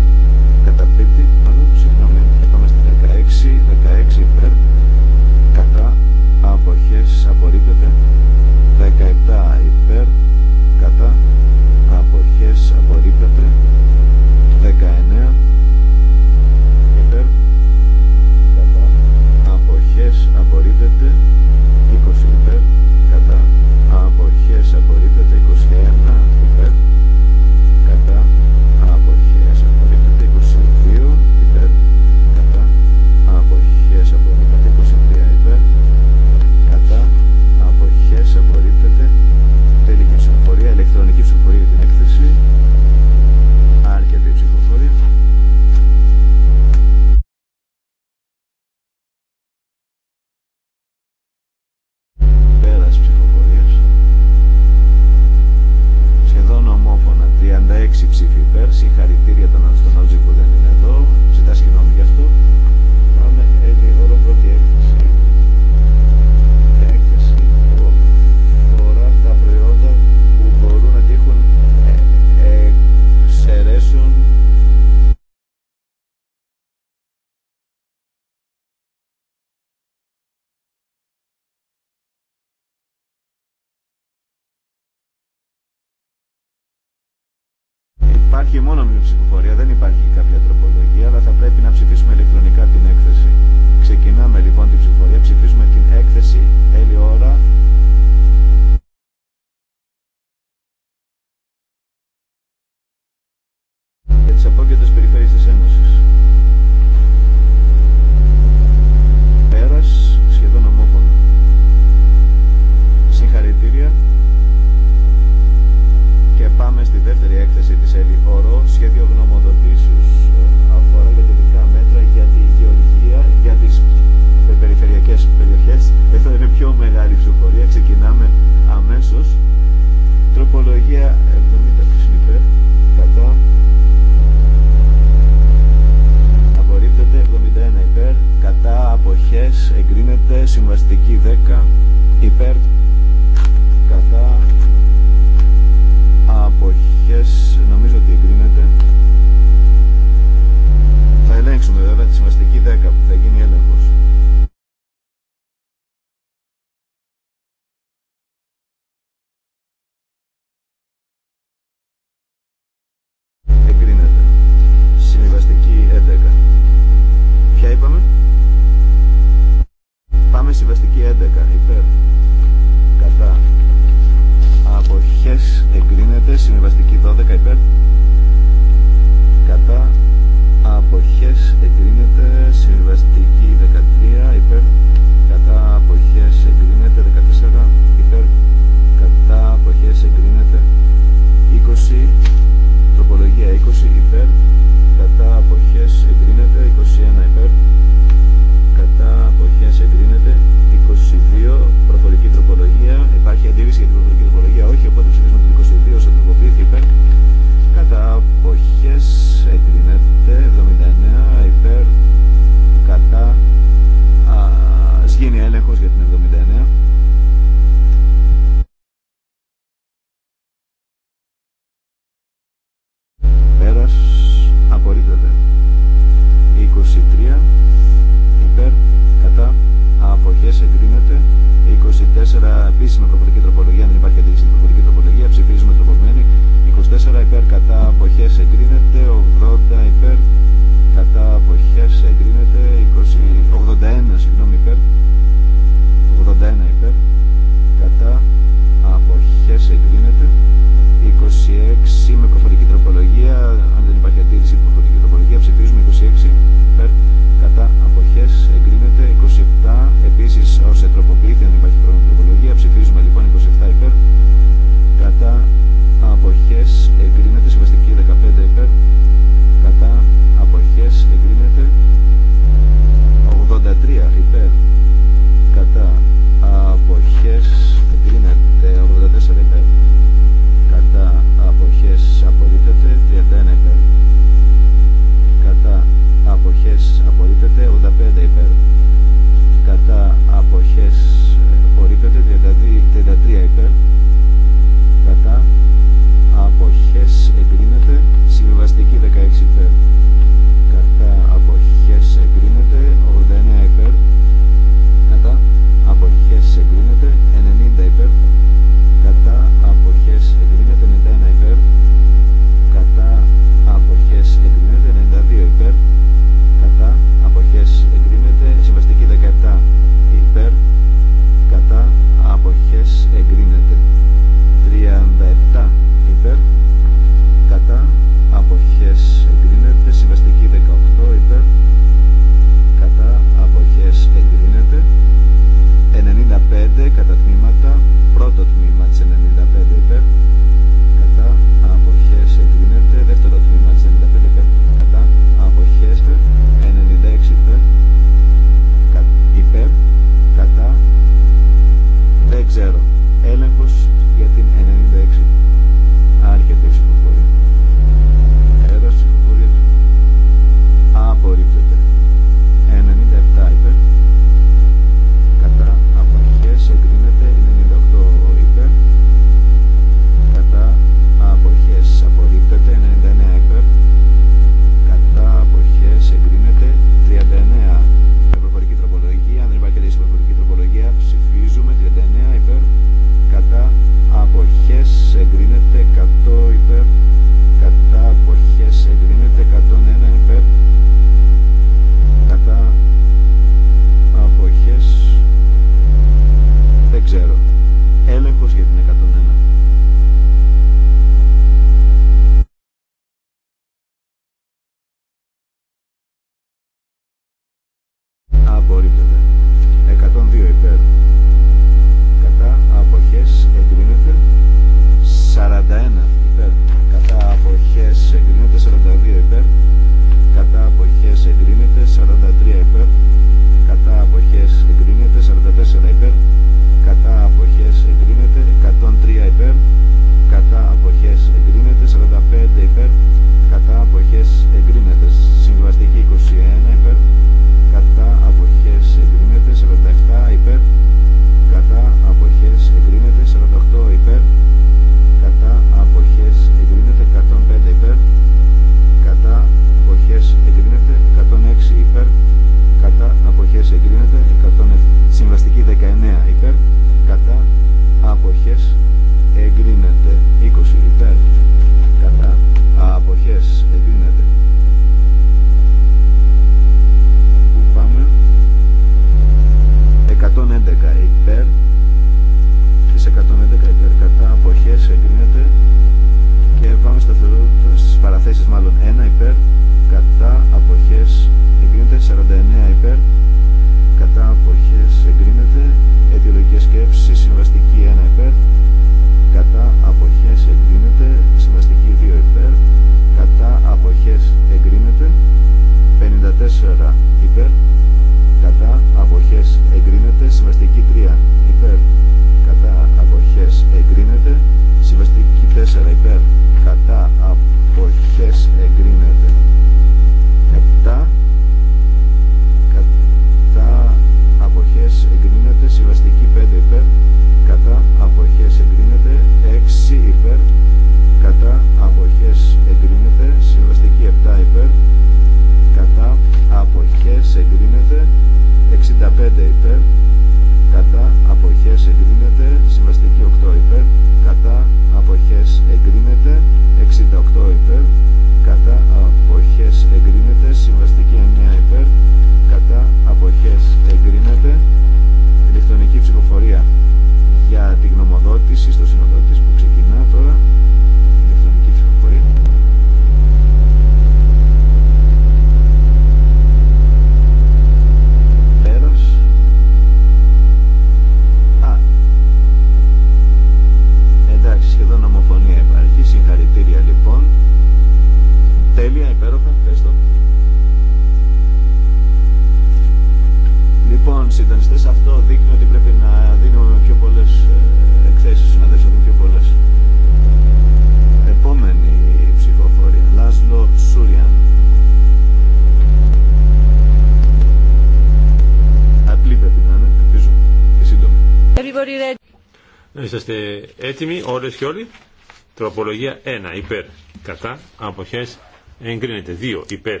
Τροπολογία 1 υπέρ κατά αποχές εγκρίνεται. 2 υπέρ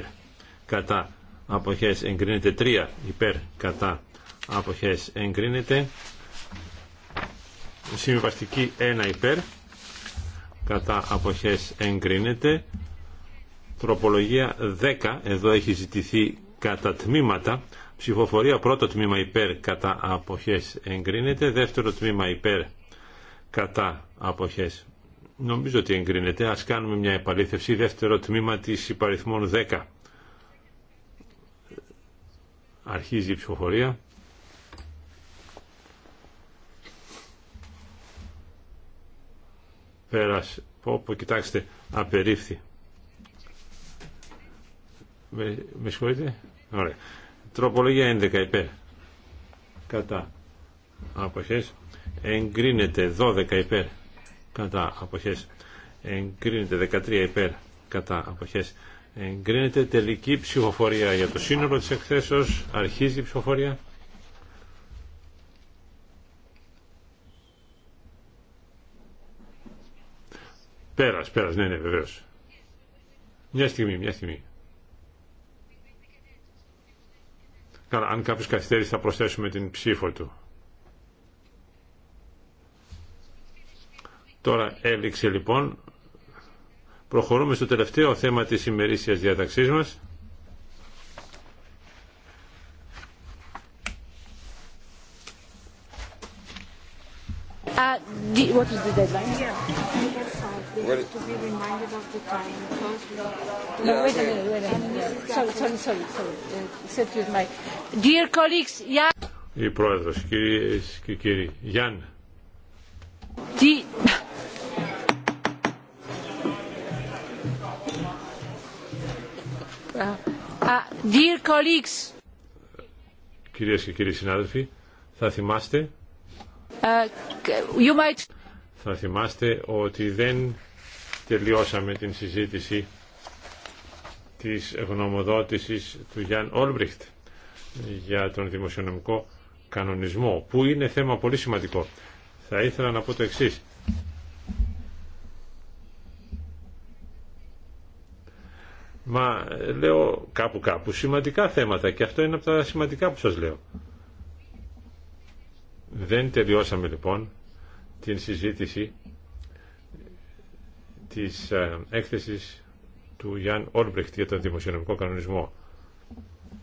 κατά αποχές εγκρίνεται. 3 υπέρ κατά αποχές εγκρίνεται. Συμβαστική 1 υπέρ κατά αποχές εγκρίνεται. Τροπολογία 10 εδώ έχει ζητηθεί κατά τμήματα. Ψηφοφορία πρώτο τμήμα υπέρ κατά αποχές εγκρίνεται. Δεύτερο τμήμα υπέρ κατά αποχές. Νομίζω ότι εγκρίνεται. Ας κάνουμε μια επαλήθευση. Δεύτερο τμήμα της υπαριθμών 10. Αρχίζει η ψηφοφορία. Πέρασε. Πω, πω, κοιτάξτε, απερίφθη. Με, με συγχωρείτε. Ωραία. Τροπολογία 11 υπέρ. Κατά. Αποχές. Εγκρίνεται 12 υπέρ κατά αποχές εγκρίνεται 13 υπέρ κατά αποχές εγκρίνεται τελική ψηφοφορία για το σύνολο της εκθέσεως αρχίζει η ψηφοφορία πέρας, πέρας, ναι, ναι, βεβαίως μια στιγμή, μια στιγμή Καλά, αν κάποιος καθυστέρησε θα προσθέσουμε την ψήφο του. Τώρα έληξε λοιπόν. Προχωρούμε στο τελευταίο θέμα της ημερήσιας διαταξής μας. what is the deadline? Yeah. Well, to be reminded of the time. No, wait a minute, wait a minute. Sorry, sorry, sorry. sorry. Except with my... Dear colleagues, yeah. Η πρόεδρος, κυρίες και κύριοι, Γιάννη. Κυρίες και κύριοι συνάδελφοι, θα θυμάστε, ε, θα θυμάστε ότι δεν τελειώσαμε την συζήτηση της γνωμοδότησης του Γιάνν Όλμπριχτ για τον δημοσιονομικό κανονισμό, που είναι θέμα πολύ σημαντικό. Θα ήθελα να πω το εξής. Μα λέω κάπου κάπου σημαντικά θέματα και αυτό είναι από τα σημαντικά που σας λέω. Δεν τελειώσαμε λοιπόν την συζήτηση της ε, έκθεσης του Γιάνν Όλμπρεχτ για τον δημοσιονομικό κανονισμό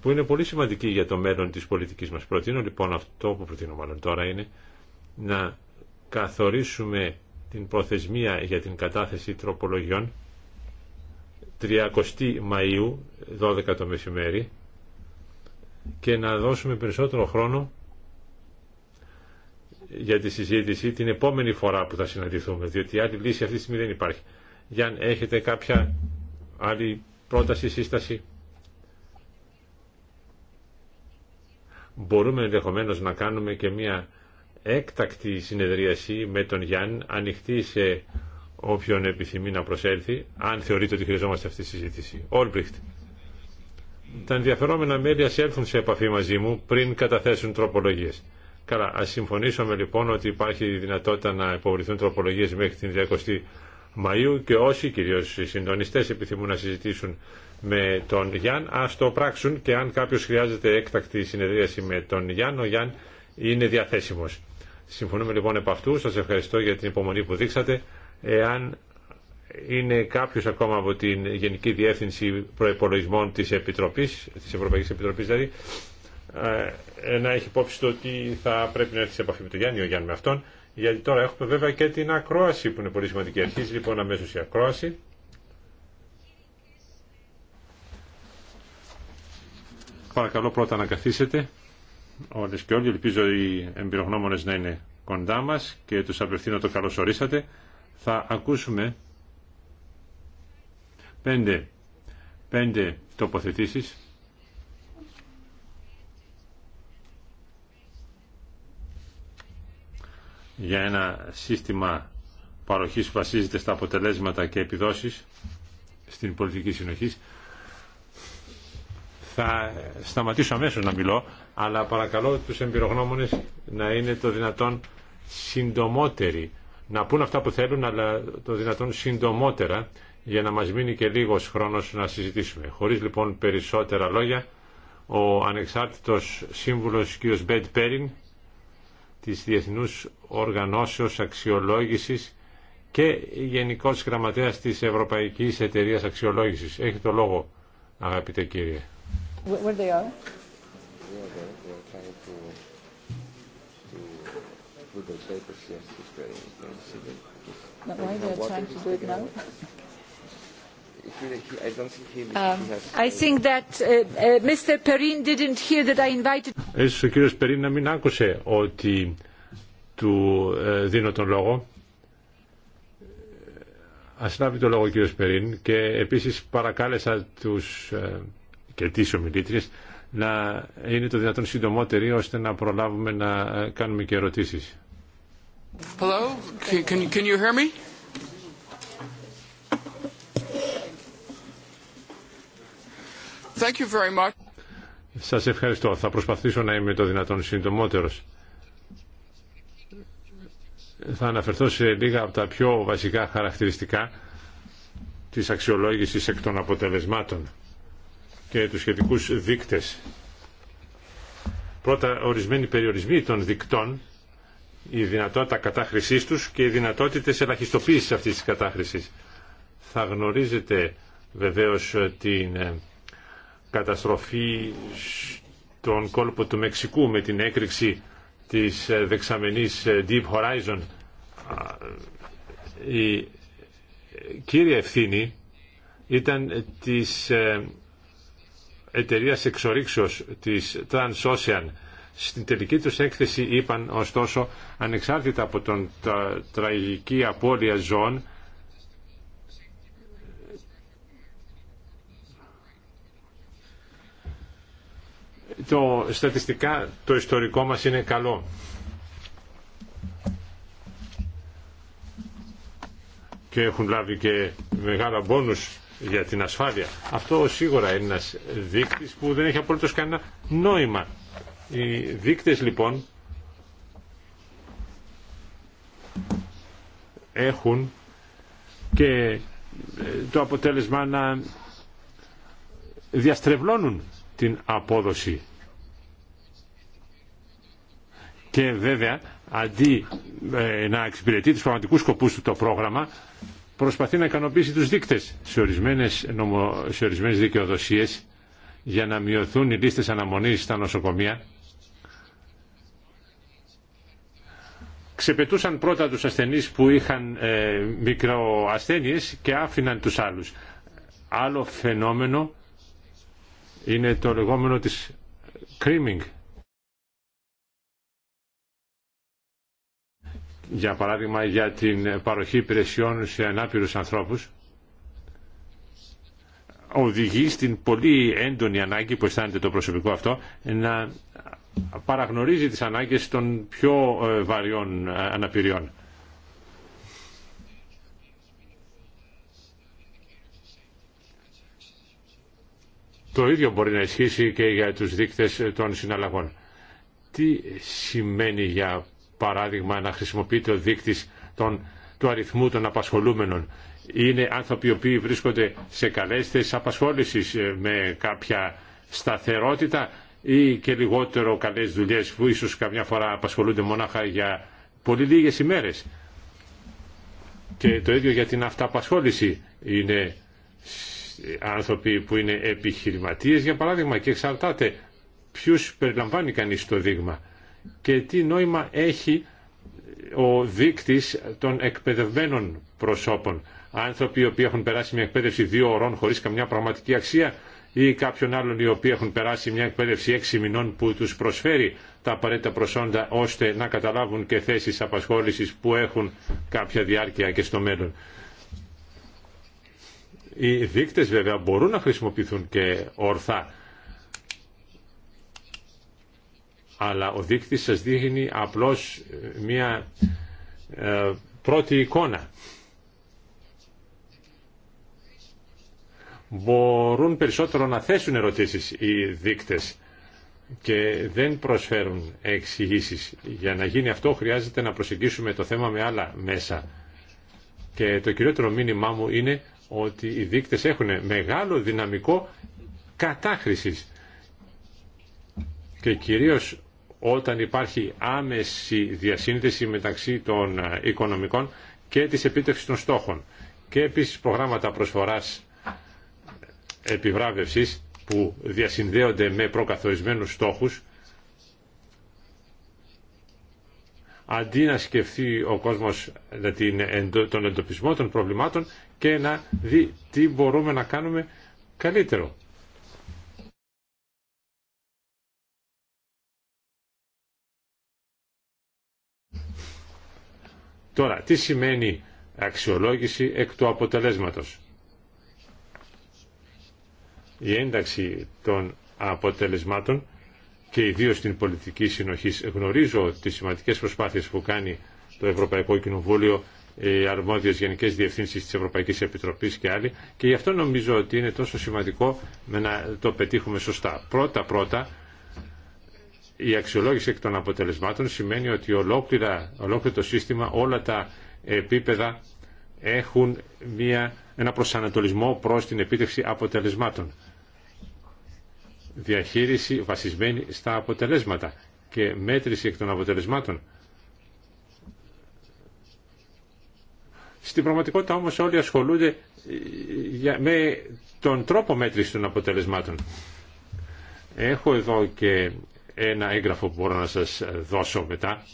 που είναι πολύ σημαντική για το μέλλον της πολιτικής μας. Προτείνω λοιπόν αυτό που προτείνω μάλλον τώρα είναι να καθορίσουμε την προθεσμία για την κατάθεση τροπολογιών 30 Μαΐου 12 το μεσημέρι και να δώσουμε περισσότερο χρόνο για τη συζήτηση την επόμενη φορά που θα συναντηθούμε διότι άλλη λύση αυτή τη στιγμή δεν υπάρχει. Γιάνν, έχετε κάποια άλλη πρόταση, σύσταση. Μπορούμε ενδεχομένω να κάνουμε και μια έκτακτη συνεδρίαση με τον Γιάννη ανοιχτή σε όποιον επιθυμεί να προσέλθει, αν θεωρείτε ότι χρειαζόμαστε αυτή τη συζήτηση. Όλμπριχτ. Τα ενδιαφερόμενα μέλη ας έλθουν σε επαφή μαζί μου πριν καταθέσουν τροπολογίε. Καλά, ας συμφωνήσουμε λοιπόν ότι υπάρχει δυνατότητα να υποβληθούν τροπολογίε μέχρι την 20η Μαΐου και όσοι, κυρίω οι συντονιστέ επιθυμούν να συζητήσουν με τον Γιάν, α το πράξουν και αν κάποιο χρειάζεται έκτακτη συνεδρίαση με τον Γιάν, ο Γιάν είναι διαθέσιμο. Συμφωνούμε λοιπόν επ' αυτού. σα ευχαριστώ για την υπομονή που δείξατε εάν είναι κάποιο ακόμα από την Γενική Διεύθυνση Προπολογισμών της Επιτροπής, της Ευρωπαϊκής Επιτροπής δηλαδή, ε, να έχει υπόψη ότι θα πρέπει να έρθει σε επαφή με τον Γιάννη, ο Γιάννη με αυτόν, γιατί τώρα έχουμε βέβαια και την ακρόαση που είναι πολύ σημαντική. Αρχίζει λοιπόν αμέσως η ακρόαση. Παρακαλώ πρώτα να καθίσετε όλες και όλοι. Ελπίζω οι εμπειρογνώμονες να είναι κοντά μας και τους απευθύνω το καλώς ορίσατε θα ακούσουμε πέντε, πέντε τοποθετήσεις για ένα σύστημα παροχής που βασίζεται στα αποτελέσματα και επιδόσεις στην πολιτική συνοχή. Θα σταματήσω αμέσως να μιλώ, αλλά παρακαλώ τους εμπειρογνώμονες να είναι το δυνατόν συντομότεροι να πούν αυτά που θέλουν, αλλά το δυνατόν συντομότερα, για να μας μείνει και λίγος χρόνος να συζητήσουμε. Χωρίς λοιπόν περισσότερα λόγια, ο ανεξάρτητος σύμβουλος κ. Μπέντ Πέριν της Διεθνούς Οργανώσεως Αξιολόγησης και Γενικός γραμματέα της Ευρωπαϊκής Εταιρεία Αξιολόγησης. Έχει το λόγο, αγαπητέ κύριε. with the papers, yes, it's But why they are trying to do it now? I don't think he um, has... I think that uh, uh, Mr. Perrin didn't hear that I invited... Ίσως ο κύριος Περίν να μην άκουσε ότι του ε, δίνω τον λόγο. Ε, ας λάβει το λόγο ο κύριος Περίν και επίσης παρακάλεσα τους ε, και τις ομιλήτριες να είναι το δυνατόν συντομότεροι ώστε να προλάβουμε να κάνουμε και ερωτήσεις. Hello? Can, can you hear me? Thank you very much. Σας ευχαριστώ. Θα προσπαθήσω να είμαι το δυνατόν συντομότερος. Θα αναφερθώ σε λίγα από τα πιο βασικά χαρακτηριστικά της αξιολόγησης εκ των αποτελεσμάτων και τους σχετικούς δείκτες. Πρώτα, ορισμένοι περιορισμοί των δικτών η δυνατότητα κατάχρησής τους και οι δυνατότητες ελαχιστοποίησης αυτής της κατάχρησης. Θα γνωρίζετε βεβαίως ε, την ε, καταστροφή στον κόλπο του Μεξικού με την έκρηξη της ε, δεξαμενής Deep Horizon. Η κύρια ευθύνη ήταν της εταιρείας εξορίξεως της Transocean στην τελική τους έκθεση είπαν ωστόσο ανεξάρτητα από τον τα, τραγική απώλεια ζώων το, στατιστικά το ιστορικό μας είναι καλό. Και έχουν λάβει και μεγάλα μπόνους για την ασφάλεια. Αυτό σίγουρα είναι ένας δείκτης που δεν έχει απολύτως κανένα νόημα. Οι δείκτες λοιπόν έχουν και ε, το αποτέλεσμα να διαστρεβλώνουν την απόδοση. Και βέβαια, αντί ε, να εξυπηρετεί τους πραγματικούς σκοπούς του το πρόγραμμα, προσπαθεί να ικανοποιήσει τους δείκτες σε ορισμένες, νομο, ορισμένες δικαιοδοσίες για να μειωθούν οι λίστες αναμονής στα νοσοκομεία ξεπετούσαν πρώτα τους ασθενείς που είχαν ε, μικροασθένειες και άφηναν τους άλλους. Άλλο φαινόμενο είναι το λεγόμενο της creaming. Για παράδειγμα για την παροχή υπηρεσιών σε ανάπηρους ανθρώπους οδηγεί στην πολύ έντονη ανάγκη που αισθάνεται το προσωπικό αυτό να παραγνωρίζει τις ανάγκες των πιο ε, βαριών ε, αναπηριών. Το ίδιο μπορεί να ισχύσει και για τους δείκτες των συναλλαγών. Τι σημαίνει για παράδειγμα να χρησιμοποιείται ο δείκτης των, του αριθμού των απασχολούμενων. Είναι άνθρωποι οι οποίοι βρίσκονται σε καλές θέσεις απασχόλησης ε, με κάποια σταθερότητα ή και λιγότερο καλές δουλειές που ίσως καμιά φορά απασχολούνται μονάχα για πολύ λίγες ημέρες. Και το ίδιο για την αυταπασχόληση είναι άνθρωποι που είναι επιχειρηματίες για παράδειγμα και εξαρτάται ποιους περιλαμβάνει κανείς το δείγμα και τι νόημα έχει ο δείκτης των εκπαιδευμένων προσώπων. Άνθρωποι οι οποίοι έχουν περάσει μια εκπαίδευση δύο ωρών χωρίς καμιά πραγματική αξία ή κάποιων άλλων οι οποίοι έχουν περάσει μια εκπαίδευση έξι μηνών που τους προσφέρει τα απαραίτητα προσόντα ώστε να καταλάβουν και θέσεις απασχόλησης που έχουν κάποια διάρκεια και στο μέλλον. Οι δείκτες βέβαια μπορούν να χρησιμοποιηθούν και ορθά αλλά ο δείκτης σας δείχνει απλώς μια ε, πρώτη εικόνα μπορούν περισσότερο να θέσουν ερωτήσεις οι δείκτες και δεν προσφέρουν εξηγήσει. Για να γίνει αυτό χρειάζεται να προσεγγίσουμε το θέμα με άλλα μέσα. Και το κυριότερο μήνυμά μου είναι ότι οι δείκτες έχουν μεγάλο δυναμικό κατάχρησης. Και κυρίως όταν υπάρχει άμεση διασύνδεση μεταξύ των οικονομικών και της επίτευξης των στόχων. Και επίσης προγράμματα προσφοράς επιβράβευσης που διασυνδέονται με προκαθορισμένους στόχους αντί να σκεφτεί ο κόσμος τον εντοπισμό των προβλημάτων και να δει τι μπορούμε να κάνουμε καλύτερο. Τώρα, τι σημαίνει αξιολόγηση εκ του αποτελέσματος η ένταξη των αποτελεσμάτων και ιδίω στην πολιτική συνοχή. Γνωρίζω τι σημαντικέ προσπάθειε που κάνει το Ευρωπαϊκό Κοινοβούλιο, οι αρμόδιε γενικέ διευθύνσει τη Ευρωπαϊκή Επιτροπή και άλλοι και γι' αυτό νομίζω ότι είναι τόσο σημαντικό με να το πετύχουμε σωστά. Πρώτα-πρώτα, η αξιολόγηση εκ των αποτελεσμάτων σημαίνει ότι ολόκληρα, ολόκληρο το σύστημα, όλα τα επίπεδα έχουν μια, ένα προσανατολισμό προς την επίτευξη αποτελεσμάτων διαχείριση βασισμένη στα αποτελέσματα και μέτρηση εκ των αποτελεσμάτων. Στην πραγματικότητα όμως όλοι ασχολούνται ε, με τον τρόπο μέτρηση των αποτελεσμάτων. Έχω εδώ και ένα έγγραφο που μπορώ να σας δώσω μετά.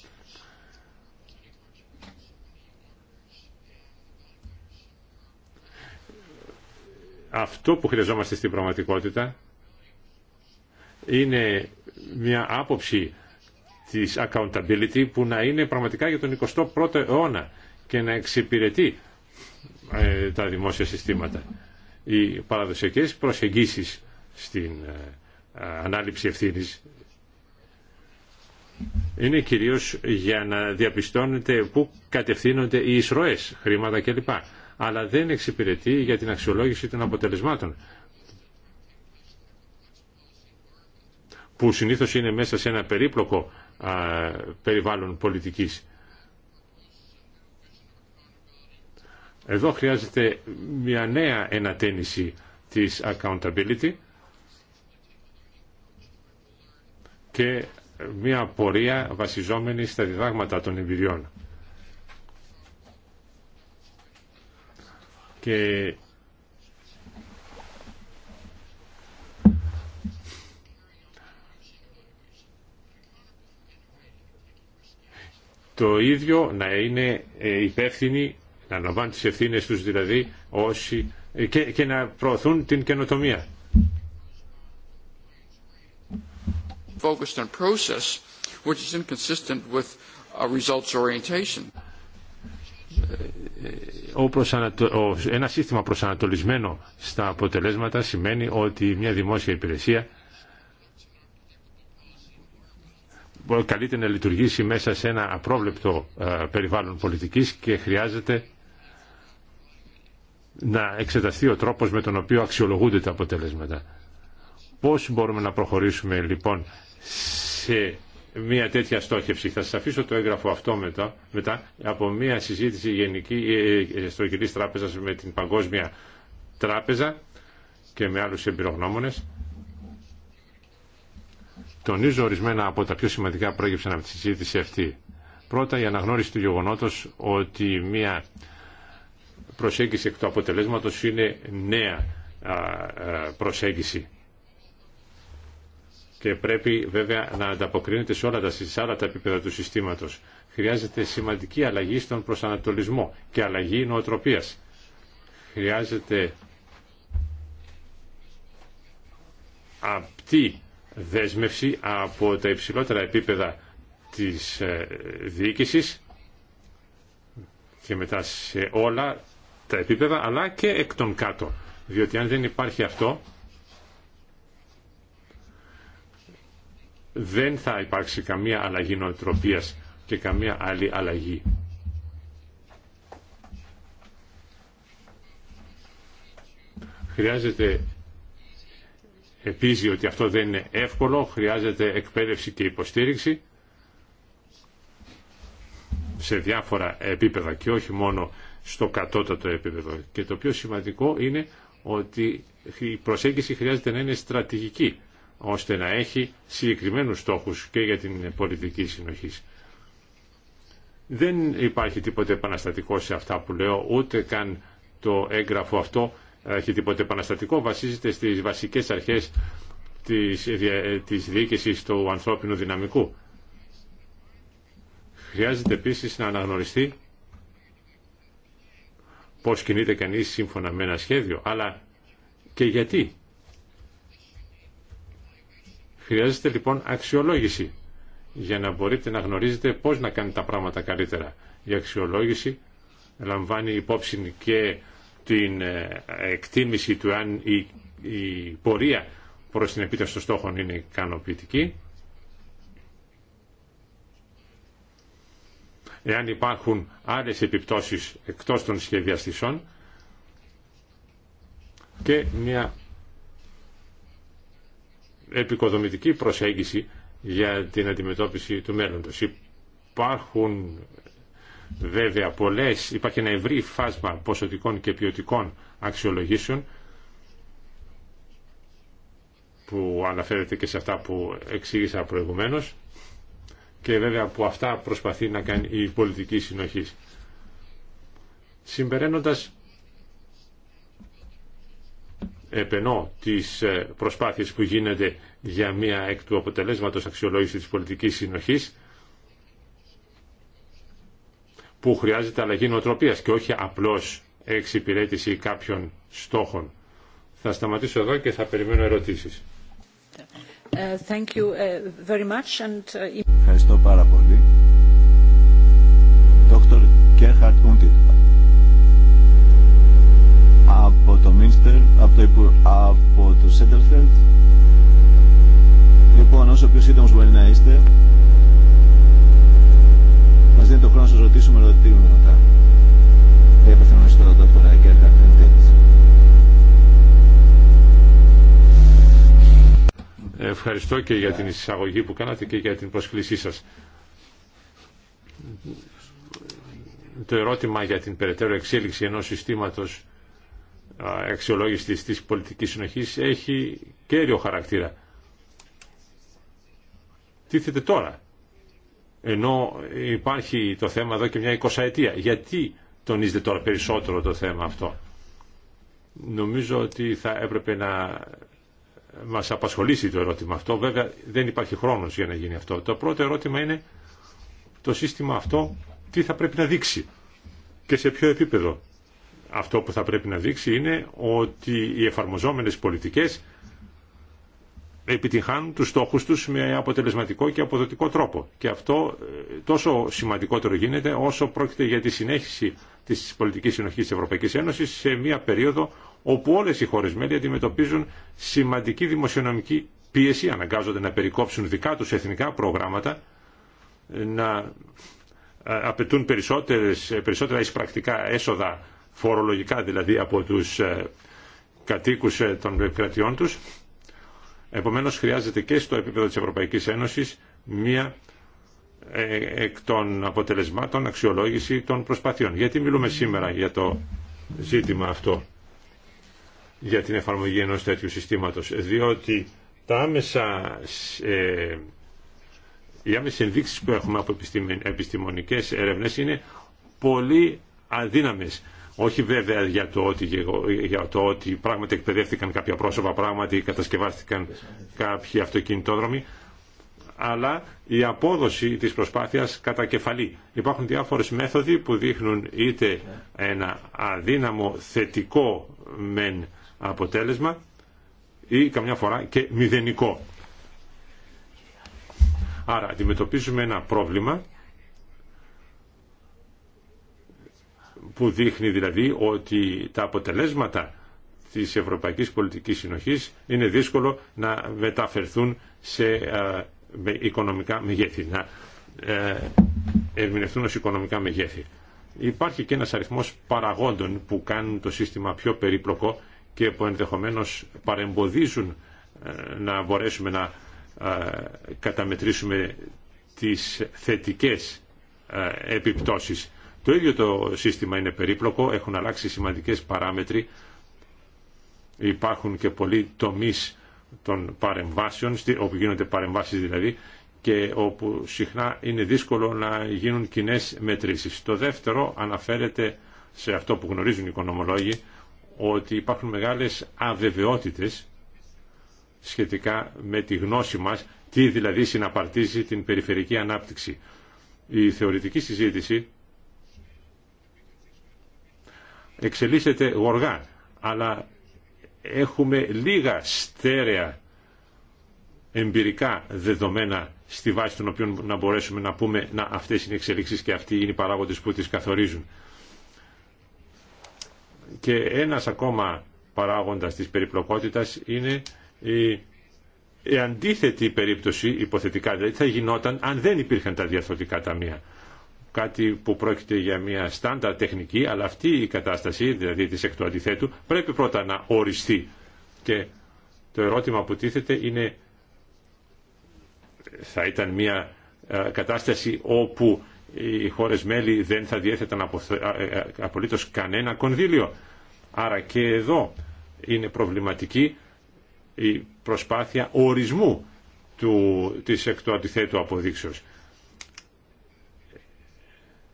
Αυτό που χρειαζόμαστε στην πραγματικότητα είναι μια άποψη της accountability που να είναι πραγματικά για τον 21ο αιώνα και να εξυπηρετεί ε, τα δημόσια συστήματα. Οι παραδοσιακές προσεγγίσεις στην ε, ανάληψη ευθύνης είναι κυρίως για να διαπιστώνεται πού κατευθύνονται οι εισρωές, χρήματα κλπ. Αλλά δεν εξυπηρετεί για την αξιολόγηση των αποτελεσμάτων. που συνήθως είναι μέσα σε ένα περίπλοκο περιβάλλον πολιτικής. Εδώ χρειάζεται μια νέα ενατένιση της accountability και μια πορεία βασιζόμενη στα διδάγματα των εμπειριών. Και το ίδιο να είναι ε, υπεύθυνοι, να λαμβάνουν τις ευθύνες τους δηλαδή όσοι, ε, και, και να προωθούν την καινοτομία. Ένα σύστημα προσανατολισμένο στα αποτελέσματα σημαίνει ότι μια δημόσια υπηρεσία καλείται να λειτουργήσει μέσα σε ένα απρόβλεπτο ε, περιβάλλον πολιτικής και χρειάζεται να εξεταστεί ο τρόπος με τον οποίο αξιολογούνται τα αποτελέσματα. Πώς μπορούμε να προχωρήσουμε λοιπόν σε μια τέτοια στόχευση. Θα σας αφήσω το έγγραφο αυτό μετά, μετά από μια συζήτηση γενική ε, ε τράπεζα τράπεζας με την Παγκόσμια Τράπεζα και με άλλους εμπειρογνώμονες. Τονίζω ορισμένα από τα πιο σημαντικά πρόγευσαν από τη συζήτηση αυτή. Πρώτα, η αναγνώριση του γεγονότος ότι μια προσέγγιση εκ του αποτελέσματος είναι νέα προσέγγιση και πρέπει βέβαια να ανταποκρίνεται σε όλα τα, σε άλλα τα επίπεδα του συστήματος. Χρειάζεται σημαντική αλλαγή στον προσανατολισμό και αλλαγή νοοτροπίας. Χρειάζεται απτή δέσμευση από τα υψηλότερα επίπεδα της ε, διοίκησης και μετά σε όλα τα επίπεδα αλλά και εκ των κάτω διότι αν δεν υπάρχει αυτό δεν θα υπάρξει καμία αλλαγή νοοτροπίας και καμία άλλη αλλαγή. Χρειάζεται Επίζει ότι αυτό δεν είναι εύκολο, χρειάζεται εκπαίδευση και υποστήριξη σε διάφορα επίπεδα και όχι μόνο στο κατώτατο επίπεδο. Και το πιο σημαντικό είναι ότι η προσέγγιση χρειάζεται να είναι στρατηγική, ώστε να έχει συγκεκριμένους στόχους και για την πολιτική συνοχή. Δεν υπάρχει τίποτε επαναστατικό σε αυτά που λέω, ούτε καν το έγγραφο αυτό έχει τίποτε επαναστατικό, βασίζεται στις βασικές αρχές της, της διοίκησης του ανθρώπινου δυναμικού. Χρειάζεται επίσης να αναγνωριστεί πώς κινείται κανείς σύμφωνα με ένα σχέδιο, αλλά και γιατί. Χρειάζεται λοιπόν αξιολόγηση για να μπορείτε να γνωρίζετε πώς να κάνετε τα πράγματα καλύτερα. Η αξιολόγηση λαμβάνει υπόψη και την ε, εκτίμηση του αν η, πορεία προς την επίτευξη των στόχων είναι ικανοποιητική. Εάν υπάρχουν άλλες επιπτώσεις εκτός των σχεδιαστησών και μια επικοδομητική προσέγγιση για την αντιμετώπιση του μέλλοντος. Υπάρχουν Βέβαια, πολλές, υπάρχει ένα ευρύ φάσμα ποσοτικών και ποιοτικών αξιολογήσεων που αναφέρεται και σε αυτά που εξήγησα προηγουμένως και βέβαια που αυτά προσπαθεί να κάνει η πολιτική συνοχή. Συμπεραίνοντας, επενώ τις ε, προσπάθειες που γίνονται για μία εκ του αποτελέσματος αξιολόγηση της πολιτικής συνοχής που χρειάζεται αλλαγή νοοτροπίας και όχι απλώς εξυπηρέτηση κάποιων στόχων. Θα σταματήσω εδώ και θα περιμένω ερωτήσεις. Ε, ε, ε, Ευχαριστώ πάρα πολύ. Δόκτωρ Κέρχαρτ από το Μίνστερ, από το, από το Σέντερφελτ. Λοιπόν, όσο πιο σύντομος μπορεί να είστε, μας δίνει το χρόνο να σας ρωτήσουμε Δεν Ευχαριστώ και για την εισαγωγή που κάνατε και για την προσκλησή σας. Το ερώτημα για την περαιτέρω εξέλιξη ενός συστήματος αξιολόγησης της πολιτικής συνοχής έχει κέριο χαρακτήρα. Τίθεται τώρα ενώ υπάρχει το θέμα εδώ και μια εικοσαετία. Γιατί τονίζεται τώρα περισσότερο το θέμα αυτό. Νομίζω ότι θα έπρεπε να μας απασχολήσει το ερώτημα αυτό. Βέβαια δεν υπάρχει χρόνος για να γίνει αυτό. Το πρώτο ερώτημα είναι το σύστημα αυτό τι θα πρέπει να δείξει και σε ποιο επίπεδο. Αυτό που θα πρέπει να δείξει είναι ότι οι εφαρμοζόμενες πολιτικές επιτυγχάνουν τους στόχους τους με αποτελεσματικό και αποδοτικό τρόπο. Και αυτό ε, τόσο σημαντικότερο γίνεται όσο πρόκειται για τη συνέχιση της πολιτικής συνοχής της Ευρωπαϊκής Ένωσης σε μια περίοδο όπου όλες οι χώρες μέλη αντιμετωπίζουν σημαντική δημοσιονομική πίεση, αναγκάζονται να περικόψουν δικά τους εθνικά προγράμματα, να ε, απαιτούν ε, περισσότερα εισπρακτικά έσοδα φορολογικά δηλαδή από τους κατοίκους των κρατιών τους Επομένως χρειάζεται και στο επίπεδο της Ευρωπαϊκής Ένωσης μία ε, εκ των αποτελεσμάτων αξιολόγηση των προσπαθειών. Γιατί μιλούμε σήμερα για το ζήτημα αυτό, για την εφαρμογή ενός τέτοιου συστήματος. Διότι τα άμεσα, ε, οι άμεσε ενδείξει που έχουμε από επιστημονικές έρευνες είναι πολύ αδύναμες. Όχι βέβαια για το ότι, για το ότι πράγματι εκπαιδεύτηκαν κάποια πρόσωπα, πράγματι κατασκευάστηκαν κάποιοι αυτοκινητόδρομοι, αλλά η απόδοση της προσπάθειας κατά κεφαλή. Υπάρχουν διάφορες μέθοδοι που δείχνουν είτε ένα αδύναμο θετικό μεν αποτέλεσμα ή καμιά φορά και μηδενικό. Άρα αντιμετωπίζουμε ένα πρόβλημα που δείχνει δηλαδή ότι τα αποτελέσματα της Ευρωπαϊκής Πολιτικής Συνοχής είναι δύσκολο να μεταφερθούν σε ε, οικονομικά μεγέθη, να ε, ερμηνευτούν ως οικονομικά μεγέθη. Υπάρχει και ένας αριθμός παραγόντων που κάνουν το σύστημα πιο περίπλοκο και που ενδεχομένως παρεμποδίζουν ε, να μπορέσουμε να καταμετρήσουμε τις θετικές επιπτώσεις το ίδιο το σύστημα είναι περίπλοκο, έχουν αλλάξει σημαντικές παράμετροι, υπάρχουν και πολλοί τομείς των παρεμβάσεων, όπου γίνονται παρεμβάσεις δηλαδή, και όπου συχνά είναι δύσκολο να γίνουν κοινέ μετρήσεις. Το δεύτερο αναφέρεται σε αυτό που γνωρίζουν οι οικονομολόγοι, ότι υπάρχουν μεγάλες αβεβαιότητες σχετικά με τη γνώση μας, τι δηλαδή συναπαρτίζει την περιφερική ανάπτυξη. Η θεωρητική συζήτηση εξελίσσεται γοργά, αλλά έχουμε λίγα στέρεα εμπειρικά δεδομένα στη βάση των οποίων να μπορέσουμε να πούμε να αυτές είναι εξελίξεις και αυτοί είναι οι παράγοντες που τις καθορίζουν. Και ένας ακόμα παράγοντας της περιπλοκότητας είναι η, η αντίθετη περίπτωση, υποθετικά δηλαδή, θα γινόταν αν δεν υπήρχαν τα διαθωτικά ταμεία κάτι που πρόκειται για μια στάνταρ τεχνική, αλλά αυτή η κατάσταση, δηλαδή της εκ του αντιθέτου, πρέπει πρώτα να οριστεί. Και το ερώτημα που τίθεται είναι, θα ήταν μια ε, κατάσταση όπου οι χώρες μέλη δεν θα διέθεταν ε, ε, απολύτως κανένα κονδύλιο. Άρα και εδώ είναι προβληματική η προσπάθεια ορισμού του, της εκ του αντιθέτου αποδείξεως.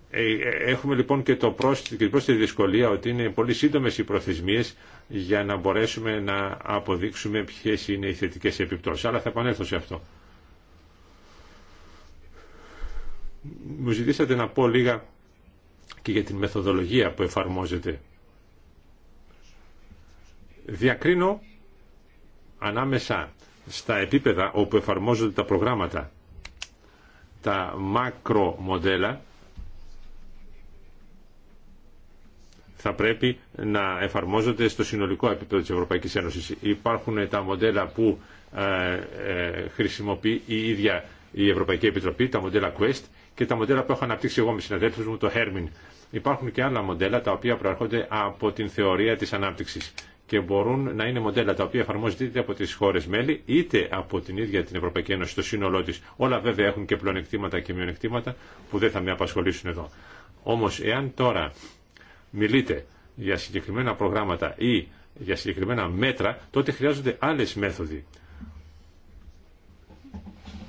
Ε, ε, έχουμε λοιπόν και, το πρόσθετη, την πρόσθετη δυσκολία ότι είναι πολύ σύντομες οι προθεσμίες για να μπορέσουμε να αποδείξουμε ποιες είναι οι θετικές επιπτώσεις. Αλλά θα επανέλθω σε αυτό. Μου ζητήσατε να πω λίγα και για την μεθοδολογία που εφαρμόζεται. Διακρίνω ανάμεσα στα επίπεδα όπου εφαρμόζονται τα προγράμματα, τα μακρομοντέλα, θα πρέπει να εφαρμόζονται στο συνολικό επίπεδο της Ευρωπαϊκής Ένωσης. Υπάρχουν τα μοντέλα που ε, ε, χρησιμοποιεί η ίδια η Ευρωπαϊκή Επιτροπή, τα μοντέλα Quest και τα μοντέλα που έχω αναπτύξει εγώ με συναδέλφους μου, το Hermin. Υπάρχουν και άλλα μοντέλα τα οποία προέρχονται από την θεωρία της ανάπτυξης και μπορούν να είναι μοντέλα τα οποία εφαρμόζονται είτε από τις χώρες μέλη είτε από την ίδια την Ευρωπαϊκή Ένωση το σύνολό της. Όλα βέβαια έχουν και πλονεκτήματα και μειονεκτήματα που δεν θα με απασχολήσουν εδώ. Όμως εάν τώρα μιλείτε για συγκεκριμένα προγράμματα ή για συγκεκριμένα μέτρα, τότε χρειάζονται άλλες μέθοδοι.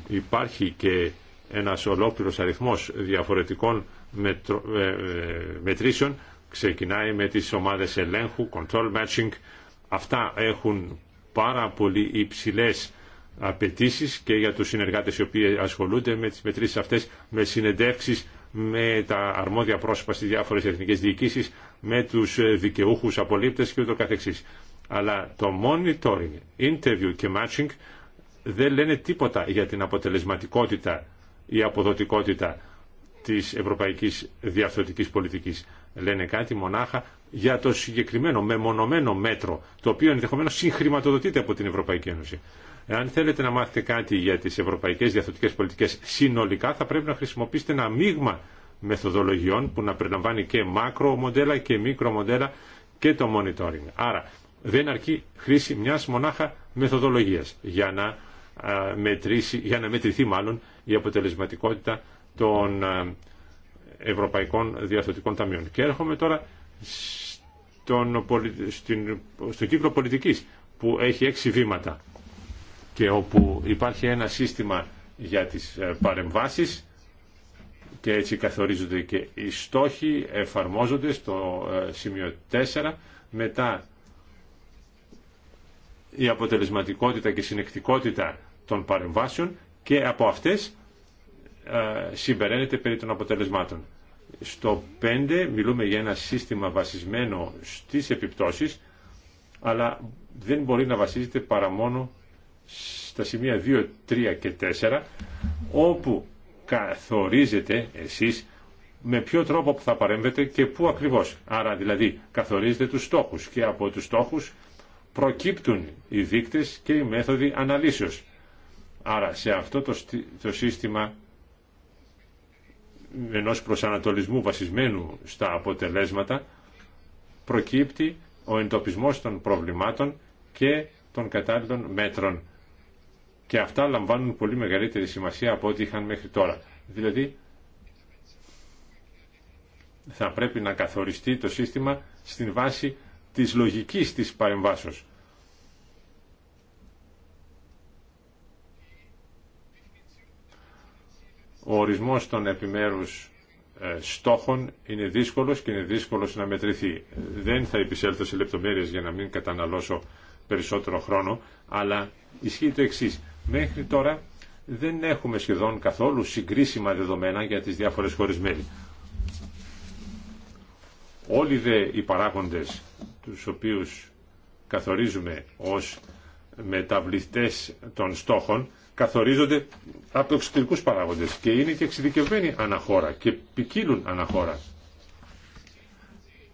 Υπάρχει και ένας ολόκληρος αριθμός διαφορετικών ε, ε, μετρήσεων. Ξεκινάει με τις ομάδες ελέγχου, control matching. Αυτά έχουν πάρα πολύ υψηλές απαιτήσει και για τους συνεργάτες οι οποίοι ασχολούνται με τις μετρήσεις αυτές, με συνεντεύξεις με τα αρμόδια πρόσωπα στις διάφορες εθνικές διοικήσεις, με τους ε, δικαιούχους απολύπτες και ούτω καθεξής. Αλλά το monitoring, interview και matching δεν λένε τίποτα για την αποτελεσματικότητα ή αποδοτικότητα της ευρωπαϊκής διαρθρωτικής πολιτικής. Λένε κάτι μονάχα για το συγκεκριμένο μεμονωμένο μέτρο, το οποίο ενδεχομένως συγχρηματοδοτείται από την Ευρωπαϊκή Ένωση. Εάν θέλετε να μάθετε κάτι για τις ευρωπαϊκές διαθωτικές πολιτικές συνολικά θα πρέπει να χρησιμοποιήσετε ένα μείγμα μεθοδολογιών που να περιλαμβάνει και μάκρο μοντέλα και μικρο μοντέλα και το monitoring. Άρα δεν αρκεί χρήση μιας μονάχα μεθοδολογίας για να, μετρήσει, για να μετρηθεί μάλλον η αποτελεσματικότητα των Ευρωπαϊκών Διαθωτικών Ταμείων. Και έρχομαι τώρα στον, στην, κύκλο πολιτικής που έχει έξι βήματα και όπου υπάρχει ένα σύστημα για τις ε, παρεμβάσεις και έτσι καθορίζονται και οι στόχοι εφαρμόζονται στο ε, σημείο 4 μετά η αποτελεσματικότητα και συνεκτικότητα των παρεμβάσεων και από αυτές ε, συμπεραίνεται περί των αποτελεσμάτων. Στο 5 μιλούμε για ένα σύστημα βασισμένο στις επιπτώσεις αλλά δεν μπορεί να βασίζεται παρά μόνο στα σημεία 2, 3 και 4 όπου καθορίζετε εσείς με ποιο τρόπο που θα παρέμβετε και πού ακριβώς. Άρα δηλαδή καθορίζετε τους στόχους και από τους στόχους προκύπτουν οι δείκτες και οι μέθοδοι αναλύσεως. Άρα σε αυτό το, το σύστημα ενός προσανατολισμού βασισμένου στα αποτελέσματα προκύπτει ο εντοπισμός των προβλημάτων και των κατάλληλων μέτρων και αυτά λαμβάνουν πολύ μεγαλύτερη σημασία από ό,τι είχαν μέχρι τώρα. Δηλαδή θα πρέπει να καθοριστεί το σύστημα στην βάση της λογικής της παρεμβάσεως. Ο ορισμός των επιμέρους ε, στόχων είναι δύσκολος και είναι δύσκολος να μετρηθεί. Δεν θα επισέλθω σε λεπτομέρειες για να μην καταναλώσω περισσότερο χρόνο, αλλά ισχύει το εξής. Μέχρι τώρα δεν έχουμε σχεδόν καθόλου συγκρίσιμα δεδομένα για τις διάφορες χώρες μέλη. Όλοι δε οι παράγοντες τους οποίους καθορίζουμε ως μεταβλητές των στόχων καθορίζονται από εξωτερικούς παράγοντες και είναι και εξειδικευμένοι αναχώρα και ποικίλουν αναχώρα.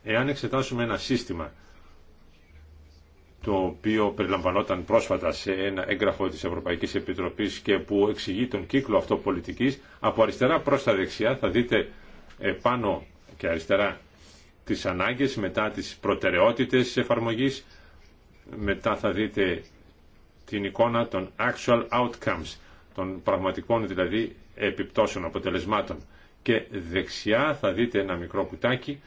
Εάν εξετάσουμε ένα σύστημα το οποίο περιλαμβανόταν πρόσφατα σε ένα έγγραφο της Ευρωπαϊκής Επιτροπής και που εξηγεί τον κύκλο αυτό πολιτικής, από αριστερά προς τα δεξιά θα δείτε ε, πάνω και αριστερά τις ανάγκες, μετά τις προτεραιότητες εφαρμογής, μετά θα δείτε την εικόνα των actual outcomes, των πραγματικών δηλαδή επιπτώσεων αποτελεσμάτων. Και δεξιά θα δείτε ένα μικρό κουτάκι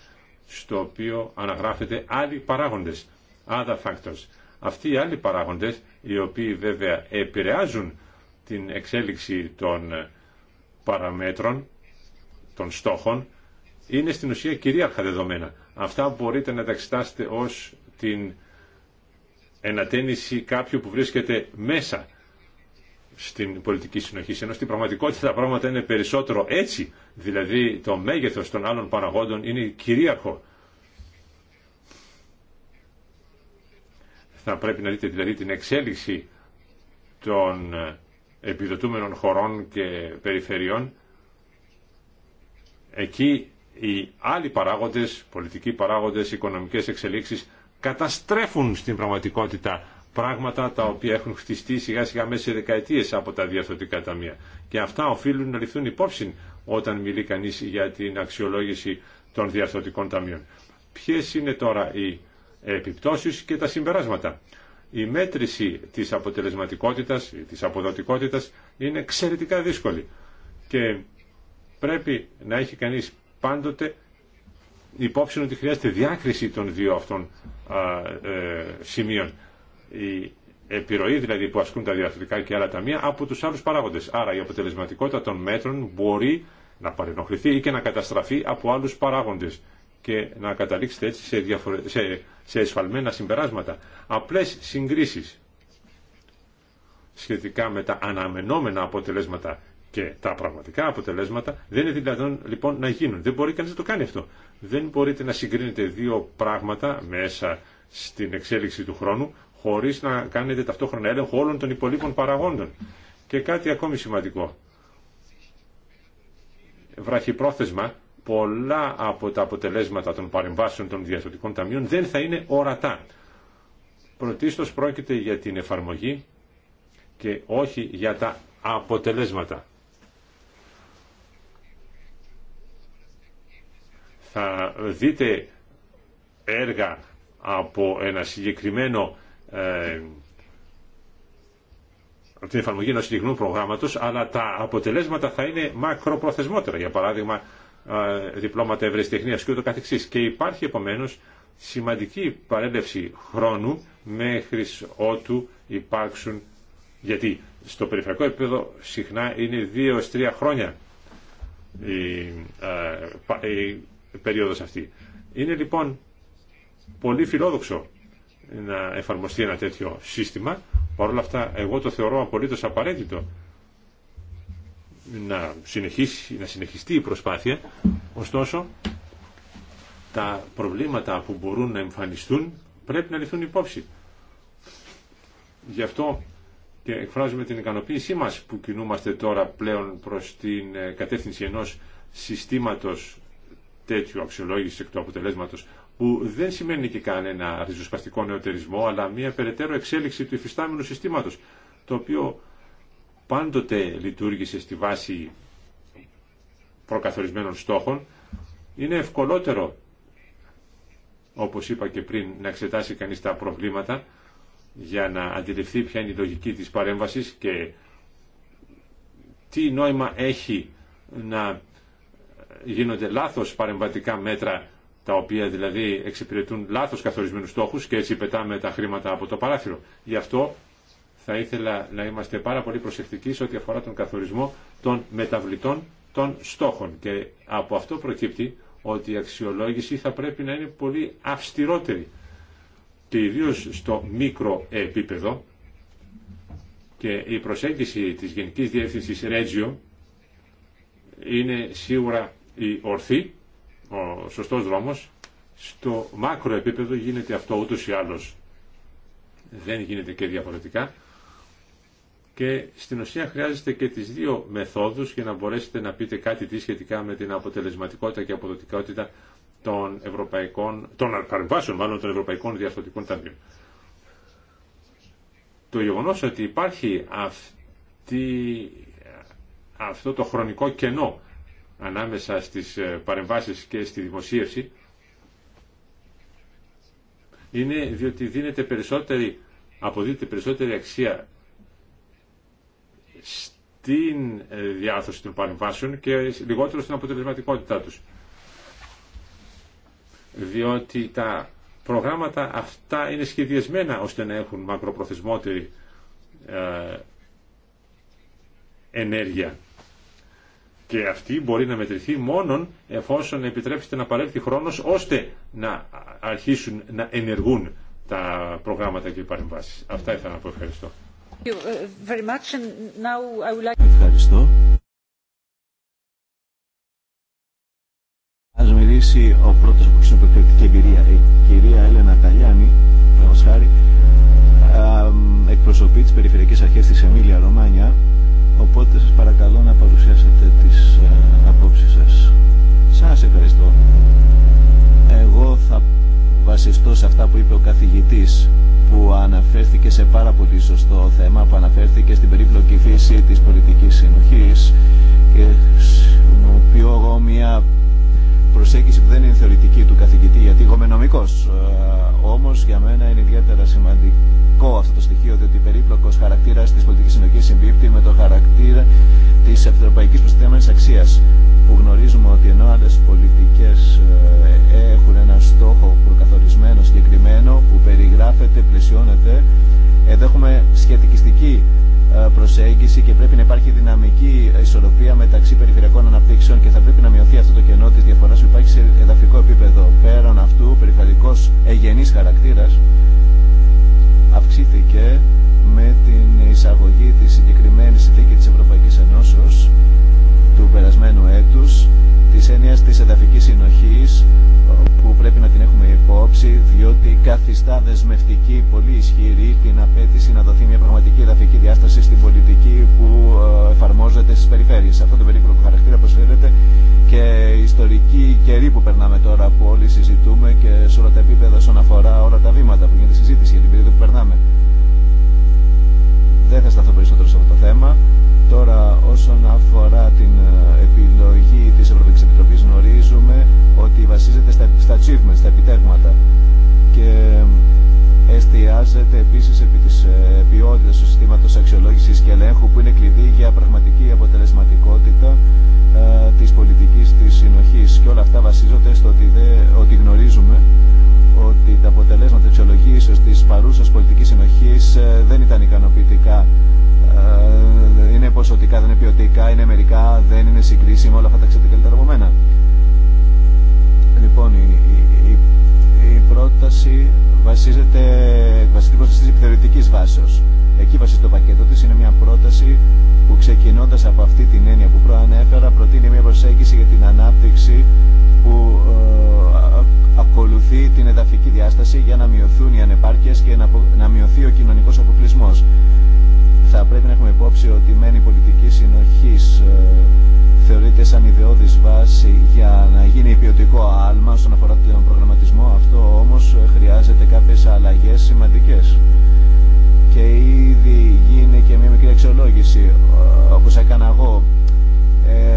στο οποίο αναγράφεται άλλοι παράγοντες other factors. Αυτοί οι άλλοι παράγοντες, οι οποίοι βέβαια επηρεάζουν την εξέλιξη των παραμέτρων, των στόχων, είναι στην ουσία κυρίαρχα δεδομένα. Αυτά μπορείτε να τα εξετάσετε ως την ενατένιση κάποιου που βρίσκεται μέσα στην πολιτική συνοχή, ενώ στην πραγματικότητα τα πράγματα είναι περισσότερο έτσι, δηλαδή το μέγεθος των άλλων παραγόντων είναι κυρίαρχο Θα πρέπει να δείτε δηλαδή την εξέλιξη των επιδοτούμενων χωρών και περιφερειών. Εκεί οι άλλοι παράγοντες, πολιτικοί παράγοντες, οικονομικές εξελίξεις καταστρέφουν στην πραγματικότητα πράγματα τα οποία έχουν χτιστεί σιγά σιγά μέσα σε δεκαετίες από τα διαθωτικά ταμεία. Και αυτά οφείλουν να ληφθούν υπόψη όταν μιλεί κανείς για την αξιολόγηση των διαρθωτικών ταμείων. Ποιες είναι τώρα οι επιπτώσεις και τα συμπεράσματα. Η μέτρηση της αποτελεσματικότητας, της αποδοτικότητας είναι εξαιρετικά δύσκολη και πρέπει να έχει κανείς πάντοτε υπόψη ότι χρειάζεται διάκριση των δύο αυτών α, ε, σημείων. Η επιρροή δηλαδή που ασκούν τα διαφορετικα και άλλα ταμεία από τους άλλους παράγοντες. Άρα η αποτελεσματικότητα των μέτρων μπορεί να παρενοχληθεί ή και να καταστραφεί από άλλους παράγοντες και να καταλήξετε έτσι σε, διαφορε... σε... σε εσφαλμένα συμπεράσματα. Απλές συγκρίσεις σχετικά με τα αναμενόμενα αποτελέσματα και τα πραγματικά αποτελέσματα δεν είναι δυνατόν λοιπόν να γίνουν. Δεν μπορεί κανείς να το κάνει αυτό. Δεν μπορείτε να συγκρίνετε δύο πράγματα μέσα στην εξέλιξη του χρόνου χωρίς να κάνετε ταυτόχρονα έλεγχο όλων των υπολείπων παραγόντων. Και κάτι ακόμη σημαντικό. Βραχυπρόθεσμα πολλά από τα αποτελέσματα των παρεμβάσεων των διαθωτικών ταμείων δεν θα είναι ορατά. Πρωτίστως πρόκειται για την εφαρμογή και όχι για τα αποτελέσματα. Θα δείτε έργα από ένα συγκεκριμένο ε, την εφαρμογή ενός συγκεκριμένου προγράμματος, αλλά τα αποτελέσματα θα είναι μακροπροθεσμότερα. Για παράδειγμα, ε, διπλώματα ευρεσιτεχνίας και ούτω καθεξής. Και υπάρχει επομένως σημαντική παρέλευση χρόνου μέχρι ότου υπάρξουν, γιατί στο περιφερειακό επίπεδο συχνά είναι 2-3 χρόνια η, ε, η περίοδος αυτή. Είναι λοιπόν πολύ φιλόδοξο να εφαρμοστεί ένα τέτοιο σύστημα. Παρ' όλα αυτά εγώ το θεωρώ απολύτως απαραίτητο να, συνεχίσει, να συνεχιστεί η προσπάθεια, ωστόσο τα προβλήματα που μπορούν να εμφανιστούν πρέπει να ληφθούν υπόψη. Γι' αυτό και εκφράζουμε την ικανοποίησή μας που κινούμαστε τώρα πλέον προς την ε, κατεύθυνση ενός συστήματος τέτοιου αξιολόγηση εκ του αποτελέσματος που δεν σημαίνει και κανένα ριζοσπαστικό νεωτερισμό αλλά μια περαιτέρω εξέλιξη του υφιστάμενου συστήματος το οποίο πάντοτε λειτουργήσε στη βάση προκαθορισμένων στόχων, είναι ευκολότερο, όπως είπα και πριν, να εξετάσει κανείς τα προβλήματα για να αντιληφθεί ποια είναι η λογική της παρέμβασης και τι νόημα έχει να γίνονται λάθος παρεμβατικά μέτρα τα οποία δηλαδή εξυπηρετούν λάθος καθορισμένους στόχους και έτσι πετάμε τα χρήματα από το παράθυρο. Γι' αυτό θα ήθελα να είμαστε πάρα πολύ προσεκτικοί σε ό,τι αφορά τον καθορισμό των μεταβλητών των στόχων. Και από αυτό προκύπτει ότι η αξιολόγηση θα πρέπει να είναι πολύ αυστηρότερη και ιδίω στο μικρό επίπεδο και η προσέγγιση της Γενικής Διεύθυνσης Ρέτζιο είναι σίγουρα η ορθή, ο σωστός δρόμος. Στο μάκρο επίπεδο γίνεται αυτό ούτως ή άλλως. Δεν γίνεται και διαφορετικά και στην ουσία χρειάζεστε και τις δύο μεθόδους για να μπορέσετε να πείτε κάτι τι σχετικά με την αποτελεσματικότητα και αποδοτικότητα των, ευρωπαϊκών, των παρεμβάσεων μάλλον των Ευρωπαϊκών Διαστατικών Ταμείων. Το γεγονό ότι υπάρχει αυτή, αυτό το χρονικό κενό ανάμεσα στις ε, παρεμβάσεις και στη δημοσίευση είναι διότι δίνεται περισσότερη, αποδίδεται περισσότερη αξία στην ε, διάρθρωση των παρεμβάσεων και λιγότερο στην αποτελεσματικότητά τους. Διότι τα προγράμματα αυτά είναι σχεδιασμένα ώστε να έχουν μακροπροθεσμότερη ε, ενέργεια. Και αυτή μπορεί να μετρηθεί μόνον εφόσον επιτρέψετε να παρέλθει χρόνος ώστε να αρχίσουν να ενεργούν τα προγράμματα και οι παρεμβάσεις. Αυτά ήθελα να πω. Ευχαριστώ. Uh, ευχαριστώ. Ας μιλήσει ο πρώτος που έχει συνοπεκλωτική εμπειρία, η κυρία Έλενα Ταλιάνη, χάρη, εκπροσωπεί τις περιφερειακές αρχές της Εμίλια Ρωμάνια, οπότε σας παρακαλώ να παρουσιάσετε τις ε, απόψεις σας. Σας ευχαριστώ. Εγώ θα βασιστώ σε αυτά που είπε ο καθηγητής που αναφέρθηκε σε πάρα πολύ σωστό θέμα που αναφέρθηκε στην περίπλοκη φύση της πολιτικής συνοχής και χρησιμοποιώ εγώ μια προσέγγιση που δεν είναι θεωρητική του καθηγητή γιατί εγώ είμαι νομικός ε, όμως για μένα είναι ιδιαίτερα σημαντικό σημαντικό αυτό το στοιχείο, διότι περίπλοκο χαρακτήρα τη πολιτική συνοχή συμπίπτει με το χαρακτήρα τη ευρωπαϊκή προστιθέμενη αξία. Που γνωρίζουμε ότι ενώ άλλε πολιτικέ ε, έχουν ένα στόχο προκαθορισμένο, συγκεκριμένο, που περιγράφεται, πλαισιώνεται, εδώ έχουμε σχετικιστική ε, προσέγγιση και πρέπει να υπάρχει δυναμική ισορροπία μεταξύ περιφερειακών αναπτύξεων και θα πρέπει να μειωθεί αυτό το κενό τη διαφορά που υπάρχει σε εδαφικό επίπεδο. Πέραν αυτού, περιφερειακό εγενή χαρακτήρα αυξήθηκε με την εισαγωγή της συγκεκριμένης συνθήκη της Ευρωπαϊκής Ενώσεως του περασμένου έτους της έννοιας της εδαφικής συνοχής που πρέπει να την έχουμε υπόψη διότι καθιστά δεσμευτική πολύ ισχυρή την απέτηση να δοθεί μια πραγματική εδαφική διάσταση στην πολιτική που ε, εφαρμόζεται στις περιφέρειες. Αυτό το τον περίπλοκο χαρακτήρα προσφέρεται και ιστορική καιρή που περνάμε τώρα που όλοι συζητούμε και σε όλα τα επίπεδα όσον αφορά όλα τα βήματα που γίνεται συζήτηση για την περίοδο που περνάμε. Δεν θα σταθώ περισσότερο σε αυτό το θέμα. Τώρα όσον αφορά την ε, επιλογή της Ευρωπαϊκής Επιτροπής γνωρίζουμε ότι βασίζεται στα, στα achievements, στα επιτέγματα. και ε, εστιάζεται επίσης επί της ε, ποιότητας του συστήματος αξιολόγησης και ελέγχου που είναι κλειδί για πραγματική αποτελεσματικότητα ε, της πολιτικής της συνοχής και όλα αυτά βασίζονται στο ότι, δε, ότι γνωρίζουμε ότι τα αποτελέσματα αξιολογήσεως της παρούσας πολιτικής συνοχής ε, δεν ήταν ικανοποιητικά είναι ποσοτικά, δεν είναι ποιοτικά, είναι μερικά, δεν είναι συγκρίσιμα, όλα αυτά τα ξέρετε καλύτερα από μένα. Λοιπόν, η, η, πρόταση βασίζεται, βασίζεται πρόταση επιθεωρητικής βάσεως. Εκεί βασίζεται το πακέτο της, είναι μια πρόταση που ξεκινώντας από αυτή την έννοια που προανέφερα προτείνει μια προσέγγιση για την ανάπτυξη που ε, ακολουθεί την εδαφική διάσταση για να μειωθούν οι ανεπάρκειες και να, να μειωθεί ο κοινωνικός αποκλεισμός θα πρέπει να έχουμε υπόψη ότι μένει η πολιτική συνοχής ε, θεωρείται σαν ιδεώδης βάση για να γίνει ποιοτικό άλμα στον αφορά τον προγραμματισμό. Αυτό όμως χρειάζεται κάποιες αλλαγές σημαντικές. Και ήδη γίνει και μια μικρή αξιολόγηση ε, όπως έκανα εγώ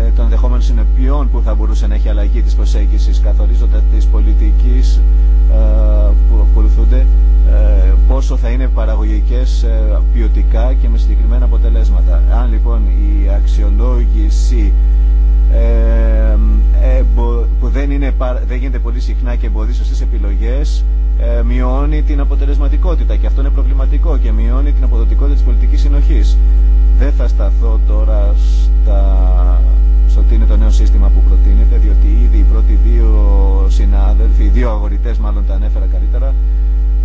ε, των δεχόμενων συνεπειών που θα μπορούσε να έχει αλλαγή της προσέγγισης καθορίζοντα της πολιτικής ε, που ακολουθούνται ε, πόσο θα είναι παραγωγικές ε, ποιοτικά και με συγκεκριμένα αποτελέσματα. Αν λοιπόν η αξιολόγηση ε, ε, που δεν, είναι, δεν γίνεται πολύ συχνά και εμποδίζει σωστέ επιλογές ε, μειώνει την αποτελεσματικότητα και αυτό είναι προβληματικό και μειώνει την αποδοτικότητα της πολιτικής συνοχής. Δεν θα σταθώ τώρα στα, στο τι είναι το νέο σύστημα που προτείνεται διότι ήδη οι πρώτοι δύο συνάδελφοι, οι δύο αγορητές μάλλον τα ανέφερα καλύτερα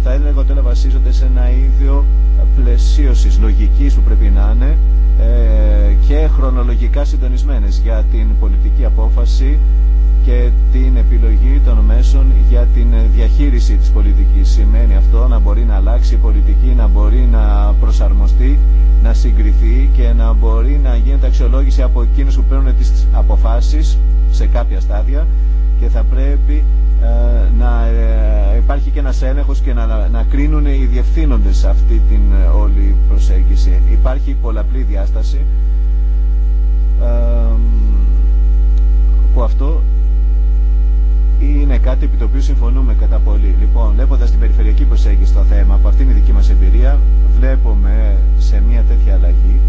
θα έλεγα ότι όλα βασίζονται σε ένα ίδιο πλαισίωσης λογικής που πρέπει να είναι ε, και χρονολογικά συντονισμένες για την πολιτική απόφαση και την επιλογή των μέσων για την διαχείριση της πολιτικής. Σημαίνει αυτό να μπορεί να αλλάξει η πολιτική, να μπορεί να προσαρμοστεί, να συγκριθεί και να μπορεί να γίνεται αξιολόγηση από εκείνους που παίρνουν τις αποφάσεις σε κάποια στάδια και θα πρέπει ε, να ε, υπάρχει και ένας έλεγχος και να, να κρίνουν οι διευθύνοντες αυτή την ε, όλη προσέγγιση. Υπάρχει πολλαπλή διάσταση που αυτό είναι κάτι επί το οποίο συμφωνούμε κατά πολύ. Λοιπόν, βλέποντα την περιφερειακή προσέγγιση στο θέμα, από αυτήν η δική μα εμπειρία, βλέπουμε σε μια τέτοια αλλαγή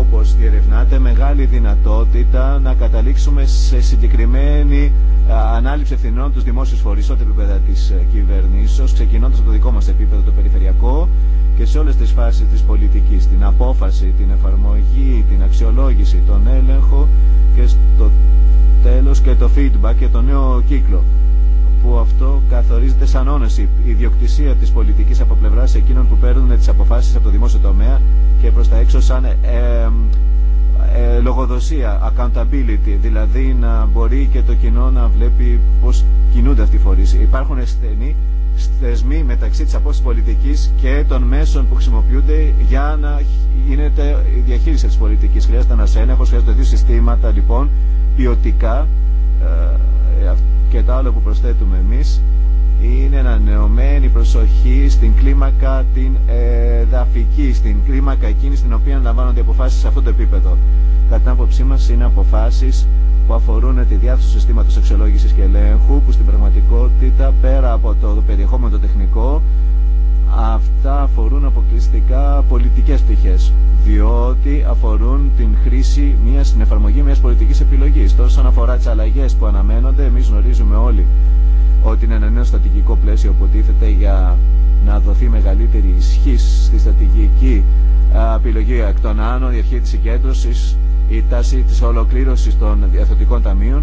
όπως διερευνάται μεγάλη δυνατότητα να καταλήξουμε σε συγκεκριμένη ε, ανάληψη ευθυνών του δημόσιου φορεί σε ό,τι επίπεδα τη ε, κυβερνήσεω, ξεκινώντα από το δικό μα επίπεδο το περιφερειακό και σε όλε τι φάσει τη πολιτική, την απόφαση, την εφαρμογή, την αξιολόγηση, τον έλεγχο και στο τέλο και το feedback και το νέο κύκλο που αυτό καθορίζεται σαν όνεση η ιδιοκτησία της πολιτικής από πλευράς εκείνων που παίρνουν τις αποφάσεις από το δημόσιο τομέα και προς τα έξω σαν ε, ε, λογοδοσία, accountability, δηλαδή να μπορεί και το κοινό να βλέπει πώς κινούνται αυτοί οι φορείς. Υπάρχουν στενοί θεσμοί μεταξύ της απόψης πολιτικής και των μέσων που χρησιμοποιούνται για να γίνεται η διαχείριση της πολιτικής. Χρειάζεται ένα έλεγχος, χρειάζονται δύο συστήματα λοιπόν ποιοτικά ε, ε, και τα άλλα που προσθέτουμε εμείς είναι ανανεωμένη προσοχή στην κλίμακα την δαφική στην κλίμακα εκείνη στην οποία λαμβάνονται αποφάσεις σε αυτό το επίπεδο. Κατά την άποψή μα είναι αποφάσεις που αφορούν τη διάθεση του συστήματος αξιολόγησης και ελέγχου που στην πραγματικότητα πέρα από το περιεχόμενο τεχνικό αυτά αφορούν αποκλειστικά πολιτικές πτυχές, διότι αφορούν την χρήση μιας, την εφαρμογή μιας πολιτικής επιλογής. Τόσο αφορά τις αλλαγές που αναμένονται, εμείς γνωρίζουμε όλοι ότι είναι ένα νέο στατηγικό πλαίσιο που τίθεται για να δοθεί μεγαλύτερη ισχύ στη στατηγική επιλογή εκ των άνω, η αρχή της συγκέντρωσης, η τάση της ολοκλήρωσης των διαθετικών ταμείων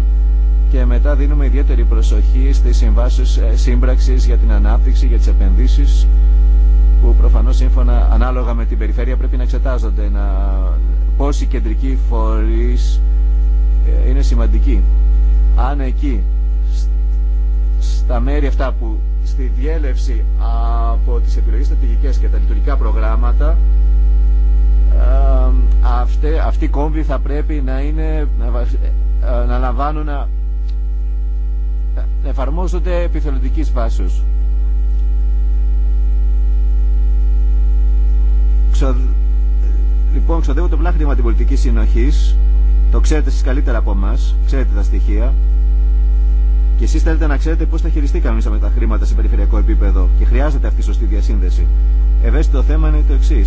και μετά δίνουμε ιδιαίτερη προσοχή στις συμβάσεις ε, σύμπραξης για την ανάπτυξη, για τις επενδύσεις που προφανώς σύμφωνα ανάλογα με την περιφέρεια πρέπει να εξετάζονται να... πώς οι κεντρικοί φορείς ε, είναι σημαντική. Αν εκεί στα μέρη αυτά που στη διέλευση από τις επιλογές στρατηγικές και τα λειτουργικά προγράμματα ε, αυτοί οι κόμβη θα πρέπει να, είναι, να, να εφαρμόζονται επιθελοντικής βάσεως. Ε, λοιπόν, ξοδεύονται το χρήματα την πολιτική συνοχή. Το ξέρετε εσείς καλύτερα από εμά. Ξέρετε τα στοιχεία. Και εσείς θέλετε να ξέρετε πώ θα χειριστήκαμε με τα χρήματα σε περιφερειακό επίπεδο. Και χρειάζεται αυτή η σωστή διασύνδεση. Ευαίσθητο θέμα είναι το εξή.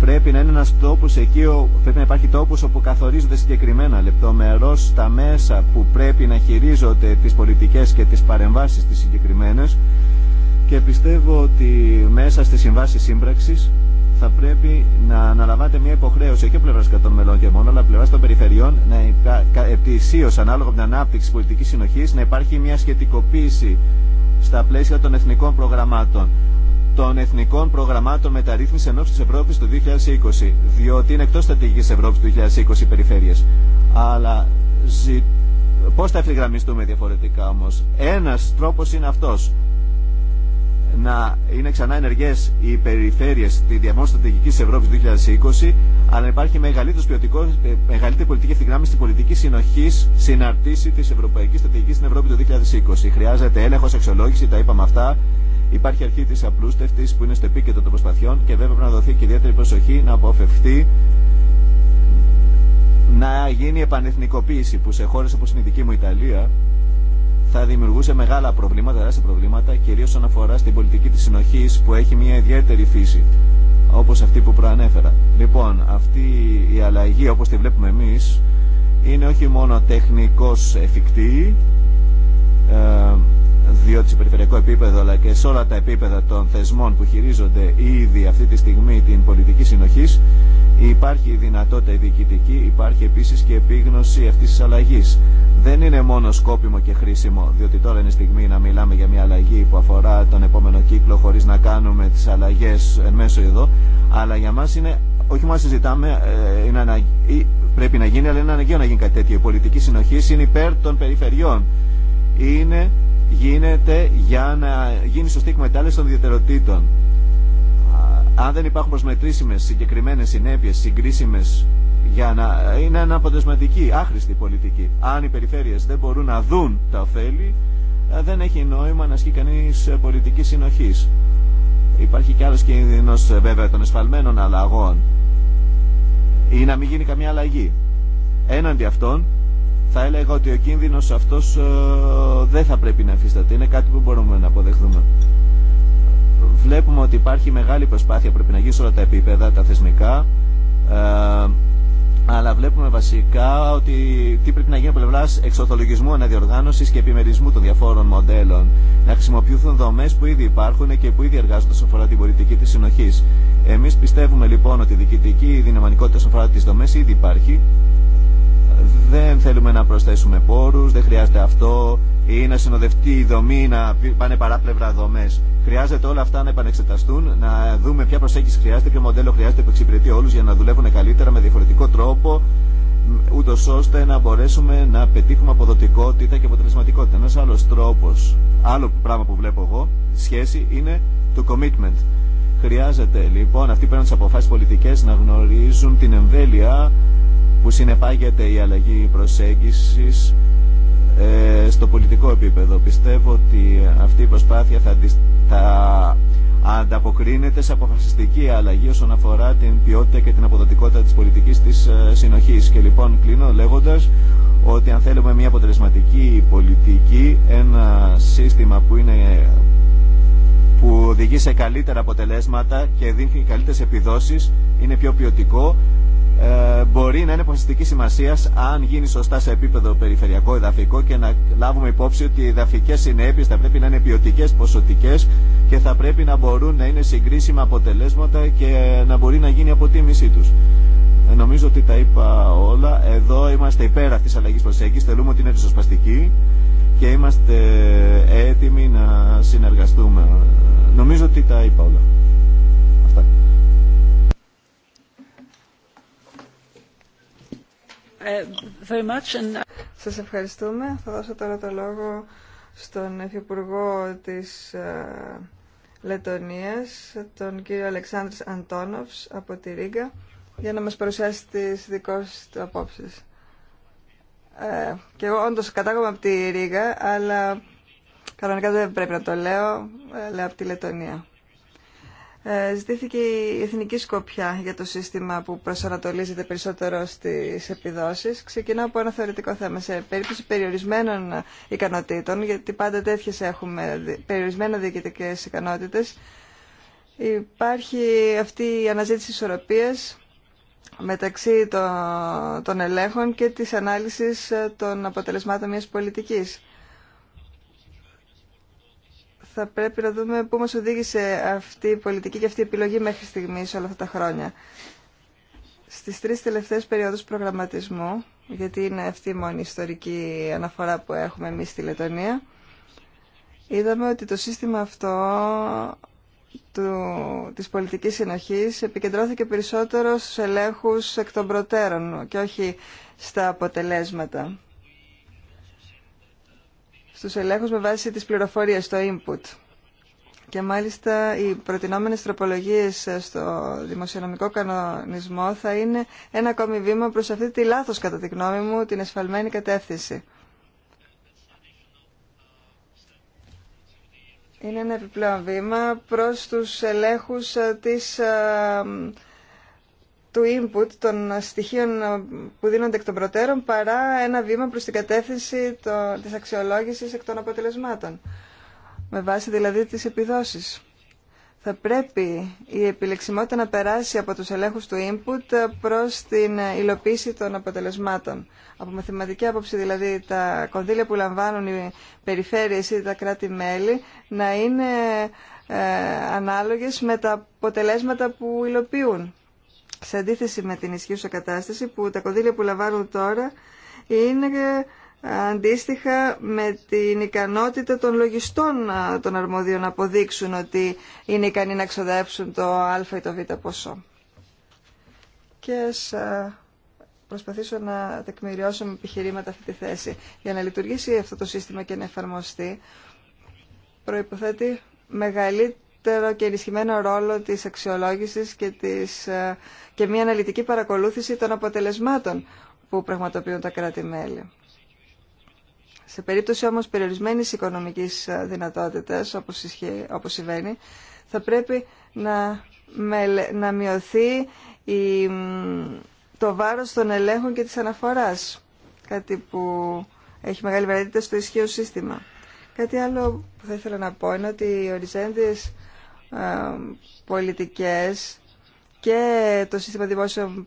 Πρέπει να είναι ένας τόπος εκεί, πρέπει να υπάρχει τόπο όπου καθορίζονται συγκεκριμένα λεπτομερώ τα μέσα που πρέπει να χειρίζονται τι πολιτικέ και τι παρεμβάσει τι συγκεκριμένε. και πιστεύω ότι μέσα στη συμβάσει σύμπραξης θα πρέπει να αναλαμβάνεται μια υποχρέωση και πλευρά των μελών και μόνο, αλλά πλευρά των περιφερειών να ετησίω ανάλογα με την ανάπτυξη πολιτική συνοχή να υπάρχει μια σχετικοποίηση στα πλαίσια των εθνικών προγραμμάτων των εθνικών προγραμμάτων μεταρρύθμιση ενόψη τη Ευρώπη του 2020. Διότι είναι εκτό στρατηγική Ευρώπη του 2020 οι περιφέρειε. Αλλά ζη... πώ θα ευθυγραμμιστούμε διαφορετικά όμω. Ένα τρόπο είναι αυτό. Να είναι ξανά ενεργέ οι περιφέρειε στη διαμόρφωση στρατηγική Ευρώπη του 2020, αλλά να υπάρχει ε, μεγαλύτερη πολιτική ευθυγράμμιση στην πολιτική συνοχή συναρτήση τη Ευρωπαϊκή Στρατηγική στην Ευρώπη του 2020. Χρειάζεται έλεγχο, αξιολόγηση, τα είπαμε αυτά Υπάρχει αρχή τη απλούστευτη που είναι στο επίκεντρο των προσπαθειών και βέβαια πρέπει να δοθεί και ιδιαίτερη προσοχή να αποφευχθεί να γίνει επανεθνικοποίηση που σε χώρε όπω είναι η δική μου Ιταλία θα δημιουργούσε μεγάλα προβλήματα, τεράστια προβλήματα, κυρίω όσον αφορά στην πολιτική τη συνοχή που έχει μια ιδιαίτερη φύση, όπω αυτή που προανέφερα. Λοιπόν, αυτή η αλλαγή όπω τη βλέπουμε εμεί είναι όχι μόνο τεχνικώ εφικτή, ε, διότι σε περιφερειακό επίπεδο αλλά και σε όλα τα επίπεδα των θεσμών που χειρίζονται ήδη αυτή τη στιγμή την πολιτική συνοχή, υπάρχει η δυνατότητα η διοικητική, υπάρχει επίση και επίγνωση αυτή τη αλλαγή. Δεν είναι μόνο σκόπιμο και χρήσιμο, διότι τώρα είναι στιγμή να μιλάμε για μια αλλαγή που αφορά τον επόμενο κύκλο χωρί να κάνουμε τι αλλαγέ εν μέσω εδώ, αλλά για μα είναι όχι μόνο συζητάμε, ε, είναι ανα... πρέπει να γίνει, αλλά είναι αναγκαίο να γίνει κάτι τέτοιο. Η πολιτική συνοχή είναι υπέρ των περιφερειών. Είναι γίνεται για να γίνει σωστή εκμετάλλευση των ιδιαιτεροτήτων. Αν δεν υπάρχουν προσμετρήσιμε συγκεκριμένες συνέπειες, συγκρίσιμε για να είναι αναποτελεσματική, άχρηστη πολιτική. Αν οι περιφέρειες δεν μπορούν να δουν τα ωφέλη, ε, δεν έχει νόημα να ασκεί κανεί ε, πολιτική συνοχής. Υπάρχει κι άλλο κίνδυνο ε, βέβαια των εσφαλμένων αλλαγών ή να μην γίνει καμία αλλαγή. Έναντι αυτών θα έλεγα ότι ο κίνδυνος αυτός ε, δεν θα πρέπει να εμφισταθεί. Είναι κάτι που μπορούμε να αποδεχθούμε. Βλέπουμε ότι υπάρχει μεγάλη προσπάθεια, πρέπει να γίνει σε όλα τα επίπεδα, τα θεσμικά, ε, αλλά βλέπουμε βασικά ότι τι πρέπει να γίνει από πλευρά εξορθολογισμού, αναδιοργάνωση και επιμερισμού των διαφόρων μοντέλων. Να χρησιμοποιηθούν δομέ που ήδη υπάρχουν και που ήδη εργάζονται όσον αφορά την πολιτική τη συνοχή. Εμεί πιστεύουμε λοιπόν ότι η διοικητική δυναμικότητα όσον αφορά τι δομέ ήδη υπάρχει δεν θέλουμε να προσθέσουμε πόρους, δεν χρειάζεται αυτό ή να συνοδευτεί η δομή ή να πάνε παράπλευρα δομές. Χρειάζεται να επανεξεταστούν, να δούμε ποια προσέγγιση χρειάζεται, ποιο μοντέλο χρειάζεται που εξυπηρετεί όλους για να δουλεύουν καλύτερα με διαφορετικό τρόπο, ούτω ώστε να μπορέσουμε να πετύχουμε αποδοτικότητα και αποτελεσματικότητα. Ένας άλλος τρόπος, άλλο πράγμα που βλέπω εγώ, σχέση είναι το commitment. Χρειάζεται λοιπόν αυτοί που παίρνουν τι αποφάσει πολιτικέ να γνωρίζουν την εμβέλεια που συνεπάγεται η αλλαγή προσέγγισης ε, στο πολιτικό επίπεδο. Πιστεύω ότι αυτή η προσπάθεια θα, θα ανταποκρίνεται σε αποφασιστική αλλαγή όσον αφορά την ποιότητα και την αποδοτικότητα της πολιτικής της ε, συνοχής. Και λοιπόν κλείνω λέγοντας ότι αν θέλουμε μια αποτελεσματική πολιτική, ένα σύστημα που είναι που οδηγεί σε καλύτερα αποτελέσματα και δίνει καλύτερες επιδόσεις, είναι πιο ποιοτικό, ε, μπορεί να είναι ποσοστική σημασία αν γίνει σωστά σε επίπεδο περιφερειακό, εδαφικό και να λάβουμε υπόψη ότι οι εδαφικέ συνέπειε θα πρέπει να είναι ποιοτικέ, ποσοτικέ και θα πρέπει να μπορούν να είναι συγκρίσιμα αποτελέσματα και να μπορεί να γίνει αποτίμησή του. Ε, νομίζω ότι τα είπα όλα. Εδώ είμαστε υπέρ αυτή τη αλλαγή προσέγγιση. θέλουμε ότι είναι ριζοσπαστική και είμαστε έτοιμοι να συνεργαστούμε. Ε, νομίζω ότι τα είπα όλα. very uh, Σας ευχαριστούμε. Θα δώσω τώρα το λόγο στον Υφυπουργό της ε, Λετωνίας, τον κύριο Αλεξάνδρης Αντόνοφς από τη Ρίγα, για να μας παρουσιάσει τις δικές του απόψεις. Ε, και εγώ όντως κατάγομαι από τη Ρίγα, αλλά κανονικά δεν πρέπει να το λέω, ε, λέω από τη Λετωνία. Ε, ζητήθηκε η εθνική σκοπιά για το σύστημα που προσανατολίζεται περισσότερο στι επιδόσει. Ξεκινάω από ένα θεωρητικό θέμα. Σε περίπτωση περιορισμένων ικανοτήτων, γιατί πάντα τέτοιε έχουμε, περιορισμένα διοικητικέ ικανότητε. υπάρχει αυτή η αναζήτηση ισορροπίας μεταξύ των ελέγχων και της ανάλυσης ε, των αποτελεσμάτων μιας πολιτικής θα πρέπει να δούμε πού μας οδήγησε αυτή η πολιτική και αυτή η επιλογή μέχρι στιγμής όλα αυτά τα χρόνια. Στις τρεις τελευταίες περιόδους προγραμματισμού, γιατί είναι αυτή η μόνη ιστορική αναφορά που έχουμε εμείς στη Λετωνία, είδαμε ότι το σύστημα αυτό του, της πολιτικής συνοχής επικεντρώθηκε περισσότερο στους ελέγχους εκ των προτέρων και όχι στα αποτελέσματα στους ελέγχους με βάση τις πληροφορίες, το input. Και μάλιστα οι προτινόμενες τροπολογίες στο δημοσιονομικό κανονισμό θα είναι ένα ακόμη βήμα προς αυτή τη λάθος κατά τη γνώμη μου την εσφαλμένη κατεύθυνση. Είναι ένα επιπλέον βήμα προς τους ελέγχους ε, της ε, του input των στοιχείων που δίνονται εκ των προτέρων παρά ένα βήμα προς την κατεύθυνση το, της αξιολόγησης εκ των αποτελεσμάτων. Με βάση δηλαδή τις επιδόσεις. Θα πρέπει η επιλεξιμότητα να περάσει από τους ελέγχους του input προς την υλοποίηση των αποτελεσμάτων. Από μαθηματική άποψη δηλαδή τα κονδύλια που λαμβάνουν οι περιφέρειες ή τα κράτη-μέλη να είναι ε, με τα αποτελέσματα που υλοποιούν σε αντίθεση με την ισχύουσα κατάσταση που τα κονδύλια που λαμβάνουν τώρα είναι ε, αντίστοιχα με την ικανότητα των λογιστών ε, των αρμοδίων να αποδείξουν ότι είναι ικανοί να ξοδέψουν το α ή το β ποσό. Και ας ε, προσπαθήσω να τεκμηριώσω με επιχειρήματα αυτή τη θέση. Για να λειτουργήσει αυτό το σύστημα και να εφαρμοστεί προϋποθέτει μεγαλύτερη καλύτερο και ενισχυμένο ρόλο της αξιολόγησης και, της, ε, και μια αναλυτική παρακολούθηση των αποτελεσμάτων που πραγματοποιούν τα κράτη-μέλη. Σε περίπτωση όμως περιορισμένης οικονομικής ε, δυνατότητας, όπως, ισχύει, συμβαίνει, θα πρέπει να, μειωθεί η, το βάρος των ελέγχων και της αναφοράς, κάτι που έχει μεγάλη βαρύτητα στο ισχύο σύστημα. Κάτι άλλο που θα ήθελα να πω είναι ότι οι οριζέντες ε, πολιτικές και το σύστημα δημόσιων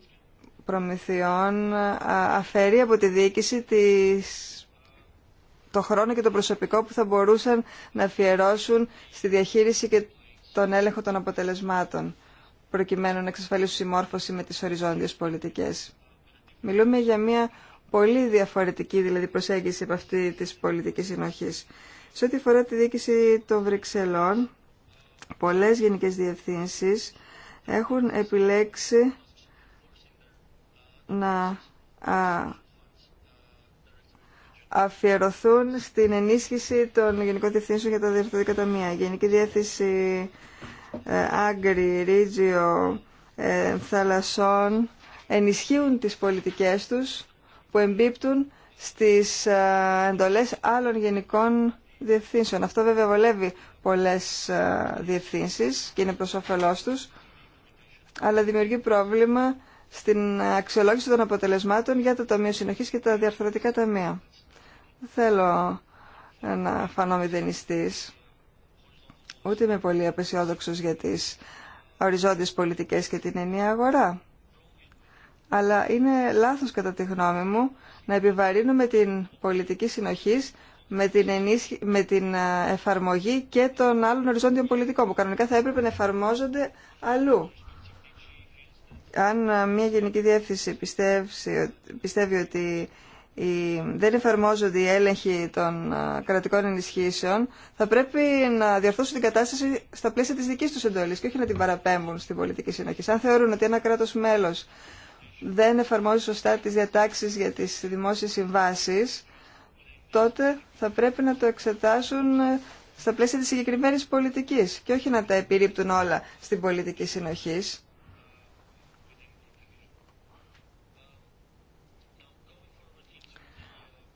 προμηθειών ε, αφαιρεί από τη διοίκηση της το χρόνο και το προσωπικό που θα μπορούσαν να αφιερώσουν στη διαχείριση και τον έλεγχο των αποτελεσμάτων, προκειμένου να εξασφαλίσουν συμμόρφωση με τις οριζόντιες πολιτικές. Μιλούμε για μια πολύ διαφορετική δηλαδή προσέγγιση από αυτή της πολιτικής συνοχής. Σε ό,τι αφορά τη διοίκηση των Βρυξελών, πολλές γενικές διευθύνσεις έχουν επιλέξει να αφιερωθούν στην ενίσχυση των Γενικών Διευθύνσεων για τα Διευθυντικά Ταμεία. Γενική Διεύθυνση ε, Άγκρη, Ρίτζιο, ε, Θαλασσών ενισχύουν τις πολιτικές τους που εμπίπτουν στις ε, εντολές άλλων γενικών διευθύνσεων. Αυτό βέβαια βολεύει πολλές ε, διευθύνσεις και είναι προς όφελός τους, αλλά δημιουργεί πρόβλημα στην αξιολόγηση των αποτελεσμάτων για το Ταμείο Συνοχής και τα διαρθρωτικά ταμεία. Δεν θέλω να φανώ μηδενιστής, ούτε είμαι πολύ απεσιόδοξος για τις οριζόντιες πολιτικές και την ενιαία αγορά. Αλλά είναι λάθος κατά τη γνώμη μου να επιβαρύνουμε την πολιτική συνοχής με την, με την εφαρμογή και των άλλων οριζόντιων πολιτικών που κανονικά θα έπρεπε να εφαρμόζονται αλλού. Αν μια γενική διεύθυνση πιστεύει, πιστεύει ότι δεν εφαρμόζονται οι έλεγχοι των κρατικών ενισχύσεων, θα πρέπει να διορθώσουν την κατάσταση στα πλαίσια της δικής τους εντολής και όχι να την παραπέμπουν στην πολιτική συνοχή. Αν θεωρούν ότι ένα κράτος μέλος δεν εφαρμόζει σωστά τις διατάξεις για τις δημόσιες συμβάσεις, τότε θα πρέπει να το εξετάσουν ε, στα πλαίσια της συγκεκριμένη πολιτικής και όχι να τα επιρρύπτουν όλα στην πολιτική συνοχής.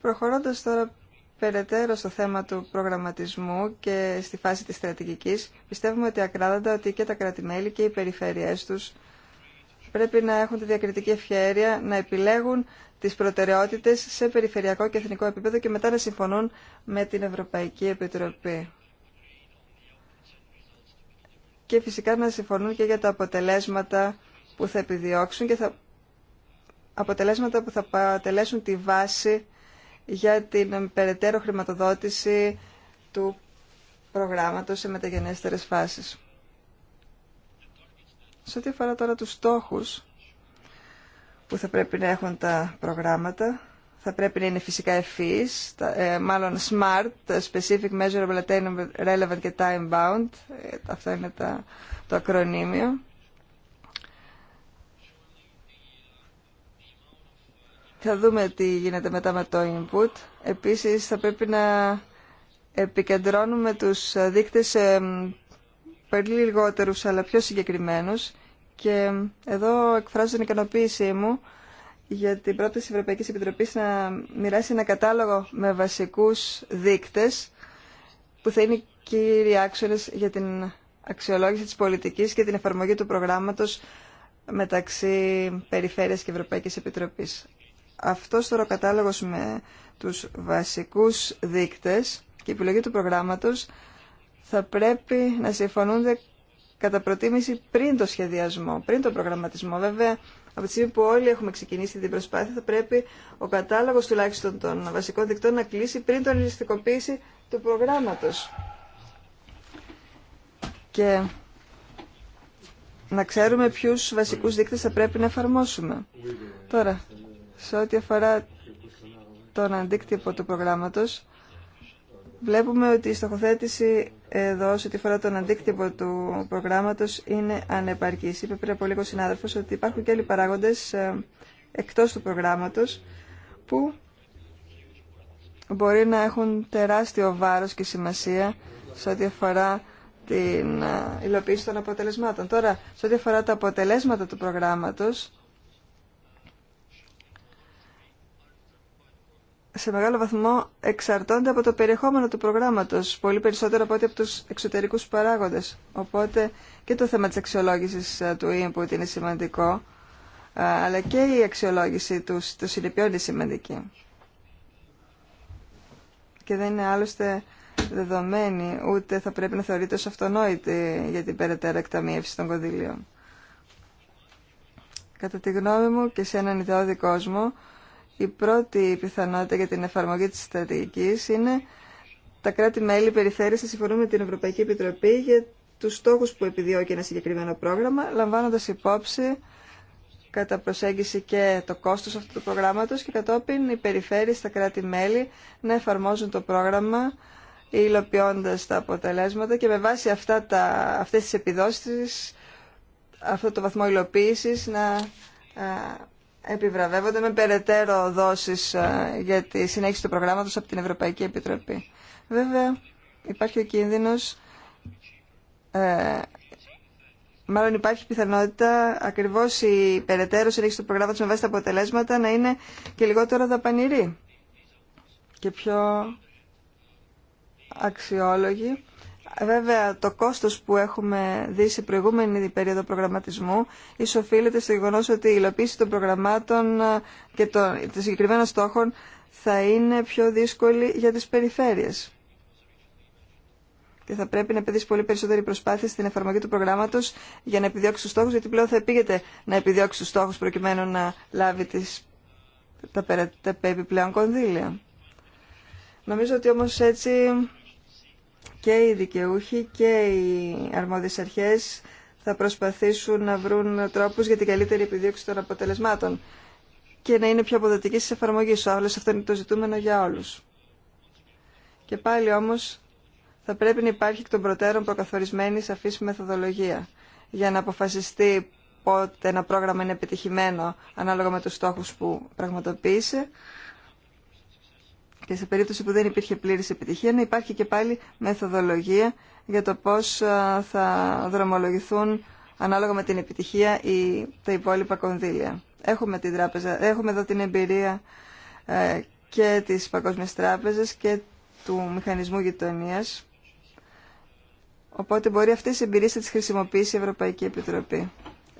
Προχωρώντας τώρα περαιτέρω στο θέμα του προγραμματισμού και στη φάση της στρατηγικής, πιστεύουμε ότι ακράδαντα ότι και τα κρατημέλη και οι περιφέρειές τους πρέπει να έχουν τη διακριτική ευχαίρεια να επιλέγουν τις προτεραιότητες σε περιφερειακό και εθνικό επίπεδο και μετά να συμφωνούν με την Ευρωπαϊκή Επιτροπή. Και φυσικά να συμφωνούν και για τα αποτελέσματα που θα επιδιώξουν και θα... αποτελέσματα που θα αποτελέσουν τη βάση για την περαιτέρω χρηματοδότηση του προγράμματος σε μεταγενέστερες φάσεις. Σε ό,τι αφορά τώρα τους στόχους που θα πρέπει να έχουν τα προγράμματα, θα πρέπει να είναι φυσικά ευφύς, ε, μάλλον SMART, Specific Measurable Attainable Relevant και Time Bound, ε, Αυτό είναι τα, το ακρονίμιο. Θα δούμε τι γίνεται μετά με το input. Επίσης θα πρέπει να επικεντρώνουμε τους δείκτες ε, πολύ λιγότερους αλλά πιο συγκεκριμένους και εδώ εκφράζω την ικανοποίησή μου για την πρόταση Ευρωπαϊκή Επιτροπή να μοιράσει ένα κατάλογο με βασικούς δείκτες που θα είναι κύριοι άξονες για την αξιολόγηση της πολιτικής και την εφαρμογή του προγράμματος μεταξύ Περιφέρειας και Ευρωπαϊκής Επιτροπής. Αυτός τώρα ο κατάλογος με τους βασικούς δείκτες και η επιλογή του προγράμματος θα πρέπει να συμφωνούνται κατά προτίμηση πριν το σχεδιασμό, πριν το προγραμματισμό. Βέβαια, από τη στιγμή που όλοι έχουμε ξεκινήσει την προσπάθεια, θα πρέπει ο κατάλογο τουλάχιστον των βασικών δικτών να κλείσει πριν τον ελιστικοποίηση του προγράμματο. Και να ξέρουμε ποιου βασικού δείκτε θα πρέπει να εφαρμόσουμε. Τώρα, σε ό,τι αφορά τον αντίκτυπο του προγράμματος, Βλέπουμε ότι η στοχοθέτηση εδώ σε ό,τι φορά τον αντίκτυπο του προγράμματος είναι ανεπαρκής. Είπε πριν από λίγο συνάδελφος ότι υπάρχουν και άλλοι παράγοντες ε, εκτός του προγράμματος που μπορεί να έχουν τεράστιο βάρος και σημασία σε ό,τι αφορά την ε, υλοποίηση των αποτελεσμάτων. Τώρα, σε ό,τι αφορά τα αποτελέσματα του προγράμματος, σε μεγάλο βαθμό εξαρτώνται από το περιεχόμενο του προγράμματος, πολύ περισσότερο από ό,τι από τους εξωτερικούς παράγοντες. Οπότε και το θέμα της αξιολόγησης ε, του input είναι σημαντικό, ε, αλλά και η αξιολόγηση του, το συνεπειών είναι σημαντική. Και δεν είναι άλλωστε δεδομένη, ούτε θα πρέπει να θεωρείται ως αυτονόητη για την περαιτέρω εκταμίευση των κονδυλίων. Κατά τη γνώμη μου και σε έναν ιδεώδη κόσμο, η πρώτη πιθανότητα για την εφαρμογή της στρατηγικής είναι τα κράτη-μέλη περιφερειες να συμφωνούν με την Ευρωπαϊκή Επιτροπή για τους στόχους που επιδιώκει ένα συγκεκριμένο πρόγραμμα, λαμβάνοντας υπόψη κατά προσέγγιση και το κόστος αυτού του προγράμματος και κατόπιν οι περιφέρειες στα κράτη-μέλη να εφαρμόζουν το πρόγραμμα υλοποιώντα τα αποτελέσματα και με βάση αυτά τα, αυτές τις επιδόσεις αυτό το βαθμό υλοποίησης να επιβραβεύονται με περαιτέρω δόσεις ε, για τη συνέχιση του προγράμματος από την Ευρωπαϊκή Επιτροπή. Βέβαια, υπάρχει ο κίνδυνος, ε, μάλλον υπάρχει πιθανότητα ακριβώς η περαιτέρω συνέχιση του προγράμματος με βάση τα αποτελέσματα να είναι και λιγότερο δαπανηρή και πιο αξιόλογη Βέβαια, το κόστο που έχουμε δει σε προηγούμενη περίοδο προγραμματισμού οφείλεται στο γεγονό ότι η υλοποίηση των προγραμμάτων ε, και των, συγκεκριμένων στόχων θα είναι πιο δύσκολη για τι περιφέρειες. Και θα πρέπει να επενδύσει πολύ περισσότερη προσπάθεια στην εφαρμογή του προγράμματο για να επιδιώξει του στόχου, γιατί πλέον θα επήγεται να επιδιώξει του στόχου προκειμένου να λάβει τις, τα, τα επιπλέον κονδύλια. Νομίζω ότι όμω έτσι και οι δικαιούχοι και οι αρμόδιες αρχές θα προσπαθήσουν να βρουν τρόπους για την καλύτερη επιδίωξη των αποτελεσμάτων και να είναι πιο αποδοτική στις εφαρμογές. Όλες αυτό είναι το ζητούμενο για όλους. Και πάλι όμως θα πρέπει να υπάρχει εκ των προτέρων προκαθορισμένη σαφή μεθοδολογία για να αποφασιστεί πότε ένα πρόγραμμα είναι επιτυχημένο ανάλογα με τους στόχους που πραγματοποίησε και σε περίπτωση που δεν υπήρχε πλήρης επιτυχία να υπάρχει και πάλι μεθοδολογία για το πώς θα δρομολογηθούν ανάλογα με την επιτυχία ή τα υπόλοιπα κονδύλια. Έχουμε, την τράπεζα, έχουμε εδώ την εμπειρία ε, και της Παγκόσμιας Τράπεζας και του Μηχανισμού Γειτονίας. Οπότε μπορεί αυτές οι εμπειρίες να τις χρησιμοποιήσει η Ευρωπαϊκή Επιτροπή.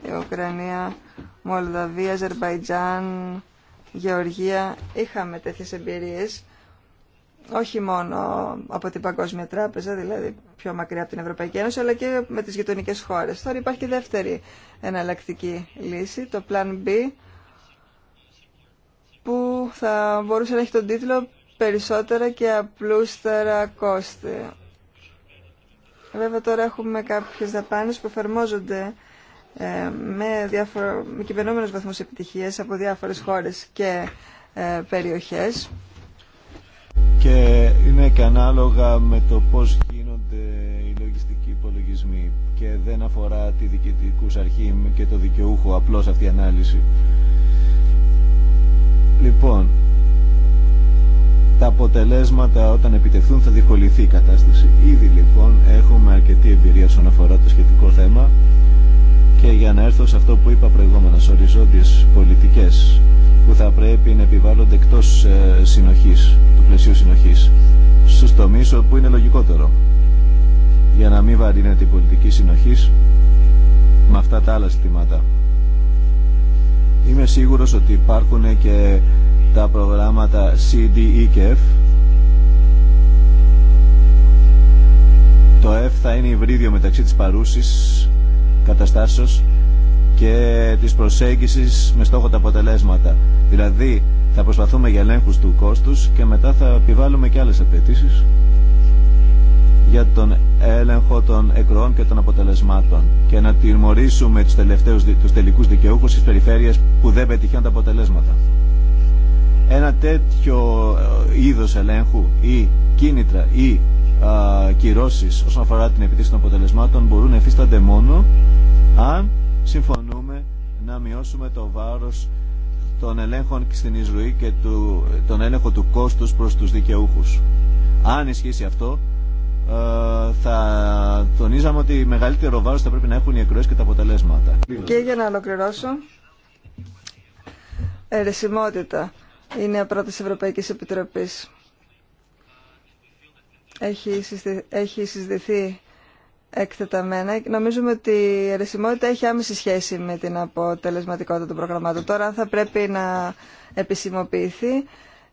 Η Ουκρανία, Μολδαβία, Αζερβαϊτζάν, Γεωργία είχαμε τέτοιες εμπειρίες, όχι μόνο από την Παγκόσμια Τράπεζα, δηλαδή πιο μακριά από την Ευρωπαϊκή Ένωση, αλλά και με τις γειτονικέ χώρες. Τώρα υπάρχει και δεύτερη εναλλακτική λύση, το Plan B, που θα μπορούσε να έχει τον τίτλο «Περισσότερα και απλούστερα κόστη». Βέβαια τώρα έχουμε κάποιες δαπάνες που εφαρμόζονται ε, με, διάφορο, με κυβερνόμενους βαθμούς επιτυχίες από διάφορες χώρες και ε, περιοχές. Και είναι και ανάλογα με το πώς γίνονται οι λογιστικοί υπολογισμοί και δεν αφορά τη διοικητικούς αρχή και το δικαιούχο απλώς αυτή η ανάλυση. Λοιπόν, τα αποτελέσματα όταν επιτευχθούν θα διευκολυνθεί η κατάσταση. Ήδη λοιπόν έχουμε αρκετή εμπειρία όσον αφορά το σχετικό θέμα και για να έρθω σε αυτό που είπα προηγούμενα, σε οριζόντιες πολιτικές που θα πρέπει να επιβάλλονται εκτός ε, συνοχής, του πλαισίου συνοχής, στους τομείς όπου είναι λογικότερο. Για να μην βαρύνεται η πολιτική συνοχής με αυτά τα άλλα ζητήματα. Είμαι σίγουρος ότι υπάρχουν και τα προγράμματα CDE και F. Το F θα είναι υβρίδιο μεταξύ της παρούσης καταστάσεως και της προσέγγισης με στόχο τα αποτελέσματα. Δηλαδή θα προσπαθούμε για ελέγχου του κόστους και μετά θα επιβάλλουμε και άλλες απαιτήσει για τον έλεγχο των εκροών και των αποτελεσμάτων και να τιμωρήσουμε τους, τελευταίους, τους τελικούς δικαιούχους στις περιφέρειες που δεν πετυχαίνουν τα αποτελέσματα. Ένα τέτοιο ε, είδος ελέγχου ή κίνητρα ή κυρώσεις όσον αφορά την επιτύχηση των αποτελεσμάτων μπορούν να εφίστανται μόνο αν συμφωνούμε να μειώσουμε το βάρος των ελέγχων στην εισρωή και του, τον έλεγχο του κόστους προς τους δικαιούχους. Αν ισχύσει αυτό, θα τονίζαμε ότι μεγαλύτερο βάρος θα πρέπει να έχουν οι εκροές και τα αποτελέσματα. Και για να ολοκληρώσω, ερεσιμότητα είναι η πρώτη Ευρωπαϊκής Επιτροπής έχει, έχει συζητηθεί εκτεταμένα. Νομίζουμε ότι η αιρεσιμότητα έχει άμεση σχέση με την αποτελεσματικότητα των προγραμμάτων. Τώρα, θα πρέπει να επισημοποιηθεί,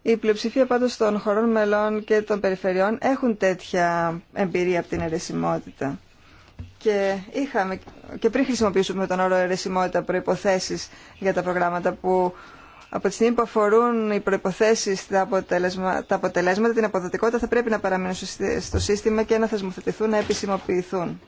η πλειοψηφία πάντως των χωρών μελών και των περιφερειών έχουν τέτοια εμπειρία από την αιρεσιμότητα. Και, είχαμε, και πριν χρησιμοποιήσουμε τον όρο αιρεσιμότητα προϋποθέσεις για τα προγράμματα που από τη στιγμή που αφορούν οι προποθέσει τα, τα αποτελέσματα, την αποδοτικότητα θα πρέπει να παραμείνουν στο σύστημα και να θεσμοθετηθούν, να επισημοποιηθούν.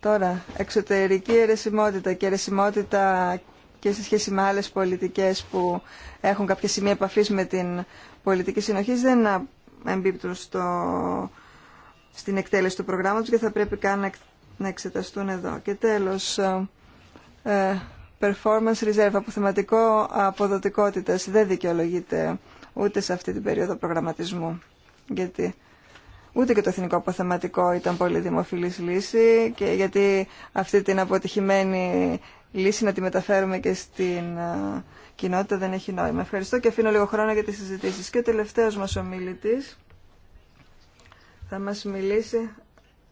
Τώρα, εξωτερική αιρεσιμότητα και αιρεσιμότητα και σε σχέση με άλλε πολιτικές που έχουν κάποια σημεία επαφή με την πολιτική συνοχή δεν εμπίπτουν στο, στην εκτέλεση του προγράμματος και θα πρέπει καν να εξεταστούν εδώ. Και τέλος, ε, ε performance reserve, αποθεματικό αποδοτικότητας, δεν δικαιολογείται ούτε σε αυτή την περίοδο προγραμματισμού. Γιατί ούτε και το εθνικό αποθεματικό ήταν πολύ δημοφιλής λύση και γιατί αυτή την αποτυχημένη λύση να τη μεταφέρουμε και στην κοινότητα δεν έχει νόημα. Ευχαριστώ και αφήνω λίγο χρόνο για τις συζητήσεις. Και ο τελευταίος μας ομιλητής θα μας μιλήσει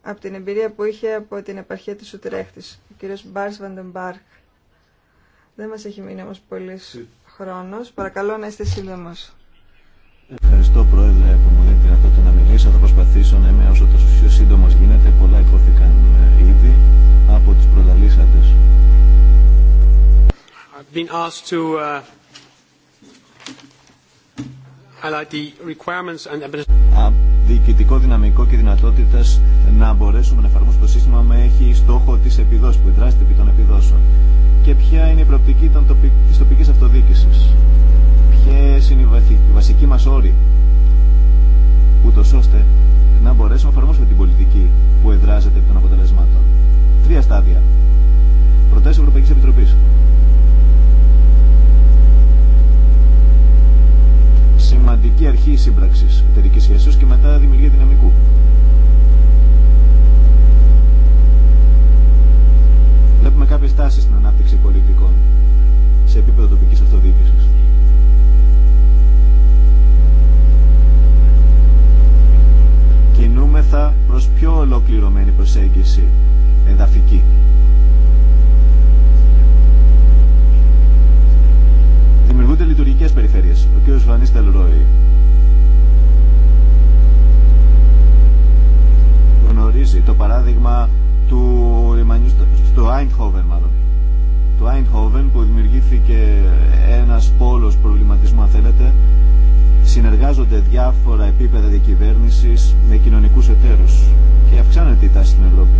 από την εμπειρία που είχε από την επαρχία της Ουτρέχτης, ο κύριος Μπάρς Βαντεμπάρκ. Δεν μας έχει μείνει όμως πολύ χρόνος. Παρακαλώ να είστε σύντομος. Ευχαριστώ Πρόεδρε που μου δίνει δυνατότητα να μιλήσω. Θα προσπαθήσω να είμαι όσο το πιο σύντομος γίνεται. Πολλά υπόθηκαν ε, ήδη από τις προλαλήσαντες. I've been asked to uh, the requirements and διοικητικό δυναμικό και δυνατότητα να μπορέσουμε να εφαρμόσουμε το σύστημα με έχει στόχο τη επιδόση, που δράστη επί των επιδόσεων και ποια είναι η προοπτική τη τοπική της τοπικής είναι οι, βασικοί μας όροι, ούτως ώστε να μπορέσουμε να εφαρμόσουμε την πολιτική που εδράζεται από των αποτελεσμάτων. Τρία στάδια. Προτάσεις ευρωπαϊκή Επιτροπής. Σημαντική αρχή σύμπραξης εταιρικής σχέσεως και μετά δημιουργία δυναμικού. βλέπουμε κάποιες τάσεις στην ανάπτυξη πολιτικών σε επίπεδο τοπικής αυτοδιοίκησης. Κινούμεθα προς πιο ολοκληρωμένη προσέγγιση εδαφική. Δημιουργούνται λειτουργικές περιφέρειες. Ο κ. Βανίστελ Ρόι γνωρίζει το παράδειγμα του στο Άιντχόβεν μάλλον. Το Άιντχόβεν που δημιουργήθηκε ένας πόλος προβληματισμού αν θέλετε. Συνεργάζονται διάφορα επίπεδα διακυβέρνησης με κοινωνικούς εταίρους και αυξάνεται η τάση στην Ευρώπη.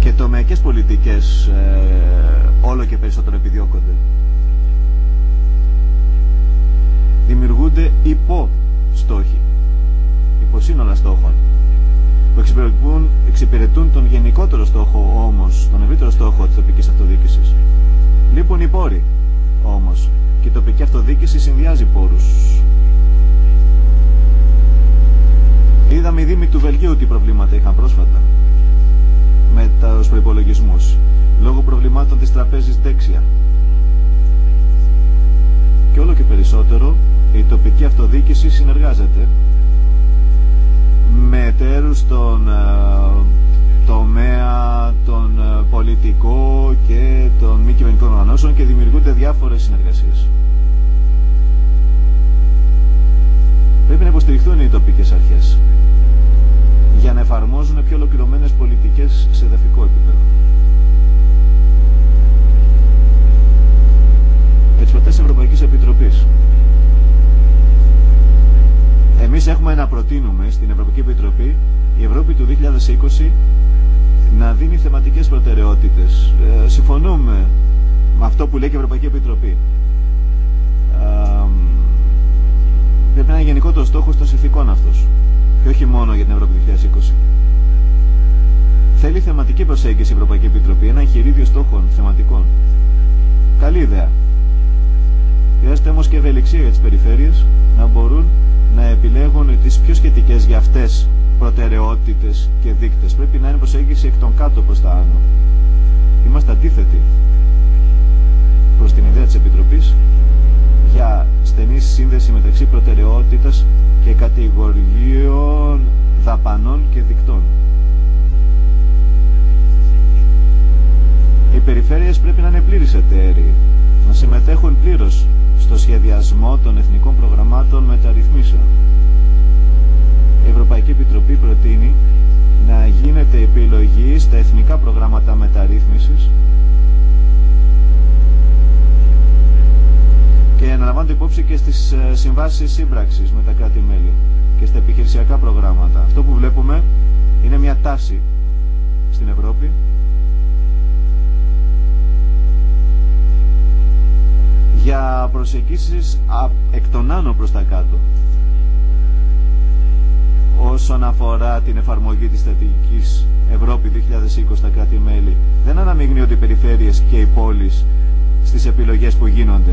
Και τομεακές πολιτικές ε, όλο και περισσότερο επιδιώκονται. Δημιουργούνται υπό στόχοι υποσύνολα στόχων που εξυπηρετούν, εξυπηρετούν τον γενικότερο στόχο όμως, τον ευρύτερο στόχο της τοπικής αυτοδιοίκησης. Λείπουν οι πόροι όμως και η τοπική αυτοδιοίκηση συνδυάζει πόρους. Είδαμε οι Δήμοι του Βελγίου τι προβλήματα είχαν πρόσφατα με του προπολογισμού λόγω προβλημάτων της τραπέζης τέξια Και όλο και περισσότερο η τοπική αυτοδιοίκηση συνεργάζεται με εταίρους στον ε, τομέα τον ε, πολιτικών και των μη κυβερνικών οργανώσεων και δημιουργούνται διάφορες συνεργασίες. Πρέπει να υποστηριχθούν οι τοπικές αρχές για να εφαρμόζουν πιο ολοκληρωμένε πολιτικές σε εδαφικό επίπεδο. Εξωτές Ευρωπαϊκής Επιτροπής εμείς έχουμε να προτείνουμε στην Ευρωπαϊκή Επιτροπή η Ευρώπη του 2020 να δίνει θεματικές προτεραιότητες. Ε, συμφωνούμε με αυτό που λέει και η Ευρωπαϊκή Επιτροπή. Ε, πρέπει να είναι γενικότερο στόχο των συνθηκών αυτός και όχι μόνο για την Ευρώπη 2020. Θέλει θεματική προσέγγιση η Ευρωπαϊκή Επιτροπή, ένα εγχειρίδιο στόχων θεματικών. Καλή ιδέα. Χρειάζεται όμω και ευελιξία για τι περιφέρειες να μπορούν να επιλέγουν τις πιο σχετικές για αυτές προτεραιότητες και δείκτες. Πρέπει να είναι προσέγγιση εκ των κάτω προς τα άνω. Είμαστε αντίθετοι προς την ιδέα της Επιτροπής για στενή σύνδεση μεταξύ προτεραιότητας και κατηγοριών δαπανών και δικτών. Οι περιφέρειες πρέπει να είναι πλήρης εταίροι, να συμμετέχουν πλήρως στο σχεδιασμό των εθνικών προγραμμάτων μεταρρυθμίσεων. Η Ευρωπαϊκή Επιτροπή προτείνει να γίνεται επιλογή στα εθνικά προγράμματα μεταρρύθμισης και να λαμβάνεται υπόψη και στις ε, συμβάσεις σύμπραξης με τα κράτη-μέλη και στα επιχειρησιακά προγράμματα. Αυτό που βλέπουμε είναι μια τάση στην Ευρώπη για προσεγγίσεις εκ των άνω προς τα κάτω όσον αφορά την εφαρμογή της στρατηγικής Ευρώπη 2020 στα κράτη-μέλη. Δεν αναμειγνύονται οι περιφέρειες και οι πόλεις στις επιλογές που γίνονται.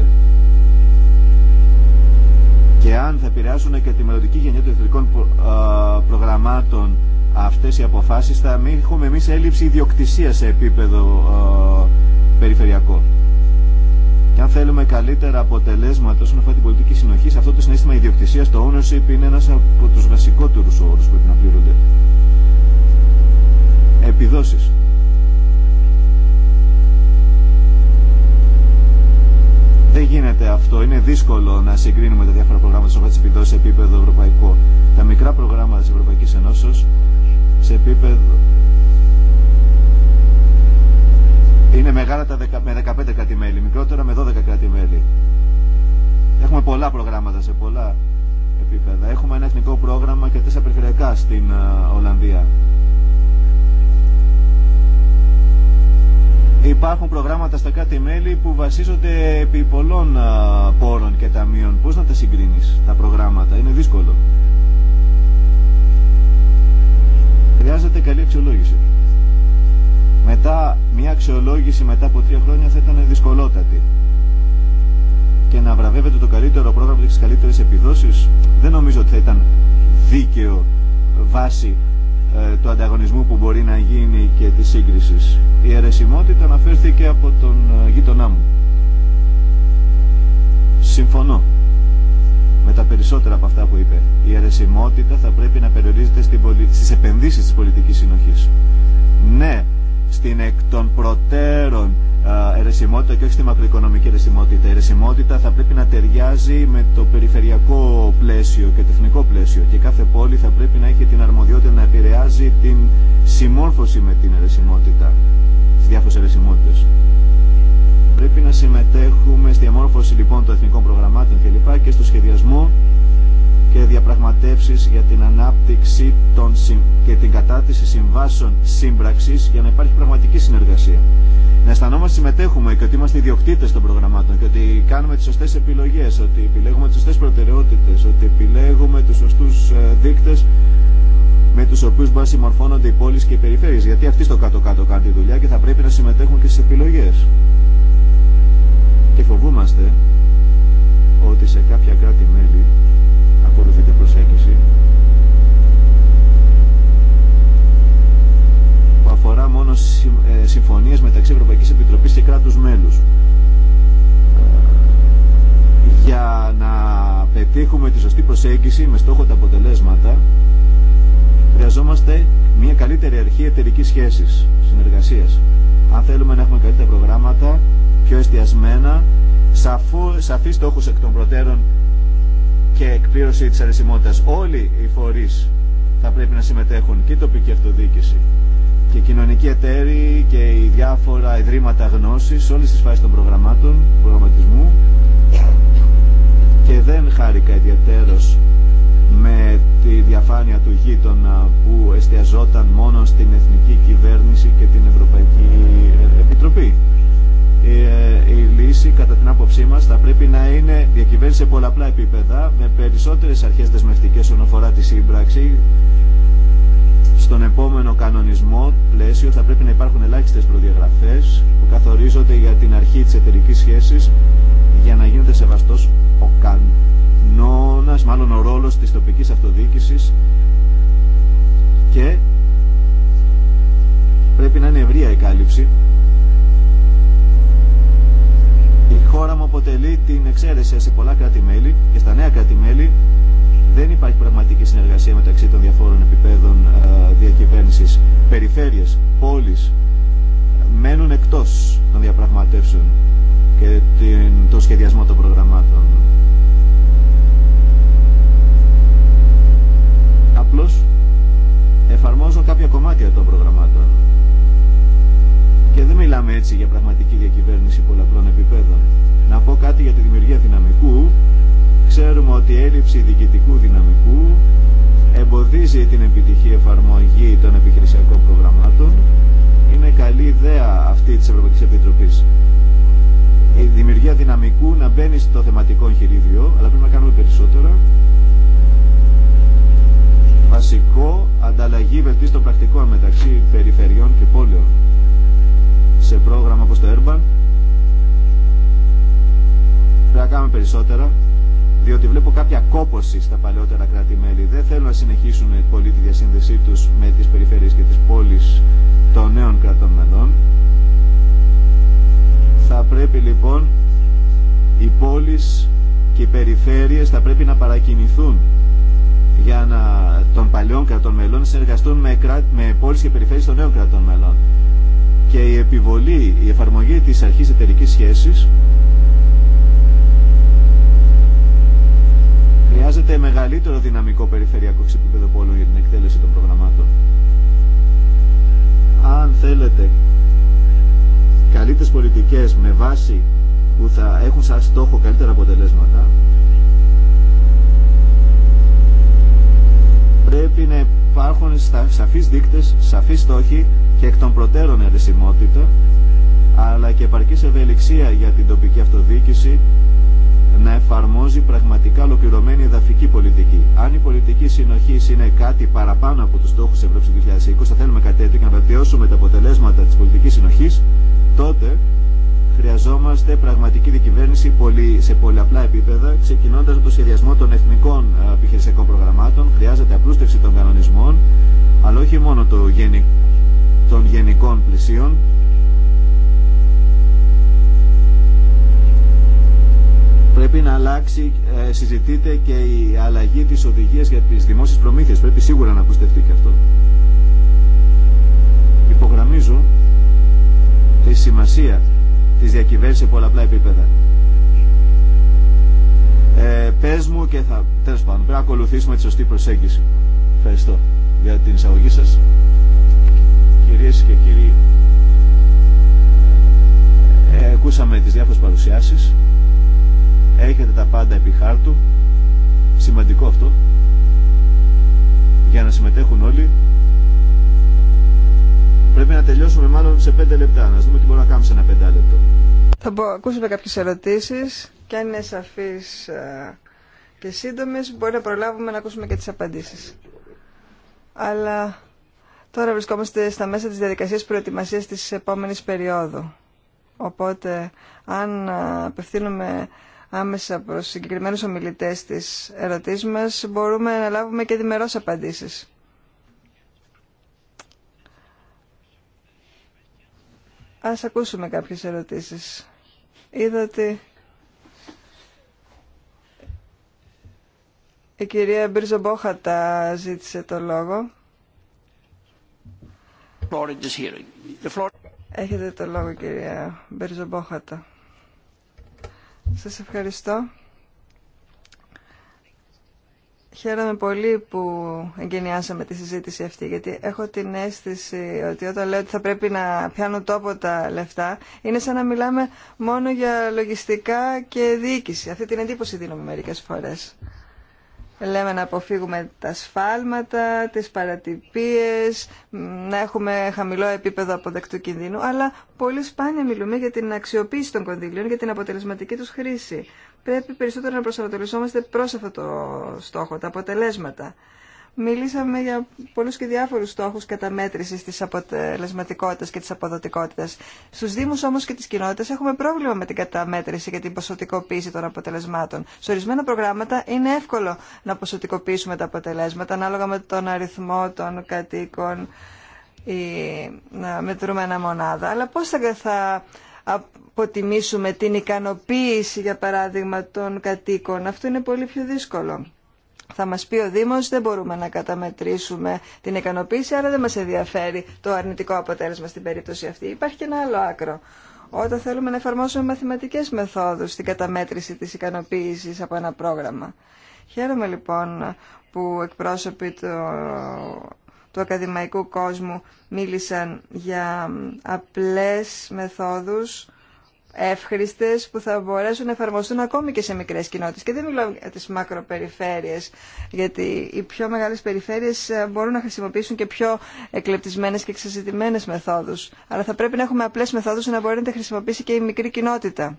Και αν θα επηρεάσουν και τη μελλοντική γενιά των εθνικών προγραμμάτων αυτές οι αποφάσεις, θα μην έχουμε εμείς έλλειψη ιδιοκτησία σε επίπεδο περιφερειακό. Και αν θέλουμε καλύτερα αποτελέσματα όσον αφορά την πολιτική συνοχή, αυτό το συνέστημα ιδιοκτησία, το ownership, είναι ένα από του βασικότερου όρου που πρέπει να πληρούνται. επιδόσεις Δεν γίνεται αυτό. Είναι δύσκολο να συγκρίνουμε τα διάφορα προγράμματα σε τη σε επίπεδο ευρωπαϊκό. Τα μικρά προγράμματα τη Ευρωπαϊκή Ενώσεω σε επίπεδο είναι μεγάλα τα με 15 κρατη μικρότερα με 12 κρατη Έχουμε πολλά προγράμματα σε πολλά επίπεδα. Έχουμε ένα εθνικό πρόγραμμα και τέσσερα περιφερειακά στην ε, Ολλανδία. Υπάρχουν προγράμματα στα κράτη-μέλη που βασίζονται επί πολλών ε, πόρων και ταμείων. Πώς να τα συγκρίνεις τα προγράμματα, είναι δύσκολο. Χρειάζεται καλή αξιολόγηση. Μετά, μια αξιολόγηση μετά από τρία χρόνια θα ήταν δυσκολότατη. Και να βραβεύεται το καλύτερο πρόγραμμα και τι καλύτερε επιδόσει, δεν νομίζω ότι θα ήταν δίκαιο βάση ε, του ανταγωνισμού που μπορεί να γίνει και τη σύγκριση. Η αιρεσιμότητα αναφέρθηκε από τον ε, γείτονά μου. Συμφωνώ με τα περισσότερα από αυτά που είπε. Η αιρεσιμότητα θα πρέπει να περιορίζεται στις επενδύσει τη πολιτική συνοχή. Ναι, στην εκ των προτέρων ερεσιμότητα και όχι στη μακροοικονομική ερεσιμότητα. Η ερεσιμότητα θα πρέπει να ταιριάζει με το περιφερειακό πλαίσιο και το εθνικό πλαίσιο και κάθε πόλη θα πρέπει να έχει την αρμοδιότητα να επηρεάζει την συμμόρφωση με την ερεσιμότητα, τι διάφορε αιρεσιμότητε. Πρέπει να συμμετέχουμε στη διαμόρφωση λοιπόν των εθνικών προγραμμάτων κλπ. Και, και στο σχεδιασμό και διαπραγματεύσεις για την ανάπτυξη των και την κατάρτιση συμβάσεων σύμπραξης για να υπάρχει πραγματική συνεργασία. Να αισθανόμαστε συμμετέχουμε και ότι είμαστε ιδιοκτήτε των προγραμμάτων και ότι κάνουμε τι σωστέ επιλογέ, ότι επιλέγουμε τι σωστέ προτεραιότητε, ότι επιλέγουμε του σωστού ε, δείκτε με του οποίου να συμμορφώνονται οι πόλει και οι περιφέρειε. Γιατί αυτοί στο κάτω-κάτω κάνουν τη δουλειά και θα πρέπει να συμμετέχουν και στι επιλογέ. Και φοβούμαστε ότι σε κάποια κράτη-μέλη ακολουθείται προσέγγιση που αφορά μόνο ε, συμφωνίες μεταξύ Ευρωπαϊκής Επιτροπής και κράτους μέλους. Για να πετύχουμε τη σωστή προσέγγιση με στόχο τα αποτελέσματα χρειαζόμαστε μια καλύτερη αρχή εταιρικής σχέσης, συνεργασίας. Αν θέλουμε να έχουμε καλύτερα προγράμματα, πιο εστιασμένα, σαφού, σαφείς στόχους εκ των προτέρων και εκπλήρωση της αρεσιμότητας. Όλοι οι φορείς θα πρέπει να συμμετέχουν και η τοπική αυτοδιοίκηση και οι κοινωνικοί εταίροι και οι διάφορα ιδρύματα γνώσης σε όλες τις φάσεις των προγραμμάτων, προγραμματισμού και δεν χάρηκα ιδιαίτερος με τη διαφάνεια του γείτονα που εστιαζόταν μόνο στην εθνική κυβέρνηση και την Ευρωπαϊκή Επιτροπή κατά την άποψή μα, θα πρέπει να είναι διακυβέρνηση σε πολλαπλά επίπεδα, με περισσότερε αρχέ δεσμευτικέ όσον αφορά τη σύμπραξη. Στον επόμενο κανονισμό πλαίσιο θα πρέπει να υπάρχουν ελάχιστε προδιαγραφέ που καθορίζονται για την αρχή τη εταιρική σχέση για να γίνεται σεβαστό ο κανόνα, μάλλον ο ρόλο τη τοπική αυτοδιοίκηση και πρέπει να είναι ευρεία η κάλυψη η χώρα μου αποτελεί την εξαίρεση σε πολλά κράτη-μέλη και στα νέα κράτη-μέλη δεν υπάρχει πραγματική συνεργασία μεταξύ των διαφόρων επιπέδων ε, διακυβέρνησης. Περιφέρειες, πόλεις ε, μένουν εκτός των διαπραγματεύσεων και του σχεδιασμό των προγραμμάτων. Απλώς εφαρμόζουν κάποια κομμάτια των προγραμμάτων. Και δεν μιλάμε έτσι για πραγματική διακυβέρνηση πολλαπλών επιπέδων. Να πω κάτι για τη δημιουργία δυναμικού. Ξέρουμε ότι η έλλειψη διοικητικού δυναμικού εμποδίζει την επιτυχή εφαρμογή των επιχειρησιακών προγραμμάτων. Είναι καλή ιδέα αυτή της Ευρωπαϊκής Επιτροπής. Η δημιουργία δυναμικού να μπαίνει στο θεματικό εγχειρίδιο, αλλά πρέπει να κάνουμε περισσότερα. Βασικό, ανταλλαγή βελτίστων πρακτικών μεταξύ περιφερειών και πόλεων σε πρόγραμμα όπως το Urban. Πρέπει να κάνουμε περισσότερα, διότι βλέπω κάποια κόπωση στα παλαιότερα κράτη-μέλη. Δεν θέλουν να συνεχίσουν πολύ τη διασύνδεσή τους με τις περιφέρειες και τις πόλεις των νέων κρατών μελών. Θα πρέπει λοιπόν οι πόλεις και οι περιφέρειες θα πρέπει να παρακινηθούν για να, των παλιών κρατών μελών συνεργαστούν με, κρα, με πόλεις και περιφέρειες των νέων κρατών μελών και η επιβολή, η εφαρμογή της αρχής εταιρικής σχέσης χρειάζεται μεγαλύτερο δυναμικό περιφερειακό σε επίπεδο για την εκτέλεση των προγραμμάτων. Αν θέλετε καλύτερες πολιτικές με βάση που θα έχουν σαν στόχο καλύτερα αποτελέσματα πρέπει να υπάρχουν σαφείς δείκτες, σαφείς στόχοι και εκ των προτέρων αρισιμότητα, αλλά και επαρκής ευελιξία για την τοπική αυτοδιοίκηση να εφαρμόζει πραγματικά ολοκληρωμένη εδαφική πολιτική. Αν η πολιτική συνοχή είναι κάτι παραπάνω από του στόχου Ευρώπη Ευρώπη 2020, θα θέλουμε κάτι τέτοιο και να βελτιώσουμε τα αποτελέσματα τη πολιτική συνοχή, τότε χρειαζόμαστε πραγματική δικυβέρνηση σε πολλαπλά επίπεδα, ξεκινώντα από το σχεδιασμό των εθνικών ε, επιχειρησιακών προγραμμάτων. Χρειάζεται απλούστευση των κανονισμών, αλλά όχι μόνο το γενικό των γενικών πλησίων πρέπει να αλλάξει, ε, συζητείται και η αλλαγή της οδηγίας για τις δημόσιες προμήθειες. Πρέπει σίγουρα να ακουστευτεί και αυτό. Υπογραμμίζω τη σημασία της διακυβέρνησης σε πολλαπλά επίπεδα. Ε, πες μου και θα, τέλος πάντων, πρέπει να ακολουθήσουμε τη σωστή προσέγγιση. Ευχαριστώ για την εισαγωγή σας. Κυρίες και κύριοι, ε, ακούσαμε τις διάφορες παρουσιάσεις. Έχετε τα πάντα επί χάρτου. Σημαντικό αυτό. Για να συμμετέχουν όλοι. Πρέπει να τελειώσουμε μάλλον σε πέντε λεπτά. Να δούμε τι μπορούμε να κάνουμε σε ένα λεπτό. Θα ακούσουμε κάποιες ερωτήσεις και αν είναι σαφείς ε, και σύντομες μπορεί να προλάβουμε να ακούσουμε και τις απαντήσεις. Αλλά Τώρα βρισκόμαστε στα μέσα της διαδικασίας προετοιμασίας της επόμενης περίοδου. Οπότε, αν απευθύνουμε άμεσα προς συγκεκριμένους ομιλητές της ερωτήσεις μας, μπορούμε να λάβουμε και διμερώς απαντήσεις. Ας ακούσουμε κάποιες ερωτήσεις. Είδα ότι η κυρία Μπρίζο Μπόχατα ζήτησε το λόγο. Έχετε το λόγο κυρία Μπερζομπόχατα. Σας ευχαριστώ. Χαίρομαι πολύ που εγκαινιάσαμε τη συζήτηση αυτή, γιατί έχω την αίσθηση ότι όταν λέω ότι θα πρέπει να πιάνω τόπο τα λεφτά, είναι σαν να μιλάμε μόνο για λογιστικά και διοίκηση. Αυτή την εντύπωση δίνουμε μερικές φορές λέμε να αποφύγουμε τα σφάλματα, τις παρατυπίες, να έχουμε χαμηλό επίπεδο αποδεκτού κινδύνου, αλλά πολύ σπάνια μιλούμε για την αξιοποίηση των κονδύλιων, για την αποτελεσματική τους χρήση. Πρέπει περισσότερο να προσανατολισόμαστε προς αυτό το στόχο, τα αποτελέσματα μιλήσαμε για πολλούς και διάφορους στόχους καταμέτρησης της αποτελεσματικότητας και της αποδοτικότητας. Στους Δήμους όμως και τις κοινότητες έχουμε πρόβλημα με την καταμέτρηση και την ποσοτικοποίηση των αποτελεσμάτων. Σε ορισμένα προγράμματα είναι εύκολο να ποσοτικοποιήσουμε τα αποτελέσματα ανάλογα με τον αριθμό των κατοίκων ή να μετρούμε ένα μονάδα. Αλλά πώς θα αποτιμήσουμε την ικανοποίηση, για παράδειγμα, των κατοίκων. Αυτό είναι πολύ πιο δύσκολο θα μας πει ο Δήμος δεν μπορούμε να καταμετρήσουμε την ικανοποίηση, άρα δεν μας ενδιαφέρει το αρνητικό αποτέλεσμα στην περίπτωση αυτή. Υπάρχει και ένα άλλο άκρο. Όταν θέλουμε να εφαρμόσουμε μαθηματικές μεθόδους στην καταμέτρηση της ικανοποίησης από ένα πρόγραμμα. Χαίρομαι λοιπόν που εκπρόσωποι του, του ακαδημαϊκού κόσμου μίλησαν για απλές μεθόδους Εύχριστε που θα μπορέσουν να εφαρμοστούν ακόμη και σε μικρές κοινότητε. Και δεν μιλάω για τι μακροπεριφέρειες, γιατί οι πιο μεγάλες περιφέρειες ε, μπορούν να χρησιμοποιήσουν και πιο εκλεπτισμένε και εξαζητημένες μεθόδους. Αλλά θα πρέπει να έχουμε απλές μεθόδους να μπορεί να τα χρησιμοποιήσει και η μικρή κοινότητα.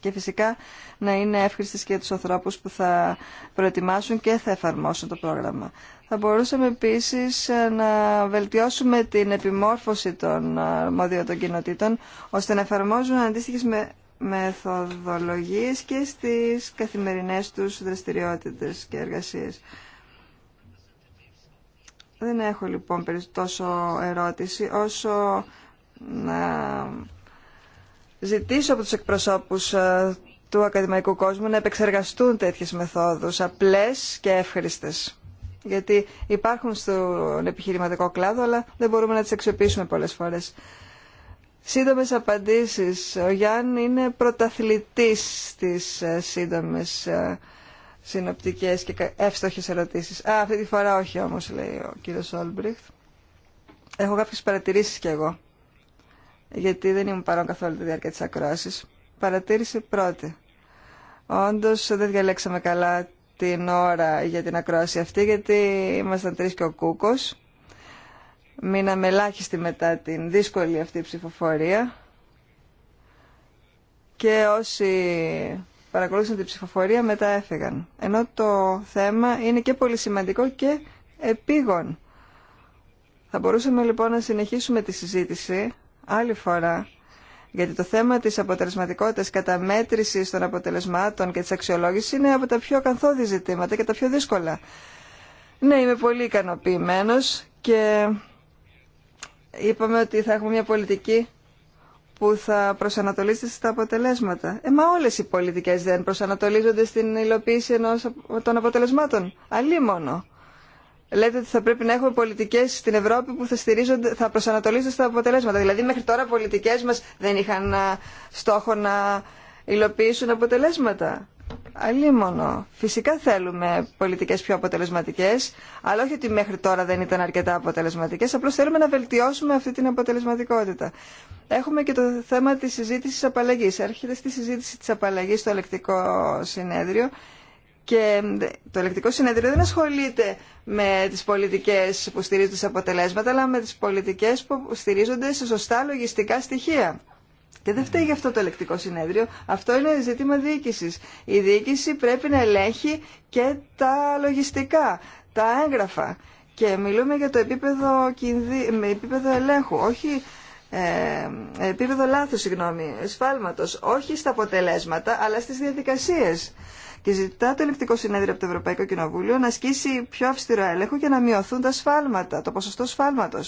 Και φυσικά να είναι εύχριστε και για τους ανθρώπους που θα προετοιμάσουν και θα εφαρμόσουν το πρόγραμμα. Θα μπορούσαμε επίσης ε, να βελτιώσουμε την επιμόρφωση των αρμοδίων των κοινοτήτων, ώστε να εφαρμόζουν αντίστοιχες με μεθοδολογίες και στις καθημερινές τους δραστηριότητες και εργασίες. Δεν έχω λοιπόν τόσο ερώτηση όσο να ζητήσω από τους εκπροσώπους ε, του ακαδημαϊκού κόσμου να επεξεργαστούν τέτοιες μεθόδους απλές και εύχριστες. Γιατί υπάρχουν στον επιχειρηματικό κλάδο, αλλά δεν μπορούμε να τις αξιοποιήσουμε πολλές φορές. Σύντομες απαντήσεις. Ο Γιάννη είναι πρωταθλητής στις ε, σύντομες ε, συνοπτικές και εύστοχες ερωτήσεις. Α, αυτή τη φορά όχι όμως, λέει ο κύριος Όλμπριχτ. Έχω κάποιες παρατηρήσεις κι εγώ, γιατί δεν ήμουν παρόν καθόλου τη διάρκεια της ακρόαση, Παρατήρηση πρώτη. Όντως δεν διαλέξαμε καλά την ώρα για την ακρόαση αυτή, γιατί ήμασταν τρεις και ο Κούκος. Μείναμε ελάχιστοι μετά την δύσκολη αυτή ψηφοφορία. Και όσοι παρακολούθησαν την ψηφοφορία μετά έφυγαν. Ενώ το θέμα είναι και πολύ σημαντικό και επίγον. Θα μπορούσαμε λοιπόν να συνεχίσουμε τη συζήτηση άλλη φορά γιατί το θέμα της αποτελεσματικότητας, καταμέτρησης των αποτελεσμάτων και της αξιολόγησης είναι από τα πιο καθόδη ζητήματα και τα πιο δύσκολα. Ναι, είμαι πολύ ικανοποιημένο και είπαμε ότι θα έχουμε μια πολιτική που θα προσανατολίσει στα αποτελέσματα. Ε, μα όλες οι πολιτικές δεν προσανατολίζονται στην υλοποίηση ενός των αποτελεσμάτων. Αλλή μόνο λέτε ότι θα πρέπει να έχουμε πολιτικέ στην Ευρώπη που θα, θα προσανατολίζονται στα αποτελέσματα. Δηλαδή, μέχρι τώρα οι πολιτικέ μα δεν είχαν στόχο να υλοποιήσουν αποτελέσματα. μόνο. Φυσικά θέλουμε πολιτικές πιο αποτελεσματικές, αλλά όχι ότι μέχρι τώρα δεν ήταν αρκετά αποτελεσματικές, απλώς θέλουμε να βελτιώσουμε αυτή την αποτελεσματικότητα. Έχουμε και το θέμα της συζήτησης απαλλαγής. Έρχεται στη συζήτηση της απαλλαγής στο ελεκτικό συνέδριο και το ελεκτικό συνέδριο δεν ασχολείται με τις πολιτικές που στηρίζονται σε αποτελέσματα, αλλά με τις πολιτικές που στηρίζονται σε σωστά λογιστικά στοιχεία. Και δεν φταίει γι' αυτό το ελεκτικό συνέδριο. Αυτό είναι ζήτημα διοίκηση. Η διοίκηση πρέπει να ελέγχει και τα λογιστικά, τα έγγραφα. Και μιλούμε για το επίπεδο, κινδύ... επίπεδο ελέγχου, όχι ε, επίπεδο λάθους, συγγνώμη, σφάλματος, όχι στα αποτελέσματα, αλλά στις διαδικασίες. Και ζητά το ελεκτικό συνέδριο από το Ευρωπαϊκό Κοινοβούλιο να ασκήσει πιο αυστηρό έλεγχο για να μειωθούν τα σφάλματα, το ποσοστό σφάλματο.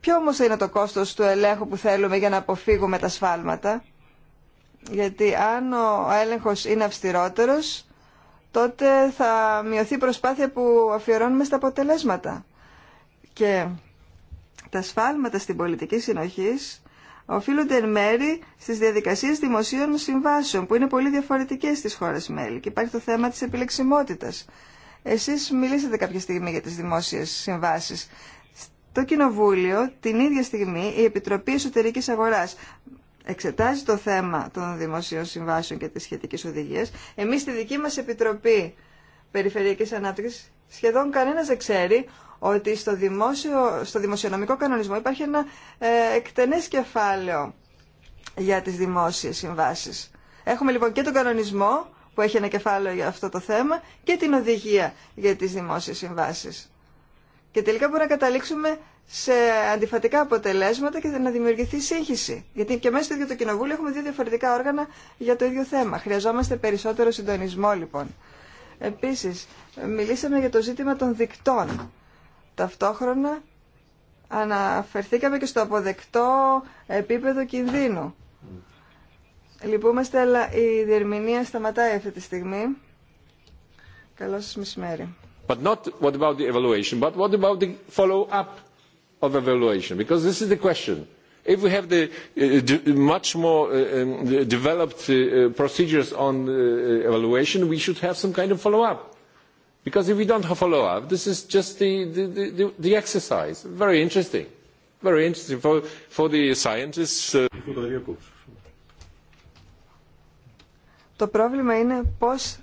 Ποιο όμω θα είναι το κόστο του ελέγχου που θέλουμε για να αποφύγουμε τα σφάλματα. Γιατί αν ο έλεγχο είναι αυστηρότερο, τότε θα μειωθεί η προσπάθεια που αφιερώνουμε στα αποτελέσματα. Και τα σφάλματα στην πολιτική συνοχής οφείλονται εν μέρη στι διαδικασίε δημοσίων συμβάσεων, που είναι πολύ διαφορετικέ στι χώρε μέλη. Και υπάρχει το θέμα τη επιλεξιμότητα. Εσεί μιλήσατε κάποια στιγμή για τι δημόσιε συμβάσει. Στο Κοινοβούλιο την ίδια στιγμή η Επιτροπή Εσωτερικής Αγοράς εξετάζει το θέμα των δημοσίων συμβάσεων και της σχετικής οδηγίας. Εμεί στη δική μα Επιτροπή περιφερειακή Ανάπτυξη σχεδόν κανένα δεν ξέρει ότι στο, δημόσιο, στο δημοσιονομικό κανονισμό υπάρχει ένα ε, εκτενές κεφάλαιο για τις δημόσιες συμβάσεις. Έχουμε λοιπόν και τον κανονισμό που έχει ένα κεφάλαιο για αυτό το θέμα και την οδηγία για τις δημόσιες συμβάσεις. Και τελικά μπορούμε να καταλήξουμε σε αντιφατικά αποτελέσματα και να δημιουργηθεί σύγχυση. Γιατί και μέσα στο ίδιο το Κοινοβούλιο έχουμε δύο διαφορετικά όργανα για το ίδιο θέμα. Χρειαζόμαστε περισσότερο συντονισμό λοιπόν. Επίσης, μιλήσαμε για το ζήτημα των δικτών. Ταυτόχρονα αναφερθήκαμε και στο αποδεκτό επίπεδο κινδύνου. Λυπούμαστε, αλλά η διερμηνία σταματάει αυτή τη στιγμή. Καλώς σας μεσημέρι. But not what about the evaluation, but what about the follow-up of evaluation? Because this is the question. If we have the much more developed procedures on evaluation, we should have some kind of follow-up Because if we follow up, this is just the exercise. Very interesting. Very interesting for the scientists. Uh, το πρόβλημα είναι πώς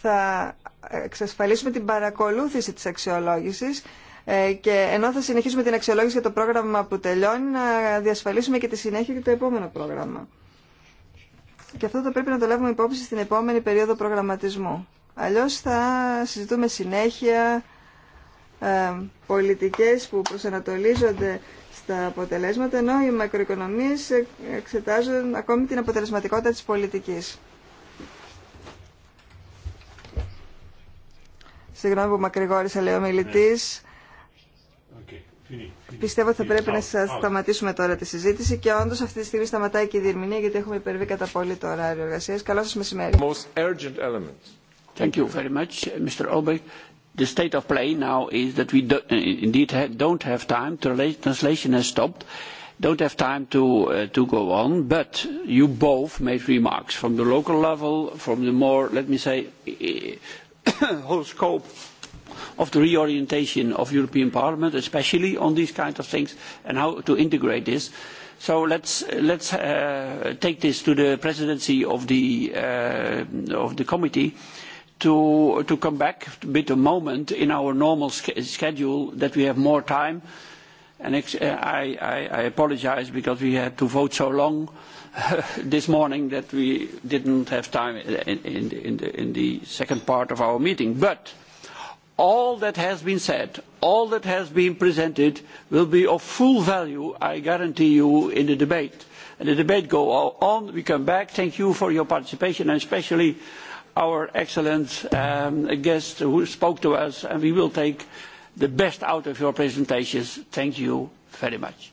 θα εξασφαλίσουμε την παρακολούθηση της αξιολόγησης ε, και ενώ θα συνεχίσουμε την αξιολόγηση για το πρόγραμμα που τελειώνει, να διασφαλίσουμε και τη συνέχεια για το επόμενο πρόγραμμα. Και αυτό θα πρέπει να το λάβουμε υπόψη στην επόμενη περίοδο προγραμματισμού. Αλλιώς θα συζητούμε συνέχεια ε, πολιτικές που προσανατολίζονται στα αποτελέσματα, ενώ οι μακροοικονομίες εξετάζουν ακόμη την αποτελεσματικότητα της πολιτικής. Συγγνώμη που μακρηγόρησα, λέει ο μιλητής. Πιστεύω ότι θα πρέπει να σταματήσουμε τώρα τη συζήτηση και όντω αυτή τη στιγμή σταματάει και η διερμηνία γιατί έχουμε υπερβεί κατά πολύ το ωράριο εργασία. Καλό σας μεσημέρι. Thank you very much, Mr. Olbrich. The state of play now is that we indeed don't have time. Translation has stopped. Don't have time to go on. But you both made remarks from the local level, from the more, let me say, whole scope of the reorientation of European Parliament, especially on these kinds of things and how to integrate this. So let's take this to the presidency of the committee to come back with a moment in our normal schedule that we have more time. And I apologize because we had to vote so long this morning that we didn't have time in the second part of our meeting. But all that has been said, all that has been presented will be of full value, I guarantee you, in the debate. And the debate go on. We come back. Thank you for your participation and especially our excellent guest who spoke to us, and we will take the best out of your presentations. Thank you very much.